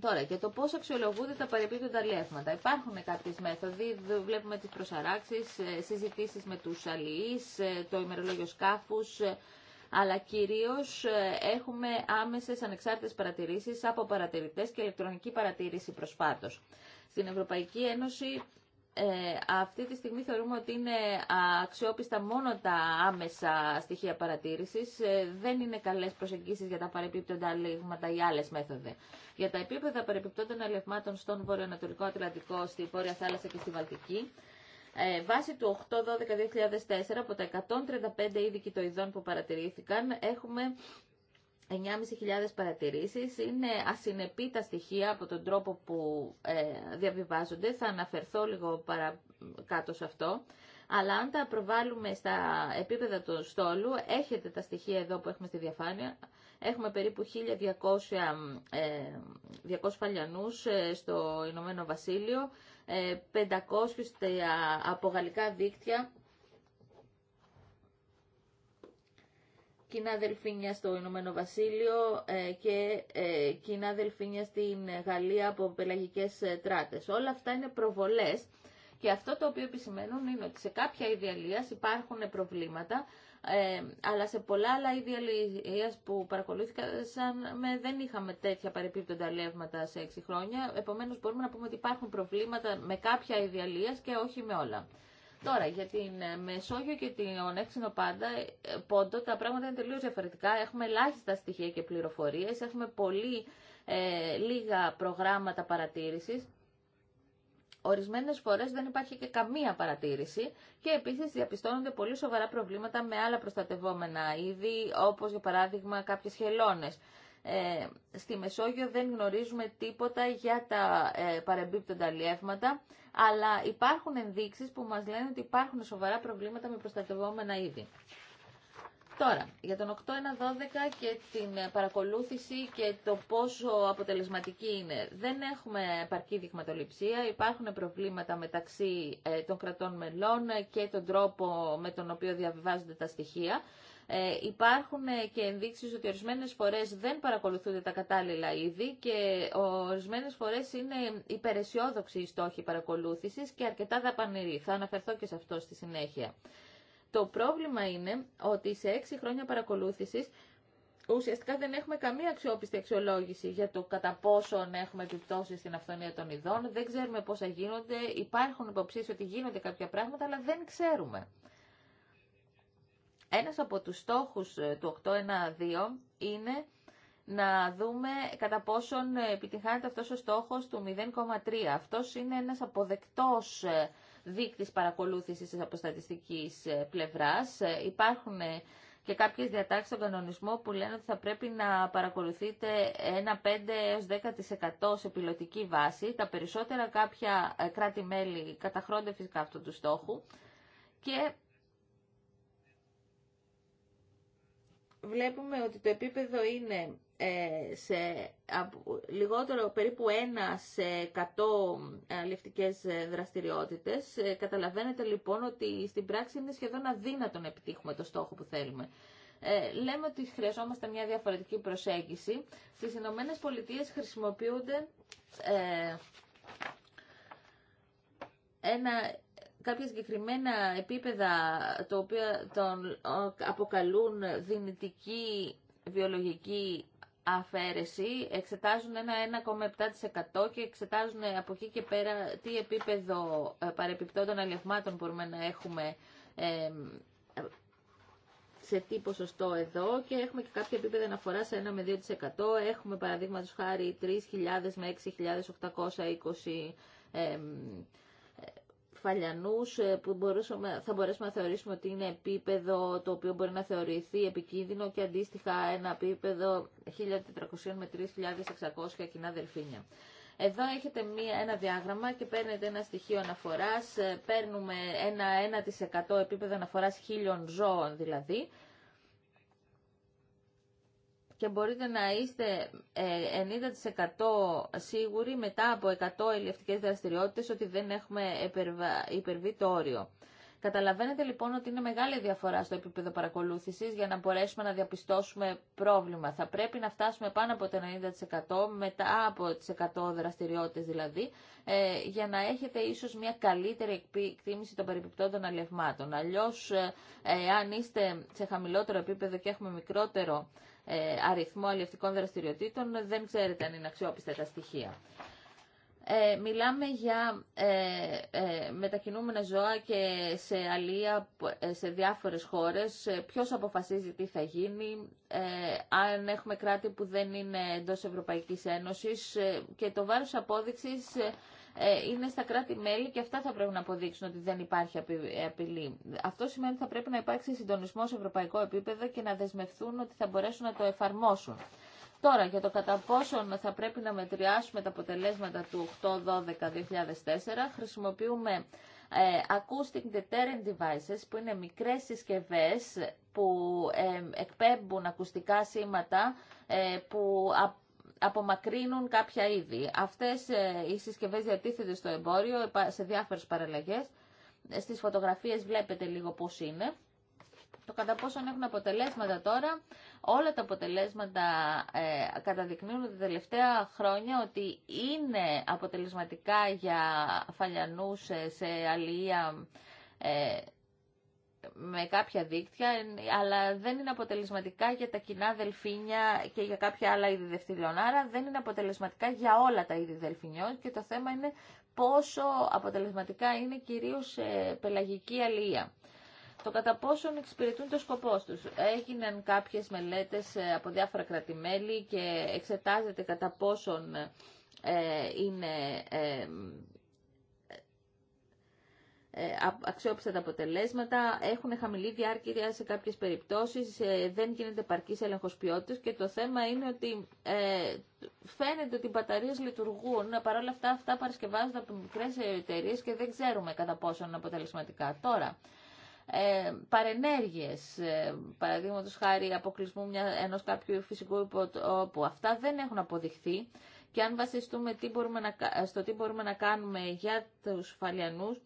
A: Τώρα, για το πώ αξιολογούνται τα παρεπίπτοντα λεύματα. Υπάρχουν κάποιε μέθοδοι. Βλέπουμε τι προσαράξει, ε, συζητήσει με του αλληλεί, το ημερολόγιο σκάφου, αλλά κυρίω έχουμε άμεσε ανεξάρτητε παρατηρήσει από παρατηρητέ και ηλεκτρονική παρατήρηση προσφάτω. Στην Ευρωπαϊκή Ένωση ε, αυτή τη στιγμή θεωρούμε ότι είναι αξιόπιστα μόνο τα άμεσα στοιχεία παρατήρησης. Ε, δεν είναι καλές προσεγγίσεις για τα παρεπίπτοντα αλεύματα ή άλλες μέθοδες. Για τα επίπεδα παρεπιπτόντων αλληλευμάτων στον Βορειοανατολικό Ατλαντικό, στη Βόρεια Θάλασσα και στη Βαλτική, ε, βάσει του 8-12-2004, από τα 135 είδη κοιτοειδών που παρατηρήθηκαν, έχουμε 9.500 παρατηρήσεις είναι ασυνεπή τα στοιχεία από τον τρόπο που ε, διαβιβάζονται. Θα αναφερθώ λίγο παρα... κάτω σε αυτό. Αλλά αν τα προβάλλουμε στα επίπεδα του στόλου, έχετε τα στοιχεία εδώ που έχουμε στη διαφάνεια. Έχουμε περίπου 1.200 ε, φαλιανούς ε, στο Ηνωμένο Βασίλειο, 500 ε, από γαλλικά δίκτυα, κοινά αδελφίνια στο Ηνωμένο Βασίλειο ε, και ε, κοινά αδελφίνια στην Γαλλία από πελαγικές ε, τράτες. Όλα αυτά είναι προβολές και αυτό το οποίο επισημαίνουν είναι ότι σε κάποια είδη υπάρχουν προβλήματα, αλλά σε πολλά άλλα είδη που παρακολούθηκαν με, δεν είχαμε τέτοια παρεπίπτοντα αλλιεύματα σε έξι χρόνια, επομένως μπορούμε να πούμε ότι υπάρχουν προβλήματα με κάποια είδη και όχι με όλα. Τώρα, για την ε, Μεσόγειο και την έξινο πάντα, ε, πόντο, τα πράγματα είναι τελείως διαφορετικά. Έχουμε ελάχιστα στοιχεία και πληροφορίες, έχουμε πολύ ε, λίγα προγράμματα παρατήρησης. Ορισμένες φορές δεν υπάρχει και καμία παρατήρηση και επίσης διαπιστώνονται πολύ σοβαρά προβλήματα με άλλα προστατευόμενα είδη, όπως για παράδειγμα κάποιες χελώνες. Ε, στη Μεσόγειο δεν γνωρίζουμε τίποτα για τα ε, παρεμπίπτοντα λιεύματα, αλλά υπάρχουν ενδείξεις που μας λένε ότι υπάρχουν σοβαρά προβλήματα με προστατευόμενα είδη. Τώρα, για τον 8.1.12 και την παρακολούθηση και το πόσο αποτελεσματική είναι. Δεν έχουμε επαρκή δειγματοληψία, υπάρχουν προβλήματα μεταξύ ε, των κρατών μελών και τον τρόπο με τον οποίο διαβιβάζονται τα στοιχεία. Ε, υπάρχουν ε, και ενδείξεις ότι ορισμένες φορές δεν παρακολουθούνται τα κατάλληλα είδη και ορισμένες φορές είναι υπεραισιόδοξη η στόχοι παρακολούθησης και αρκετά δαπανηρή. Θα αναφερθώ και σε αυτό στη συνέχεια. Το πρόβλημα είναι ότι σε έξι χρόνια παρακολούθησης ουσιαστικά δεν έχουμε καμία αξιόπιστη αξιολόγηση για το κατά πόσον έχουμε επιπτώσει στην αυθονία των ειδών. Δεν ξέρουμε πόσα γίνονται. Υπάρχουν υποψίες ότι γίνονται κάποια πράγματα, αλλά δεν ξέρουμε. Ένας από τους στόχους ε, του 812 είναι να δούμε κατά πόσον ε, επιτυχάνεται αυτός ο στόχος του 0,3. Αυτός είναι ένας αποδεκτός ε, δείκτης παρακολούθησης από στατιστικής πλευράς. Υπάρχουν και κάποιες διατάξεις στον κανονισμό που λένε ότι θα πρέπει να παρακολουθείτε ένα 5 έως 10% σε πιλωτική βάση. Τα περισσότερα κάποια κράτη-μέλη καταχρώνται φυσικά αυτού του στόχου. Και βλέπουμε ότι το επίπεδο είναι ε, σε λιγότερο περίπου 1 σε 100 ε, αλληλευτικές ε, δραστηριότητες. Καταλαβαίνετε λοιπόν ότι στην πράξη είναι σχεδόν αδύνατον να επιτύχουμε το στόχο που θέλουμε. Ε, λέμε ότι χρειαζόμαστε μια διαφορετική προσέγγιση. Στις Ηνωμένε Πολιτείε χρησιμοποιούνται ε, ένα κάποια συγκεκριμένα επίπεδα τα οποία τον αποκαλούν δυνητική βιολογική αφαίρεση, εξετάζουν ένα 1,7% και εξετάζουν από εκεί και πέρα τι επίπεδο ε, παρεπιπτόντων αλλιευμάτων μπορούμε να έχουμε σε τι ποσοστό εδώ και έχουμε και κάποια επίπεδα αναφορά σε 1 με 2%. Έχουμε παραδείγματος χάρη 3.000 με 6.820 Φαλιανούς ε, που θα μπορέσουμε να θεωρήσουμε ότι είναι επίπεδο το οποίο μπορεί να θεωρηθεί επικίνδυνο και αντίστοιχα ένα επίπεδο 1.400 με 3.600 κοινά δελφίνια. Εδώ έχετε μία, ένα διάγραμμα και παίρνετε ένα στοιχείο αναφοράς, ε, παίρνουμε ένα 1% επίπεδο αναφοράς χίλιων ζώων δηλαδή, και μπορείτε να είστε 90% ε, σίγουροι μετά από 100 ελευτικές δραστηριότητες ότι δεν έχουμε υπερβεί το όριο. Καταλαβαίνετε λοιπόν ότι είναι μεγάλη διαφορά στο επίπεδο παρακολούθησης για να μπορέσουμε να διαπιστώσουμε πρόβλημα. Θα πρέπει να φτάσουμε πάνω από το 90% μετά από τις 100 δραστηριότητες δηλαδή ε, για να έχετε ίσως μια καλύτερη εκτίμηση των περιπτώτων αλευμάτων. Αλλιώς ε, αν είστε σε χαμηλότερο επίπεδο και έχουμε μικρότερο ε, αριθμό αλληλευτικών δραστηριοτήτων. Δεν ξέρετε αν είναι αξιόπιστα τα στοιχεία. Ε, μιλάμε για ε, ε, μετακινούμενα ζώα και σε αλία σε διάφορες χώρες. Ποιος αποφασίζει τι θα γίνει, αν έχουμε κράτη που δεν είναι εντός Ευρωπαϊκής Ένωσης και το βάρος απόδειξης ε, είναι στα κράτη-μέλη και αυτά θα πρέπει να αποδείξουν ότι δεν υπάρχει απειλή. Αυτό σημαίνει ότι θα πρέπει να υπάρξει συντονισμό σε ευρωπαϊκό επίπεδο και να δεσμευθούν ότι θα μπορέσουν να το εφαρμόσουν. Τώρα, για το κατά πόσον θα πρέπει να μετριάσουμε τα αποτελέσματα του 8-12-2004, χρησιμοποιούμε ε, acoustic deterrent devices, που είναι μικρές συσκευές που ε, εκπέμπουν ακουστικά σήματα που απομακρύνουν κάποια είδη. Αυτές ε, οι συσκευές διατίθεται στο εμπόριο σε διάφορες παραλλαγές. Στις φωτογραφίες βλέπετε λίγο πώς είναι. Το κατά πόσον έχουν αποτελέσματα τώρα, όλα τα αποτελέσματα ε, καταδεικνύουν τα τελευταία χρόνια ότι είναι αποτελεσματικά για φαλιανούς ε, σε αλληλεία ε, με κάποια δίκτυα, αλλά δεν είναι αποτελεσματικά για τα κοινά δελφίνια και για κάποια άλλα είδη δευτεριών. Άρα δεν είναι αποτελεσματικά για όλα τα είδη δελφινιών και το θέμα είναι πόσο αποτελεσματικά είναι κυρίως ε, πελαγική αλληλεία. Το κατά πόσον εξυπηρετούν το σκοπό τους. Έγιναν κάποιες μελέτες ε, από διάφορα κρατημέλη και εξετάζεται κατά πόσον ε, είναι ε, αξιόπιστα τα αποτελέσματα, έχουν χαμηλή διάρκεια σε κάποιες περιπτώσεις, ε, δεν γίνεται παρκής έλεγχος ποιότητας και το θέμα είναι ότι ε, φαίνεται ότι οι μπαταρίες λειτουργούν, παρόλα αυτά αυτά παρασκευάζονται από μικρές εταιρείε και δεν ξέρουμε κατά πόσο είναι αποτελεσματικά. Τώρα, ε, παρενέργειες, ε, παραδείγματος χάρη αποκλεισμού ενό ενός κάποιου φυσικού υποτόπου, αυτά δεν έχουν αποδειχθεί και αν βασιστούμε τι να, στο τι μπορούμε να κάνουμε για τους φαλιανού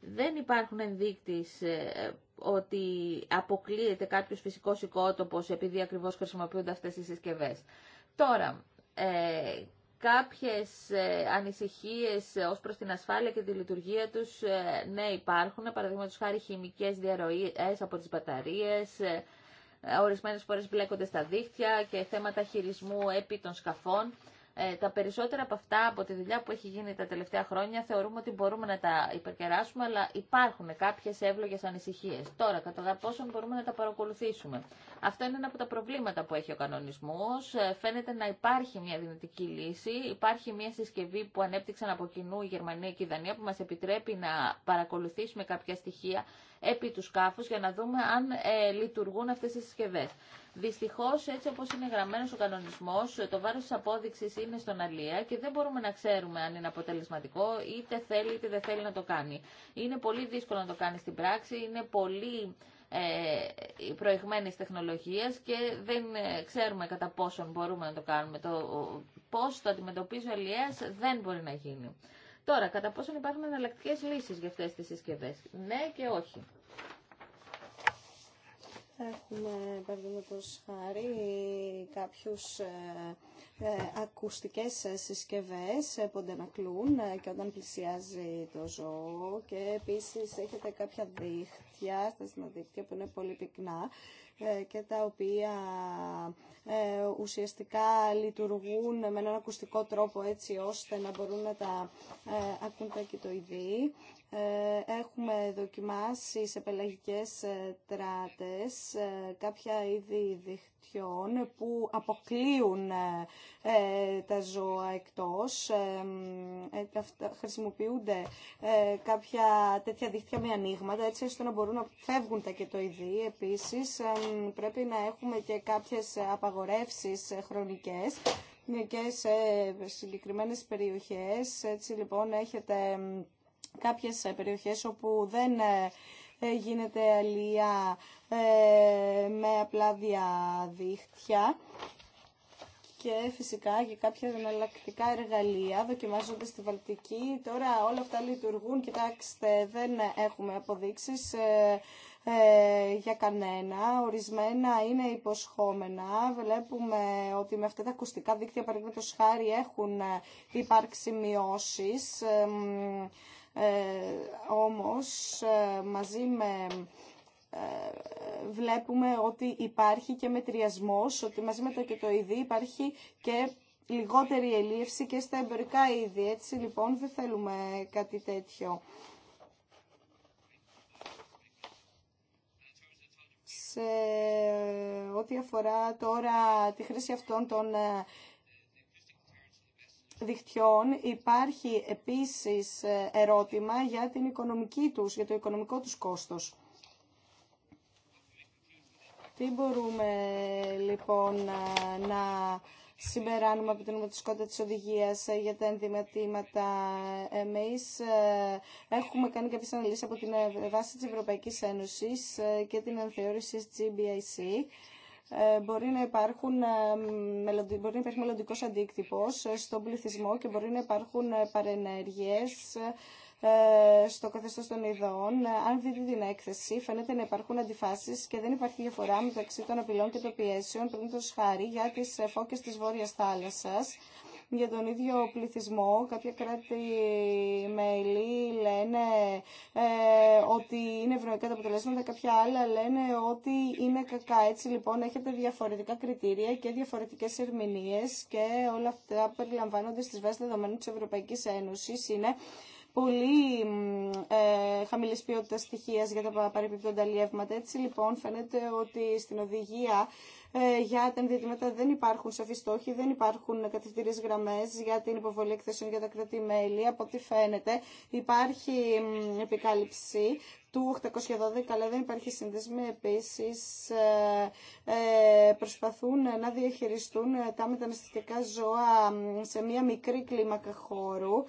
A: δεν υπάρχουν ενδείκτης ε, ότι αποκλείεται κάποιος φυσικός οικότοπος επειδή ακριβώς χρησιμοποιούνται αυτές οι συσκευές. Τώρα, ε, κάποιες ε, ανησυχίες ως προς την ασφάλεια και τη λειτουργία τους, ε, ναι υπάρχουν, παραδείγματος χάρη χημικές διαρροές από τις μπαταρίες, ε, ορισμένες φορές μπλέκονται στα δίχτυα και θέματα χειρισμού επί των σκαφών. Ε, τα περισσότερα από αυτά, από τη δουλειά που έχει γίνει τα τελευταία χρόνια, θεωρούμε ότι μπορούμε να τα υπερκεράσουμε, αλλά υπάρχουν κάποιε εύλογε ανησυχίε. Τώρα, κατά πόσο μπορούμε να τα παρακολουθήσουμε. Αυτό είναι ένα από τα προβλήματα που έχει ο κανονισμός. Ε, φαίνεται να υπάρχει μια δυνατική λύση. Υπάρχει μια συσκευή που ανέπτυξαν από κοινού η Γερμανία και η Δανία που μας επιτρέπει να παρακολουθήσουμε κάποια στοιχεία επί του σκάφους για να δούμε αν ε, λειτουργούν αυτές οι συσκευές. Δυστυχώς, έτσι όπως είναι γραμμένος ο κανονισμός, ε, το βάρος της απόδειξης είναι στον αλία και δεν μπορούμε να ξέρουμε αν είναι αποτελεσματικό, είτε θέλει είτε δεν θέλει να το κάνει. Είναι πολύ δύσκολο να το κάνει στην πράξη, είναι πολύ ε, προηγμένες τεχνολογίες και δεν ε, ξέρουμε κατά πόσον μπορούμε να το κάνουμε. Το πώς το αντιμετωπίζει ο δεν μπορεί να γίνει. Τώρα, κατά πόσον υπάρχουν εναλλακτικέ λύσεις για αυτές τις συσκευές. Ναι και όχι
C: έχουμε, παραδείγματος χάρη, κάποιους ε, ε, ακουστικές ε, συσκευές που αντανακλούν και όταν πλησιάζει το ζώο και επίσης έχετε κάποια δίχτυα, στα δίχτυα που είναι πολύ πυκνά και τα οποία ουσιαστικά λειτουργούν με έναν ακουστικό τρόπο έτσι ώστε να μπορούν να τα ακούν τα κοιτοειδή. Ε, έχουμε δοκιμάσει σε πελαγικές ε, τράτες ε, κάποια είδη διχτυών που αποκλείουν τα ζώα εκτός. Χρησιμοποιούνται κάποια τέτοια δίχτυα με ανοίγματα έτσι ώστε να μπορούν να φεύγουν τα και είδη. Επίσης πρέπει να έχουμε και κάποιες απαγορεύσεις χρονικές και σε συγκεκριμένες περιοχές. Έτσι λοιπόν έχετε κάποιες ε, περιοχές όπου δεν ε, ε, γίνεται αλία με απλά διαδίχτυα και φυσικά και κάποια εναλλακτικά εργαλεία δοκιμάζονται στη Βαλτική. Τώρα όλα αυτά λειτουργούν. Κοιτάξτε, δεν έχουμε αποδείξεις για κανένα. Ορισμένα είναι υποσχόμενα. Βλέπουμε ότι με αυτά τα ακουστικά δίκτυα, παραδείγματο χάρη, έχουν υπάρξει μειώσει ε, όμως ε, μαζί με ε, βλέπουμε ότι υπάρχει και μετριασμός, ότι μαζί με το και το ειδή υπάρχει και λιγότερη ελίευση και στα εμπορικά είδη. Έτσι λοιπόν δεν θέλουμε κάτι τέτοιο. Σε ό,τι αφορά τώρα τη χρήση αυτών των δικτυών υπάρχει επίσης ε, ερώτημα για την οικονομική τους, για το οικονομικό τους κόστος. Τι μπορούμε λοιπόν να συμπεράνουμε από την ομοτισκότητα της οδηγίας ε, για τα ενδυματήματα. Εμείς ε, έχουμε κάνει κάποιες αναλύσεις από την βάση της Ευρωπαϊκής Ένωσης και την ανθεώρηση της GBIC ε, μπορεί να, υπάρχουν, ε, μπορεί να υπάρχει μελλοντικό αντίκτυπος ε, στον πληθυσμό και μπορεί να υπάρχουν παρενέργειες στο καθεστώς των ειδών. Αν δείτε την έκθεση, φαίνεται να υπάρχουν αντιφάσεις και δεν υπάρχει διαφορά μεταξύ των απειλών και των πιέσεων, πριν χάρη για τις φώκες της Βόρειας Θάλασσας για τον ίδιο πληθυσμό. Κάποια κράτη-μέλη λένε ε, ότι είναι ευνοϊκά τα αποτελέσματα, κάποια άλλα λένε ότι είναι κακά. Έτσι λοιπόν έχετε διαφορετικά κριτήρια και διαφορετικές ερμηνείες και όλα αυτά περιλαμβάνονται στις βάσεις δεδομένων της Ευρωπαϊκής Ένωσης είναι πολύ ε, χαμηλή ποιότητα στοιχεία για τα παρεμπιπτόντα λιεύματα. Έτσι λοιπόν φαίνεται ότι στην οδηγία ε, για τα ενδιαφέροντα δεν υπάρχουν σαφεί στόχοι, δεν υπάρχουν καθητήριε γραμμέ για την υποβολή εκθέσεων για τα κρατημέλη. Από ό,τι φαίνεται υπάρχει επικάλυψη του 812, αλλά δεν υπάρχει σύνδεσμη. Επίσης, ε, ε, προσπαθούν να διαχειριστούν τα μεταναστευτικά ζώα σε μία μικρή κλίμακα χώρου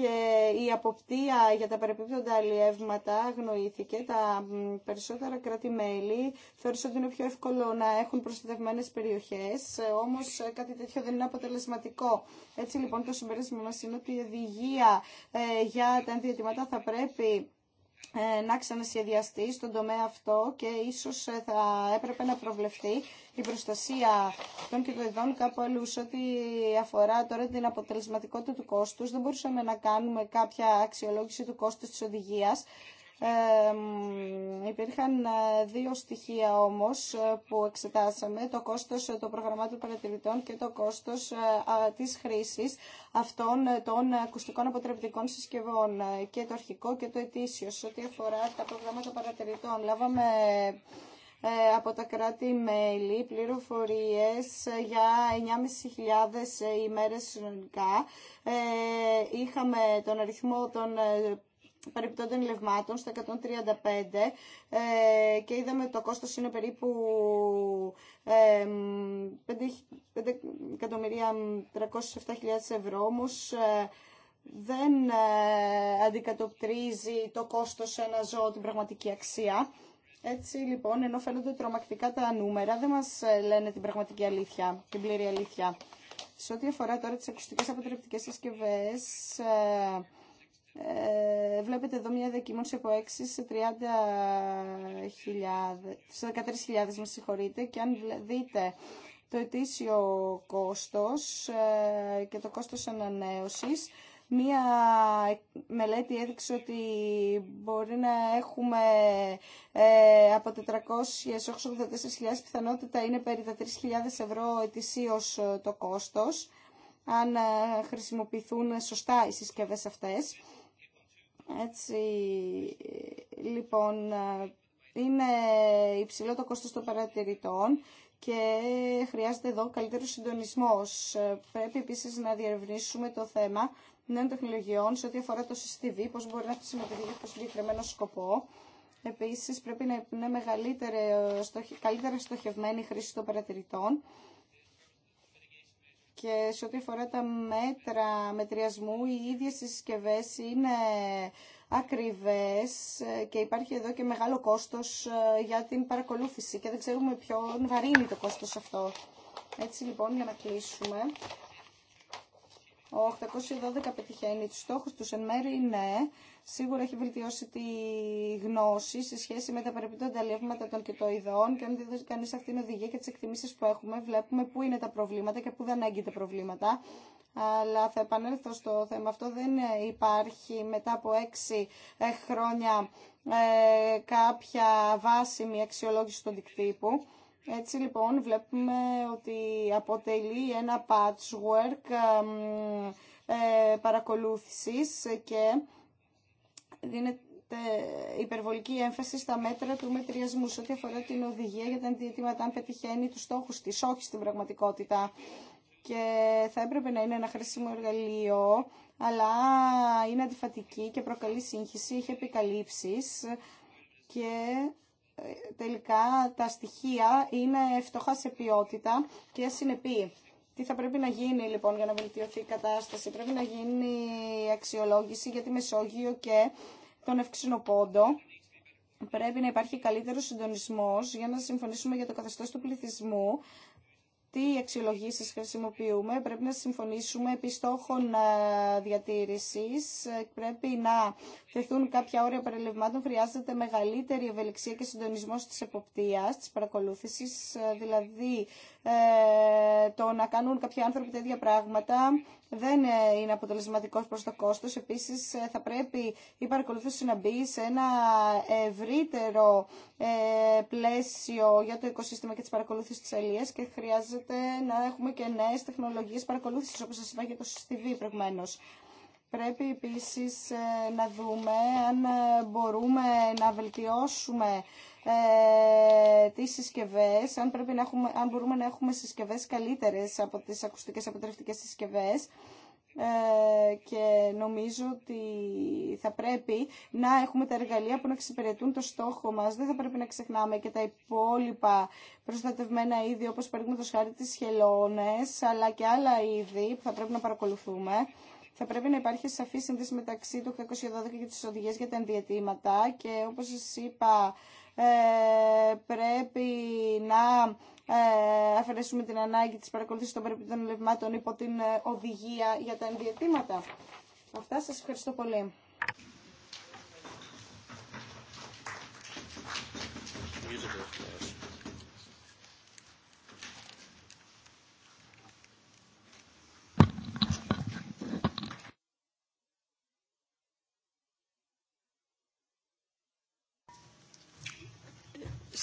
C: και η αποπτία για τα παρεπίπτοντα αλλιεύματα αγνοήθηκε. Τα περισσότερα κράτη-μέλη θεωρήσαν ότι είναι πιο εύκολο να έχουν προστατευμένες περιοχές, όμως ε, κάτι τέτοιο δεν είναι αποτελεσματικό. Έτσι λοιπόν το συμπέρασμα μας είναι ότι η οδηγία ε, για τα ενδιατήματα θα πρέπει ε, να ξανασχεδιαστεί στον τομέα αυτό και ίσως ε, θα έπρεπε να προβλεφθεί η προστασία των κυκλοειδών κάπου αλλού. Ό,τι αφορά τώρα την αποτελεσματικότητα του κόστους, δεν μπορούσαμε να κάνουμε κάποια αξιολόγηση του κόστους της οδηγίας υπήρχαν ε, δύο στοιχεία όμως ε, που εξετάσαμε, το κόστος ε, των προγραμμάτων παρατηρητών και το κόστος της χρήσης αυτών των ακουστικών αποτρεπτικών συσκευών και το αρχικό και το ετήσιο. Σε ό,τι αφορά τα προγράμματα παρατηρητών, λάβαμε από τα κράτη-μέλη πληροφορίες για 9.500 ημέρες συνολικά. Είχαμε τον αριθμό των των λευμάτων στα 135 ε, και είδαμε ότι το κόστος είναι περίπου 5.307.000 ε, ευρώ, όμως ε, δεν αντικατοπτρίζει το κόστος ένα ζώο την πραγματική αξία. Έτσι λοιπόν, ενώ φαίνονται τρομακτικά τα νούμερα, δεν μας λένε την πραγματική αλήθεια, την πλήρη αλήθεια. Σε ό,τι αφορά τώρα τις ακουστικές αποτρεπτικές συσκευές, ε, βλέπετε εδώ μια δεκίμωση από 6 σε 30.000, σε 13.000 με και αν δείτε το ετήσιο κόστος ε, και το κόστος ανανέωσης, Μία μελέτη έδειξε ότι μπορεί να έχουμε ε, από 484.000 πιθανότητα είναι περί τα 3.000 ευρώ ετησίως ε, το κόστος αν ε, χρησιμοποιηθούν σωστά οι συσκευές αυτές. Έτσι, λοιπόν, είναι υψηλό το κόστος των παρατηρητών και χρειάζεται εδώ καλύτερο συντονισμός. Πρέπει επίσης να διερευνήσουμε το θέμα νέων τεχνολογιών σε ό,τι αφορά το CCTV, πώς μπορεί να χρησιμοποιηθεί για το συγκεκριμένο σκοπό. Επίσης πρέπει να είναι μεγαλύτερη, καλύτερα στοχευμένη η χρήση των παρατηρητών και σε ό,τι αφορά τα μέτρα μετριασμού, οι ίδιες συσκευέ είναι ακριβές και υπάρχει εδώ και μεγάλο κόστος ε, για την παρακολούθηση και δεν ξέρουμε ποιον βαρύνει το κόστος αυτό. Έτσι λοιπόν για να κλείσουμε. Ο 812 πετυχαίνει τους στόχους τους εν μέρει ναι, Σίγουρα έχει βελτιώσει τη γνώση σε σχέση με τα παρεπιπτόντα αλλιεύματα των κετοειδών και αν δει κανεί αυτήν την οδηγία και τι εκτιμήσει που έχουμε, βλέπουμε πού είναι τα προβλήματα και πού δεν έγκυται προβλήματα. Αλλά θα επανέλθω στο θέμα αυτό. Δεν υπάρχει μετά από έξι ε, χρόνια ε, κάποια βάσιμη αξιολόγηση του αντικτύπου. Έτσι λοιπόν βλέπουμε ότι αποτελεί ένα patchwork ε, ε, παρακολούθησης και δίνεται υπερβολική έμφαση στα μέτρα του μετριασμού σε ό,τι αφορά την οδηγία για τα αντιαιτήματα, αν πετυχαίνει τους στόχους της, όχι στην πραγματικότητα. Και θα έπρεπε να είναι ένα χρήσιμο εργαλείο, αλλά είναι αντιφατική και προκαλεί σύγχυση, έχει επικαλύψεις και ε, τελικά τα στοιχεία είναι φτωχά σε ποιότητα και ασυνεπή. Τι θα πρέπει να γίνει λοιπόν για να βελτιωθεί η κατάσταση. Πρέπει να γίνει αξιολόγηση για τη Μεσόγειο και τον Ευξηνοπόντο. Πρέπει να υπάρχει καλύτερο συντονισμός για να συμφωνήσουμε για το καθεστώς του πληθυσμού τι αξιολογήσει χρησιμοποιούμε. Πρέπει να συμφωνήσουμε επί στόχων ε, διατήρησης. Πρέπει να θεθούν κάποια όρια παρελευμάτων. Χρειάζεται μεγαλύτερη ευελιξία και συντονισμό τη εποπτείας, τη παρακολούθησης. Ε, δηλαδή, ε, το να κάνουν κάποιοι άνθρωποι τέτοια πράγματα δεν ε, είναι αποτελεσματικός προς το κόστος. Επίσης ε, θα πρέπει η παρακολούθηση να μπει σε ένα ευρύτερο ε, πλαίσιο για το οικοσύστημα και τις παρακολούθηση της αλίας και χρειάζεται να έχουμε και νέες τεχνολογίες παρακολούθησης όπως σας είπα για το CCTV προηγουμένως. Πρέπει επίσης να δούμε αν μπορούμε να βελτιώσουμε ε, τις συσκευές, αν, αν μπορούμε να έχουμε συσκευές καλύτερες από τις ακουστικές αποτρεφτικές συσκευές, ε, και νομίζω ότι θα πρέπει να έχουμε τα εργαλεία που να εξυπηρετούν το στόχο μας. Δεν θα πρέπει να ξεχνάμε και τα υπόλοιπα προστατευμένα είδη, όπως παραδείγματο χάρη τις χελώνες, αλλά και άλλα είδη που θα πρέπει να παρακολουθούμε. Θα πρέπει να υπάρχει σαφή σύνδεση μεταξύ του 812 και τη οδηγία για τα ενδιατήματα και όπως σας είπα ε, πρέπει να ε, αφαιρέσουμε την ανάγκη της παρακολούθησης των περιπτωτών ελευμάτων υπό την ε, οδηγία για τα ενδιατήματα. Αυτά σας ευχαριστώ πολύ.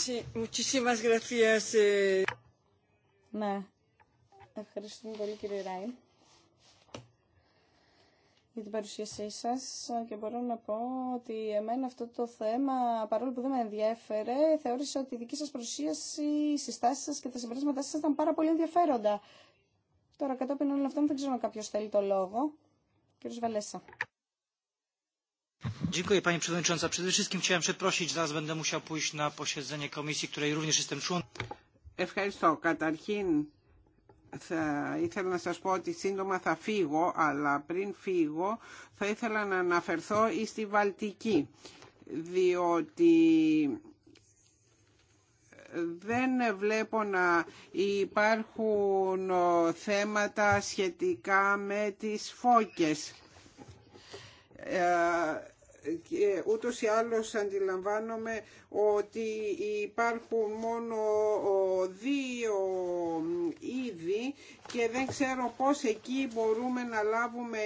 C: Eh. Ναι. Ευχαριστούμε πολύ κύριε Ράιν για την παρουσίασή σας και μπορώ να πω ότι εμένα αυτό το θέμα, παρόλο που δεν με ενδιέφερε, θεώρησα ότι η δική σας παρουσίαση, οι συστάσεις σας και τα συμπεράσματά σας ήταν πάρα πολύ ενδιαφέροντα. Τώρα κατόπιν όλων αυτών δεν ξέρω αν κάποιος θέλει το λόγο. Κύριος Βαλέσσα.
B: Ευχαριστώ. Καταρχήν θα ήθελα να σας πω ότι σύντομα θα φύγω, αλλά πριν φύγω θα ήθελα να αναφερθώ τη Βαλτική, διότι δεν βλέπω να υπάρχουν θέματα σχετικά με τις φώκες ε, ε, και ούτως ή άλλως αντιλαμβάνομαι ότι υπάρχουν μόνο δύο είδη και δεν ξέρω πώς εκεί μπορούμε να λάβουμε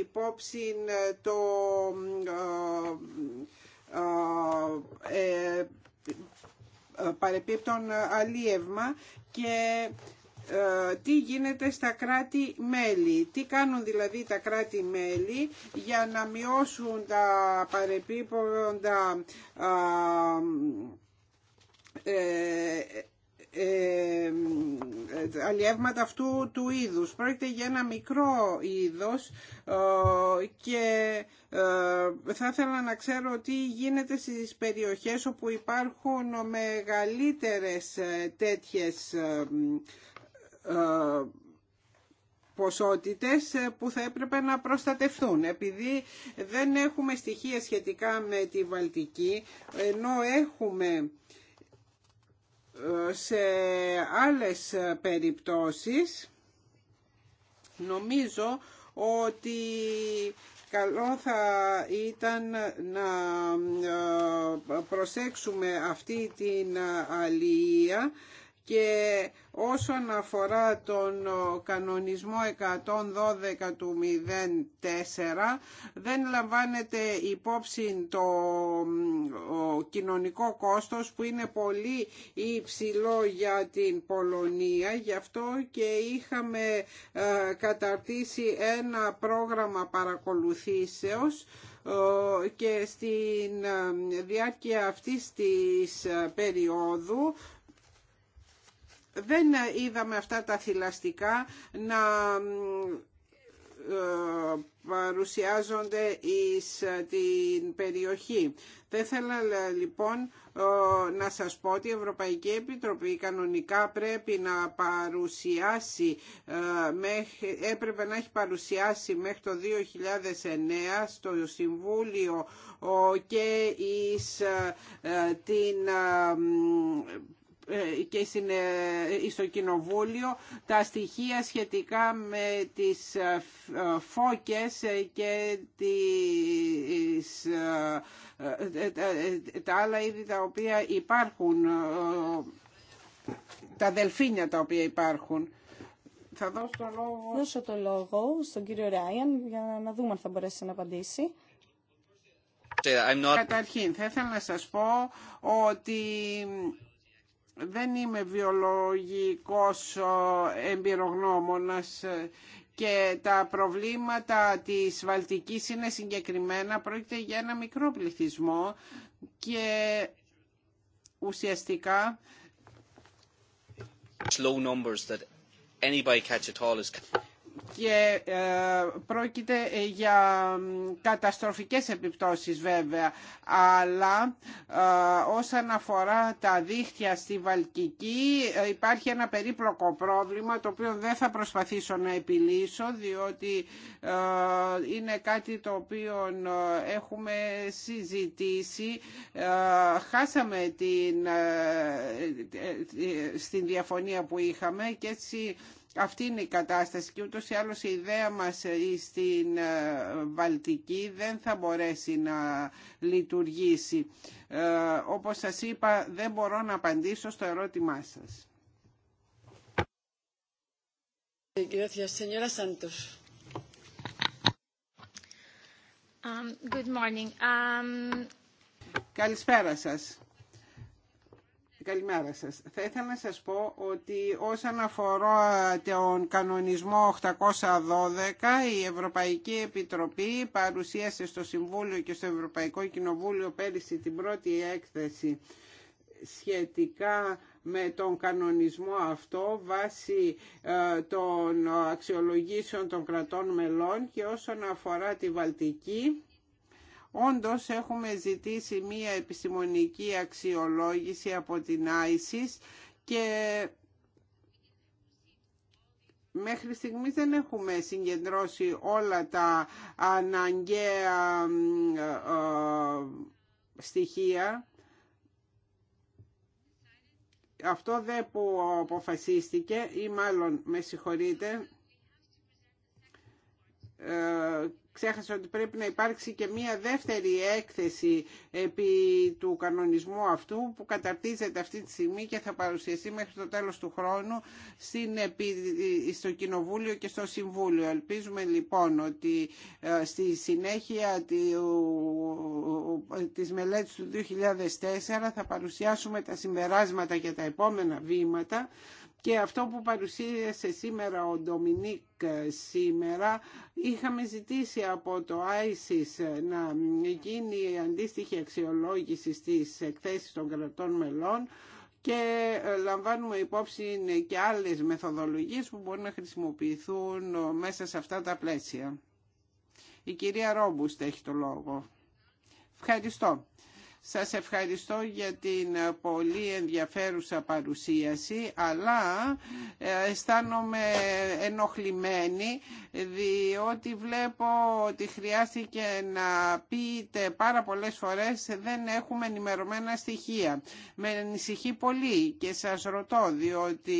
B: υπόψη ε, το παρεπίπτον αλίευμα και ε, τι γίνεται στα κράτη-μέλη. Τι κάνουν δηλαδή τα κράτη-μέλη για να μειώσουν τα παρεπίποντα ε, ε, ε αλλιεύματα αυτού του είδους. Πρόκειται για ένα μικρό είδος και θα ήθελα να ξέρω τι γίνεται στις περιοχές όπου υπάρχουν μεγαλύτερες τέτοιες ε, ποσότητες ε, που θα έπρεπε να προστατευθούν Επειδή δεν έχουμε στοιχεία σχετικά με τη Βαλτική, ενώ έχουμε ε, σε άλλες περιπτώσεις, νομίζω ότι καλό θα ήταν να προσέξουμε αυτή την αλληλεία και όσον αφορά τον κανονισμό 112 του 04 δεν λαμβάνεται υπόψη το κοινωνικό κόστος που είναι πολύ υψηλό για την Πολωνία γι' αυτό και είχαμε ε, καταρτήσει ένα πρόγραμμα παρακολουθήσεως ε, και στην ε, διάρκεια αυτής της περίοδου δεν είδαμε αυτά τα θηλαστικά να ε, παρουσιάζονται εις ε, την περιοχή. Θα ήθελα λοιπόν ε, να σας πω ότι η Ευρωπαϊκή Επιτροπή κανονικά πρέπει να παρουσιάσει, έπρεπε να έχει παρουσιάσει μέχρι το 2009 στο Συμβούλιο και εις την ε, και ε, στο Κοινοβούλιο τα στοιχεία σχετικά με τις ε, φώκες και τις, τα άλλα είδη τα οποία υπάρχουν,
C: τα δελφίνια τα οποία υπάρχουν. Θα δώσω το λόγο, το λόγο στον κύριο Ράιαν για να δούμε αν θα μπορέσει να απαντήσει.
B: Καταρχήν,
C: θα ήθελα να σας πω ότι δεν
B: είμαι βιολογικός ε, εμπειρογνώμονας ε, και τα προβλήματα της Βαλτικής είναι συγκεκριμένα. Πρόκειται για ένα μικρό πληθυσμό και ουσιαστικά και ε, πρόκειται ε, για καταστροφικές επιπτώσεις βέβαια αλλά ε, όσον αφορά τα δίχτυα στη Βαλκική υπάρχει ένα περίπλοκο πρόβλημα το οποίο δεν θα προσπαθήσω να επιλύσω διότι είναι κάτι το οποίο έχουμε συζητήσει χάσαμε την, στην διαφωνία που είχαμε και έτσι αυτή είναι η κατάσταση και ούτως ή άλλως η ιδέα μας στην ε, ε, Βαλτική δεν θα μπορέσει να λειτουργήσει. Ε, όπως σας είπα δεν μπορώ να απαντήσω στο ερώτημά
A: σας. Um, good morning. Um,
B: Καλησπέρα σας καλημέρα σας. Θα ήθελα να σας πω ότι όσον αφορά τον κανονισμό 812, η Ευρωπαϊκή Επιτροπή παρουσίασε στο Συμβούλιο και στο Ευρωπαϊκό Κοινοβούλιο πέρυσι την πρώτη έκθεση σχετικά με τον κανονισμό αυτό βάσει ε, των αξιολογήσεων των κρατών μελών και όσον αφορά τη Βαλτική Όντως έχουμε ζητήσει μία επιστημονική αξιολόγηση από την ISIS και Μέχρι στιγμής δεν έχουμε συγκεντρώσει όλα τα αναγκαία ε, ε, στοιχεία. Αυτό δε που αποφασίστηκε ή μάλλον με συγχωρείτε ε, ξέχασα ότι πρέπει να υπάρξει και μία δεύτερη έκθεση επί του κανονισμού αυτού που καταρτίζεται αυτή τη στιγμή και θα παρουσιαστεί μέχρι το τέλος του χρόνου στην, στο Κοινοβούλιο και στο Συμβούλιο. Ελπίζουμε λοιπόν ότι ε, στη συνέχεια της μελέτης του 2004 θα παρουσιάσουμε τα συμπεράσματα και τα επόμενα βήματα και αυτό που παρουσίασε σήμερα ο Ντομινίκ ε, σήμερα είχαμε ζητήσει από το ISIS ε, να γίνει η αντίστοιχη αξιολόγηση στις εκθέσεις των κρατών μελών και ε, λαμβάνουμε υπόψη και άλλες μεθοδολογίες που μπορούν να χρησιμοποιηθούν μέσα σε αυτά τα πλαίσια. Η κυρία Ρόμπουστ έχει το λόγο. Ευχαριστώ. Σας ευχαριστώ για την ε, πολύ ενδιαφέρουσα παρουσίαση, αλλά ε, αισθάνομαι ενοχλημένη διότι βλέπω ότι χρειάστηκε να πείτε πάρα πολλές φορές δεν έχουμε ενημερωμένα στοιχεία. Με ανησυχεί πολύ και σας ρωτώ διότι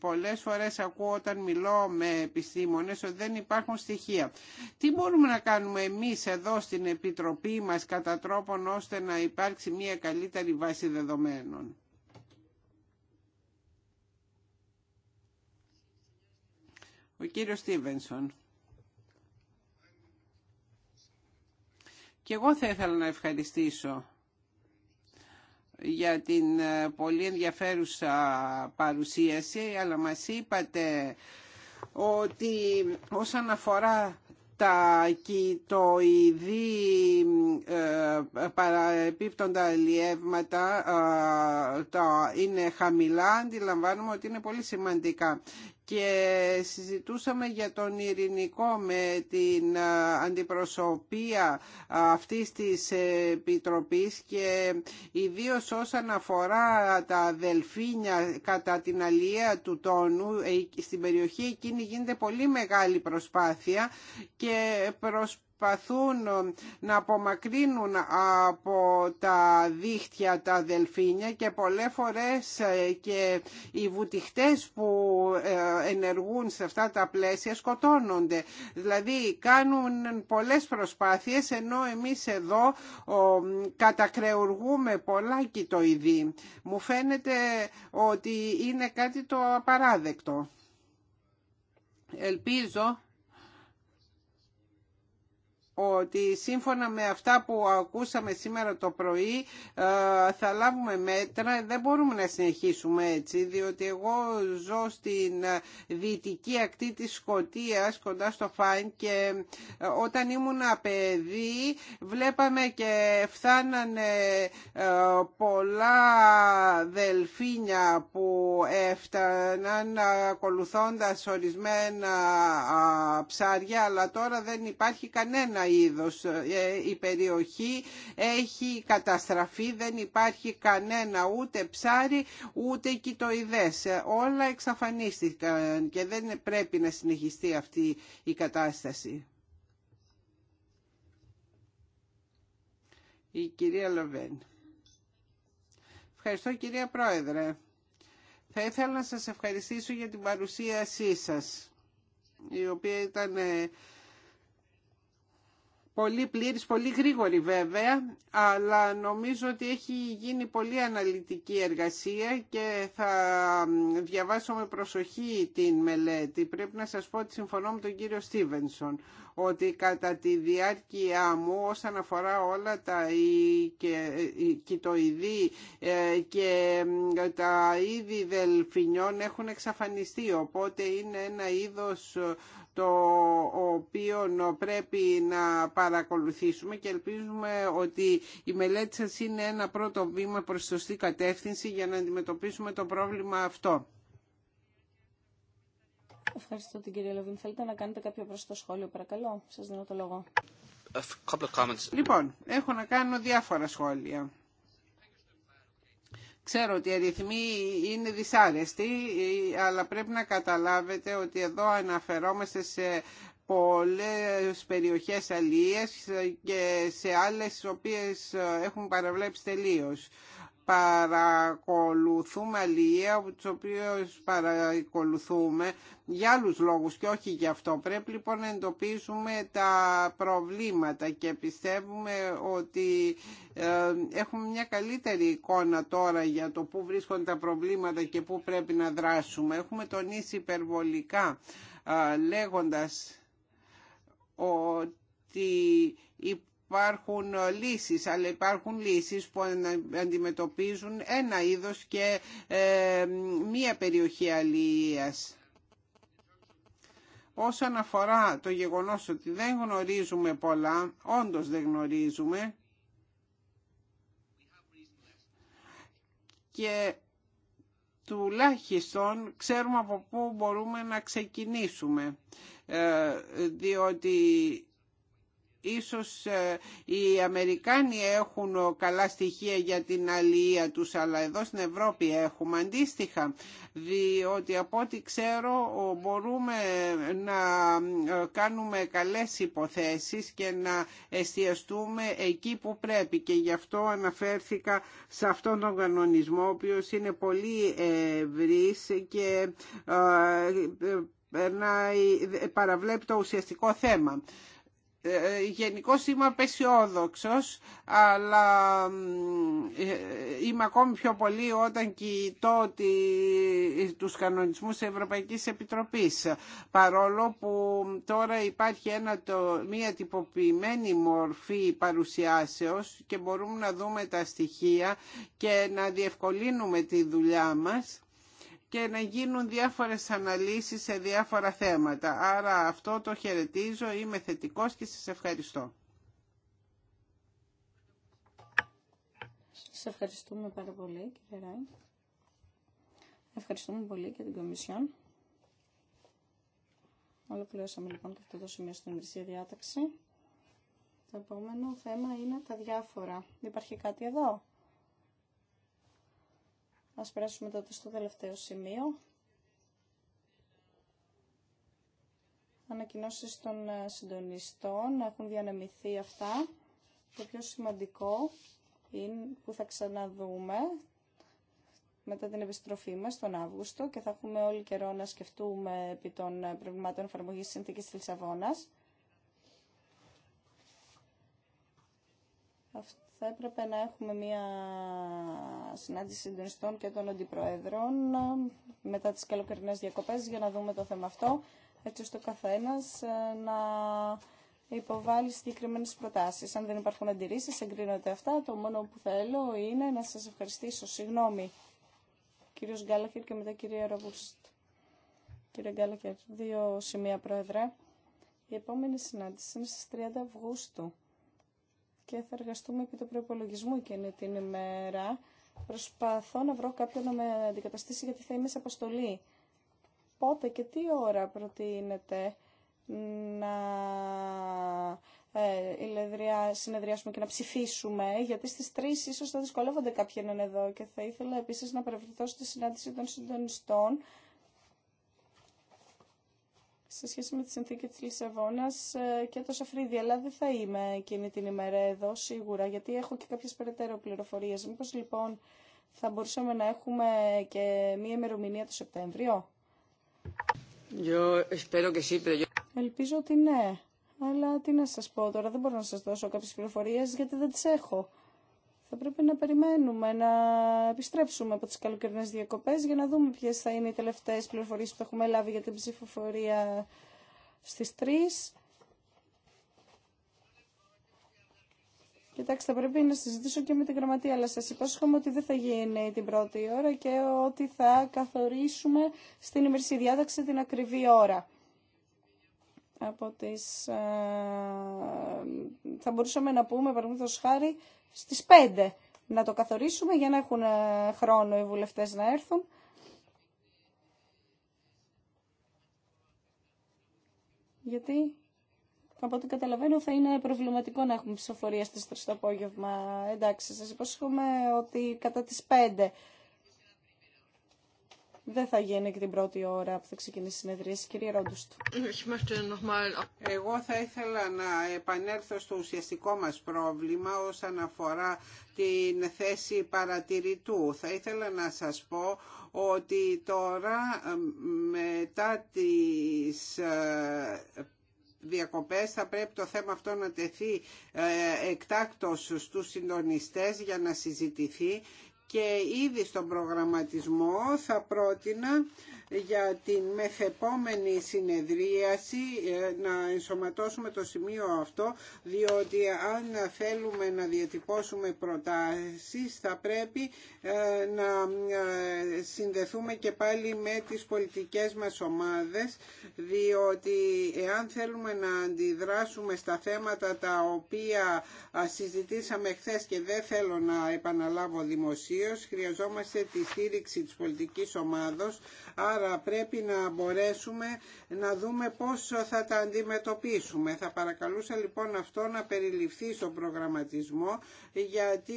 B: πολλές φορές ακούω όταν μιλώ με επιστήμονες ότι δεν υπάρχουν στοιχεία. Τι μπορούμε να κάνουμε εμείς εδώ στην Επιτροπή μας κατά τρόπον ώστε να να υπάρξει μια καλύτερη βάση δεδομένων. Ο κύριος Στίβενσον. Και εγώ θα ήθελα να ευχαριστήσω για την ε, πολύ ενδιαφέρουσα παρουσίαση, αλλά μας είπατε ότι όσον αφορά τα κοιτοειδή ε, παραεπίπτοντα λιεύματα ε, είναι χαμηλά, αντιλαμβάνουμε ότι είναι πολύ σημαντικά και συζητούσαμε για τον ειρηνικό με την αντιπροσωπεία αυτής της Επιτροπής και ιδίω όσον αφορά τα δελφίνια κατά την αλία του τόνου ε, στην περιοχή εκείνη γίνεται πολύ μεγάλη προσπάθεια και προσπάθεια προσπαθούν ε, να απομακρύνουν από τα δίχτυα τα δελφίνια και πολλές φορές ε, και οι βουτυχτές που ε, ενεργούν σε αυτά τα πλαίσια σκοτώνονται. Δηλαδή κάνουν πολλές προσπάθειες ενώ εμείς εδώ κατακρεουργούμε πολλά κοιτοειδή. Μου φαίνεται ότι είναι κάτι το απαράδεκτο. Ελπίζω ότι σύμφωνα με αυτά που ακούσαμε σήμερα το πρωί ε, θα λάβουμε μέτρα. Δεν μπορούμε να συνεχίσουμε έτσι, διότι εγώ ζω στην ε, δυτική ακτή της Σκοτίας, κοντά στο Φάιν και ε, όταν ήμουν παιδί βλέπαμε και φθάνανε πολλά δελφίνια που έφταναν ακολουθώντας ορισμένα ψάρια, αλλά τώρα δεν υπάρχει κανένα ε, η περιοχή έχει καταστραφεί, δεν υπάρχει κανένα ούτε ψάρι ούτε κοιτοειδές. Ε, όλα εξαφανίστηκαν και δεν πρέπει να συνεχιστεί αυτή η κατάσταση. Η κυρία Λοβέν. Ευχαριστώ κυρία Πρόεδρε. Θα ήθελα να σας ευχαριστήσω για την παρουσίασή σας, η οποία ήταν ε, πολύ πλήρης, πολύ γρήγορη βέβαια, αλλά νομίζω ότι έχει γίνει πολύ αναλυτική εργασία και θα διαβάσω με προσοχή την μελέτη. Πρέπει να σας πω ότι συμφωνώ με τον κύριο Στίβενσον, ότι κατά τη διάρκεια μου όσον αφορά όλα τα ε, κοιτοειδή ε, και τα είδη δελφινιών έχουν εξαφανιστεί, οπότε είναι ένα είδος το οποίο πρέπει να παρακολουθήσουμε και ελπίζουμε ότι η μελέτη σας είναι ένα πρώτο βήμα προς σωστή κατεύθυνση για να αντιμετωπίσουμε το πρόβλημα αυτό.
C: Ευχαριστώ την κυρία Λόβιν. Θέλετε να κάνετε κάποιο πρόσθετο σχόλιο, παρακαλώ. Σας δίνω το λόγο. Λοιπόν, έχω να κάνω
B: διάφορα σχόλια. Ξέρω ότι οι αριθμοί είναι δυσάρεστοι, αλλά πρέπει να καταλάβετε ότι εδώ αναφερόμαστε σε πολλές περιοχές αλίες και σε άλλες οποίες έχουν παραβλέψει τελείως παρακολουθούμε αλληλεία από τις οποίες παρακολουθούμε για άλλους λόγους και όχι για αυτό. Πρέπει λοιπόν να εντοπίσουμε τα προβλήματα και πιστεύουμε ότι ε, έχουμε μια καλύτερη εικόνα τώρα για το πού βρίσκονται τα προβλήματα και πού πρέπει να δράσουμε. Έχουμε τονίσει υπερβολικά ε, λέγοντας ότι υπάρχουν ε, λύσεις, αλλά υπάρχουν λύσεις που αντιμετωπίζουν ένα είδος και ε, μία περιοχή αλληλείας. Όσον αφορά το γεγονός ότι δεν γνωρίζουμε πολλά, όντως δεν γνωρίζουμε, και τουλάχιστον ξέρουμε από πού μπορούμε να ξεκινήσουμε, ε, διότι Ίσως ε, οι Αμερικάνοι έχουν ε, καλά στοιχεία για την αλληλεία τους, αλλά εδώ στην Ευρώπη έχουμε αντίστοιχα, διότι από ό,τι ξέρω μπορούμε ε, να κάνουμε καλές υποθέσεις και να εστιαστούμε εκεί που πρέπει και γι' αυτό αναφέρθηκα σε αυτόν τον κανονισμό, ο οποίος είναι πολύ ευρύς και να παραβλέπει το ουσιαστικό θέμα. Ε, ε, Γενικώ είμαι απεσιόδοξο, αλλά ε, είμαι ακόμη πιο πολύ όταν κοιτώ τη, τους κανονισμούς της Ευρωπαϊκής Επιτροπής. Παρόλο που τώρα υπάρχει ένα, το, μια τυποποιημένη μορφή παρουσιάσεως και μπορούμε να δούμε τα στοιχεία και να διευκολύνουμε τη δουλειά μας και να γίνουν διάφορες αναλύσεις σε διάφορα θέματα. Άρα αυτό το χαιρετίζω, είμαι θετικός και σας ευχαριστώ.
C: Σας ευχαριστούμε πάρα πολύ κύριε Ράιν. Ευχαριστούμε πολύ και την Κομισιόν. Ολοκληρώσαμε λοιπόν και αυτό το σημείο στην ημερησία διάταξη. Το επόμενο θέμα είναι τα διάφορα. Υπάρχει κάτι εδώ. Ας περάσουμε τότε στο τελευταίο σημείο. Ανακοινώσεις των ε, συντονιστών έχουν διανεμηθεί αυτά. Το πιο σημαντικό είναι που θα ξαναδούμε μετά την επιστροφή μας τον Αύγουστο και θα έχουμε όλοι καιρό να σκεφτούμε επί των ε, προβλημάτων εφαρμογής συνθήκης της Λισαβόνας θα έπρεπε να έχουμε μία συνάντηση συντονιστών και των αντιπροέδρων ε, μετά τις καλοκαιρινές διακοπές για να δούμε το θέμα αυτό, έτσι ώστε ο καθένας ε, να υποβάλει συγκεκριμένε προτάσεις. Αν δεν υπάρχουν αντιρρήσεις, εγκρίνονται αυτά. Το μόνο που θέλω είναι να σας ευχαριστήσω. Συγγνώμη, κύριος Γκάλαχερ και μετά κυρία Ροβούστ. Κύριε Γκάλαχερ, δύο σημεία πρόεδρε. Η επόμενη συνάντηση είναι στις 30 Αυγούστου και θα εργαστούμε επί του προπολογισμού εκείνη την ημέρα. Προσπαθώ να βρω κάποιον να με αντικαταστήσει γιατί θα είμαι σε αποστολή. Πότε και τι ώρα προτείνεται να ε, συνεδριάσουμε και να ψηφίσουμε, γιατί στις 3 ίσως θα δυσκολεύονται κάποιοι να είναι εδώ και θα ήθελα επίσης να παρευρεθώ στη συνάντηση των συντονιστών σε σχέση με τη συνθήκη της Λισαβόνας ε, και το Σαφρίδι, αλλά δεν θα είμαι εκείνη την ημέρα εδώ σίγουρα, γιατί έχω και κάποιες περαιτέρω πληροφορίες. Μήπως λοιπόν θα μπορούσαμε να έχουμε και μία ημερομηνία το Σεπτέμβριο. Ελπίζω ότι ναι, αλλά τι να σας πω τώρα, δεν μπορώ να σας δώσω κάποιες πληροφορίες γιατί δεν τις έχω θα πρέπει να περιμένουμε να επιστρέψουμε από τις καλοκαιρινές διακοπές για να δούμε ποιες θα είναι οι τελευταίες πληροφορίες που έχουμε λάβει για την ψηφοφορία στις 3. Κοιτάξτε, θα πρέπει να συζητήσω και με την γραμματεία, αλλά σας υπόσχομαι ότι δεν θα γίνει την πρώτη ώρα και ότι θα καθορίσουμε στην ημερησία διάταξη την ακριβή ώρα από τις... Ε, θα μπορούσαμε να πούμε, παραδείγματος χάρη, στις 5 να το καθορίσουμε για να έχουν ε, χρόνο οι βουλευτές να έρθουν. Γιατί από ό,τι καταλαβαίνω θα είναι προβληματικό να έχουμε ψηφοφορία στις 3 το απόγευμα. Εντάξει, σας υπόσχομαι ότι κατά τις 5 δεν θα γίνει και την πρώτη ώρα που θα ξεκινήσει η συνεδρίαση. Κυρία Ρόντουστ.
B: Εγώ θα ήθελα να επανέλθω στο ουσιαστικό μας πρόβλημα όσον αφορά την θέση παρατηρητού. Θα ήθελα να σας πω ότι τώρα μετά τις ε, διακοπές θα πρέπει το θέμα αυτό να τεθεί ε, εκτάκτος στους συντονιστές για να συζητηθεί και ήδη στον προγραμματισμό θα πρότεινα για την μεθεπόμενη συνεδρίαση ε, να ενσωματώσουμε το σημείο αυτό διότι αν θέλουμε να διατυπώσουμε προτάσεις θα πρέπει ε, να ε, συνδεθούμε και πάλι με τις πολιτικές μας ομάδες διότι εάν θέλουμε να αντιδράσουμε στα θέματα τα οποία συζητήσαμε χθε και δεν θέλω να επαναλάβω δημοσίως χρειαζόμαστε τη στήριξη της πολιτικής ομάδος πρέπει να μπορέσουμε να δούμε πώς θα τα αντιμετωπίσουμε. Θα παρακαλούσα λοιπόν αυτό να περιληφθεί στον προγραμματισμό γιατί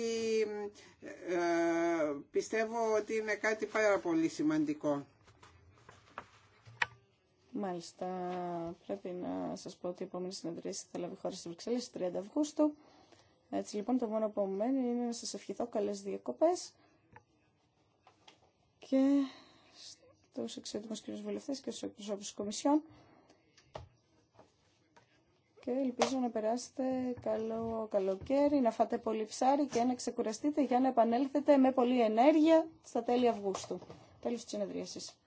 B: ε, πιστεύω ότι είναι κάτι πάρα πολύ σημαντικό.
C: Μάλιστα, πρέπει να σας πω ότι η επόμενη συνεδρίαση θα λάβει χώρα στη Βρυξέλλες στις 30 Αυγούστου. Έτσι λοιπόν το μόνο που μου μένει είναι να σας ευχηθώ καλές διακοπές και τους εξαιρετικούς κύριου βουλευτέ και τους εκπροσώπους τη Κομισιόν και ελπίζω να περάσετε καλό καλοκαίρι, να φάτε πολύ ψάρι και να ξεκουραστείτε για να επανέλθετε με πολλή ενέργεια στα τέλη Αυγούστου. Τέλος της συνεδρίασης.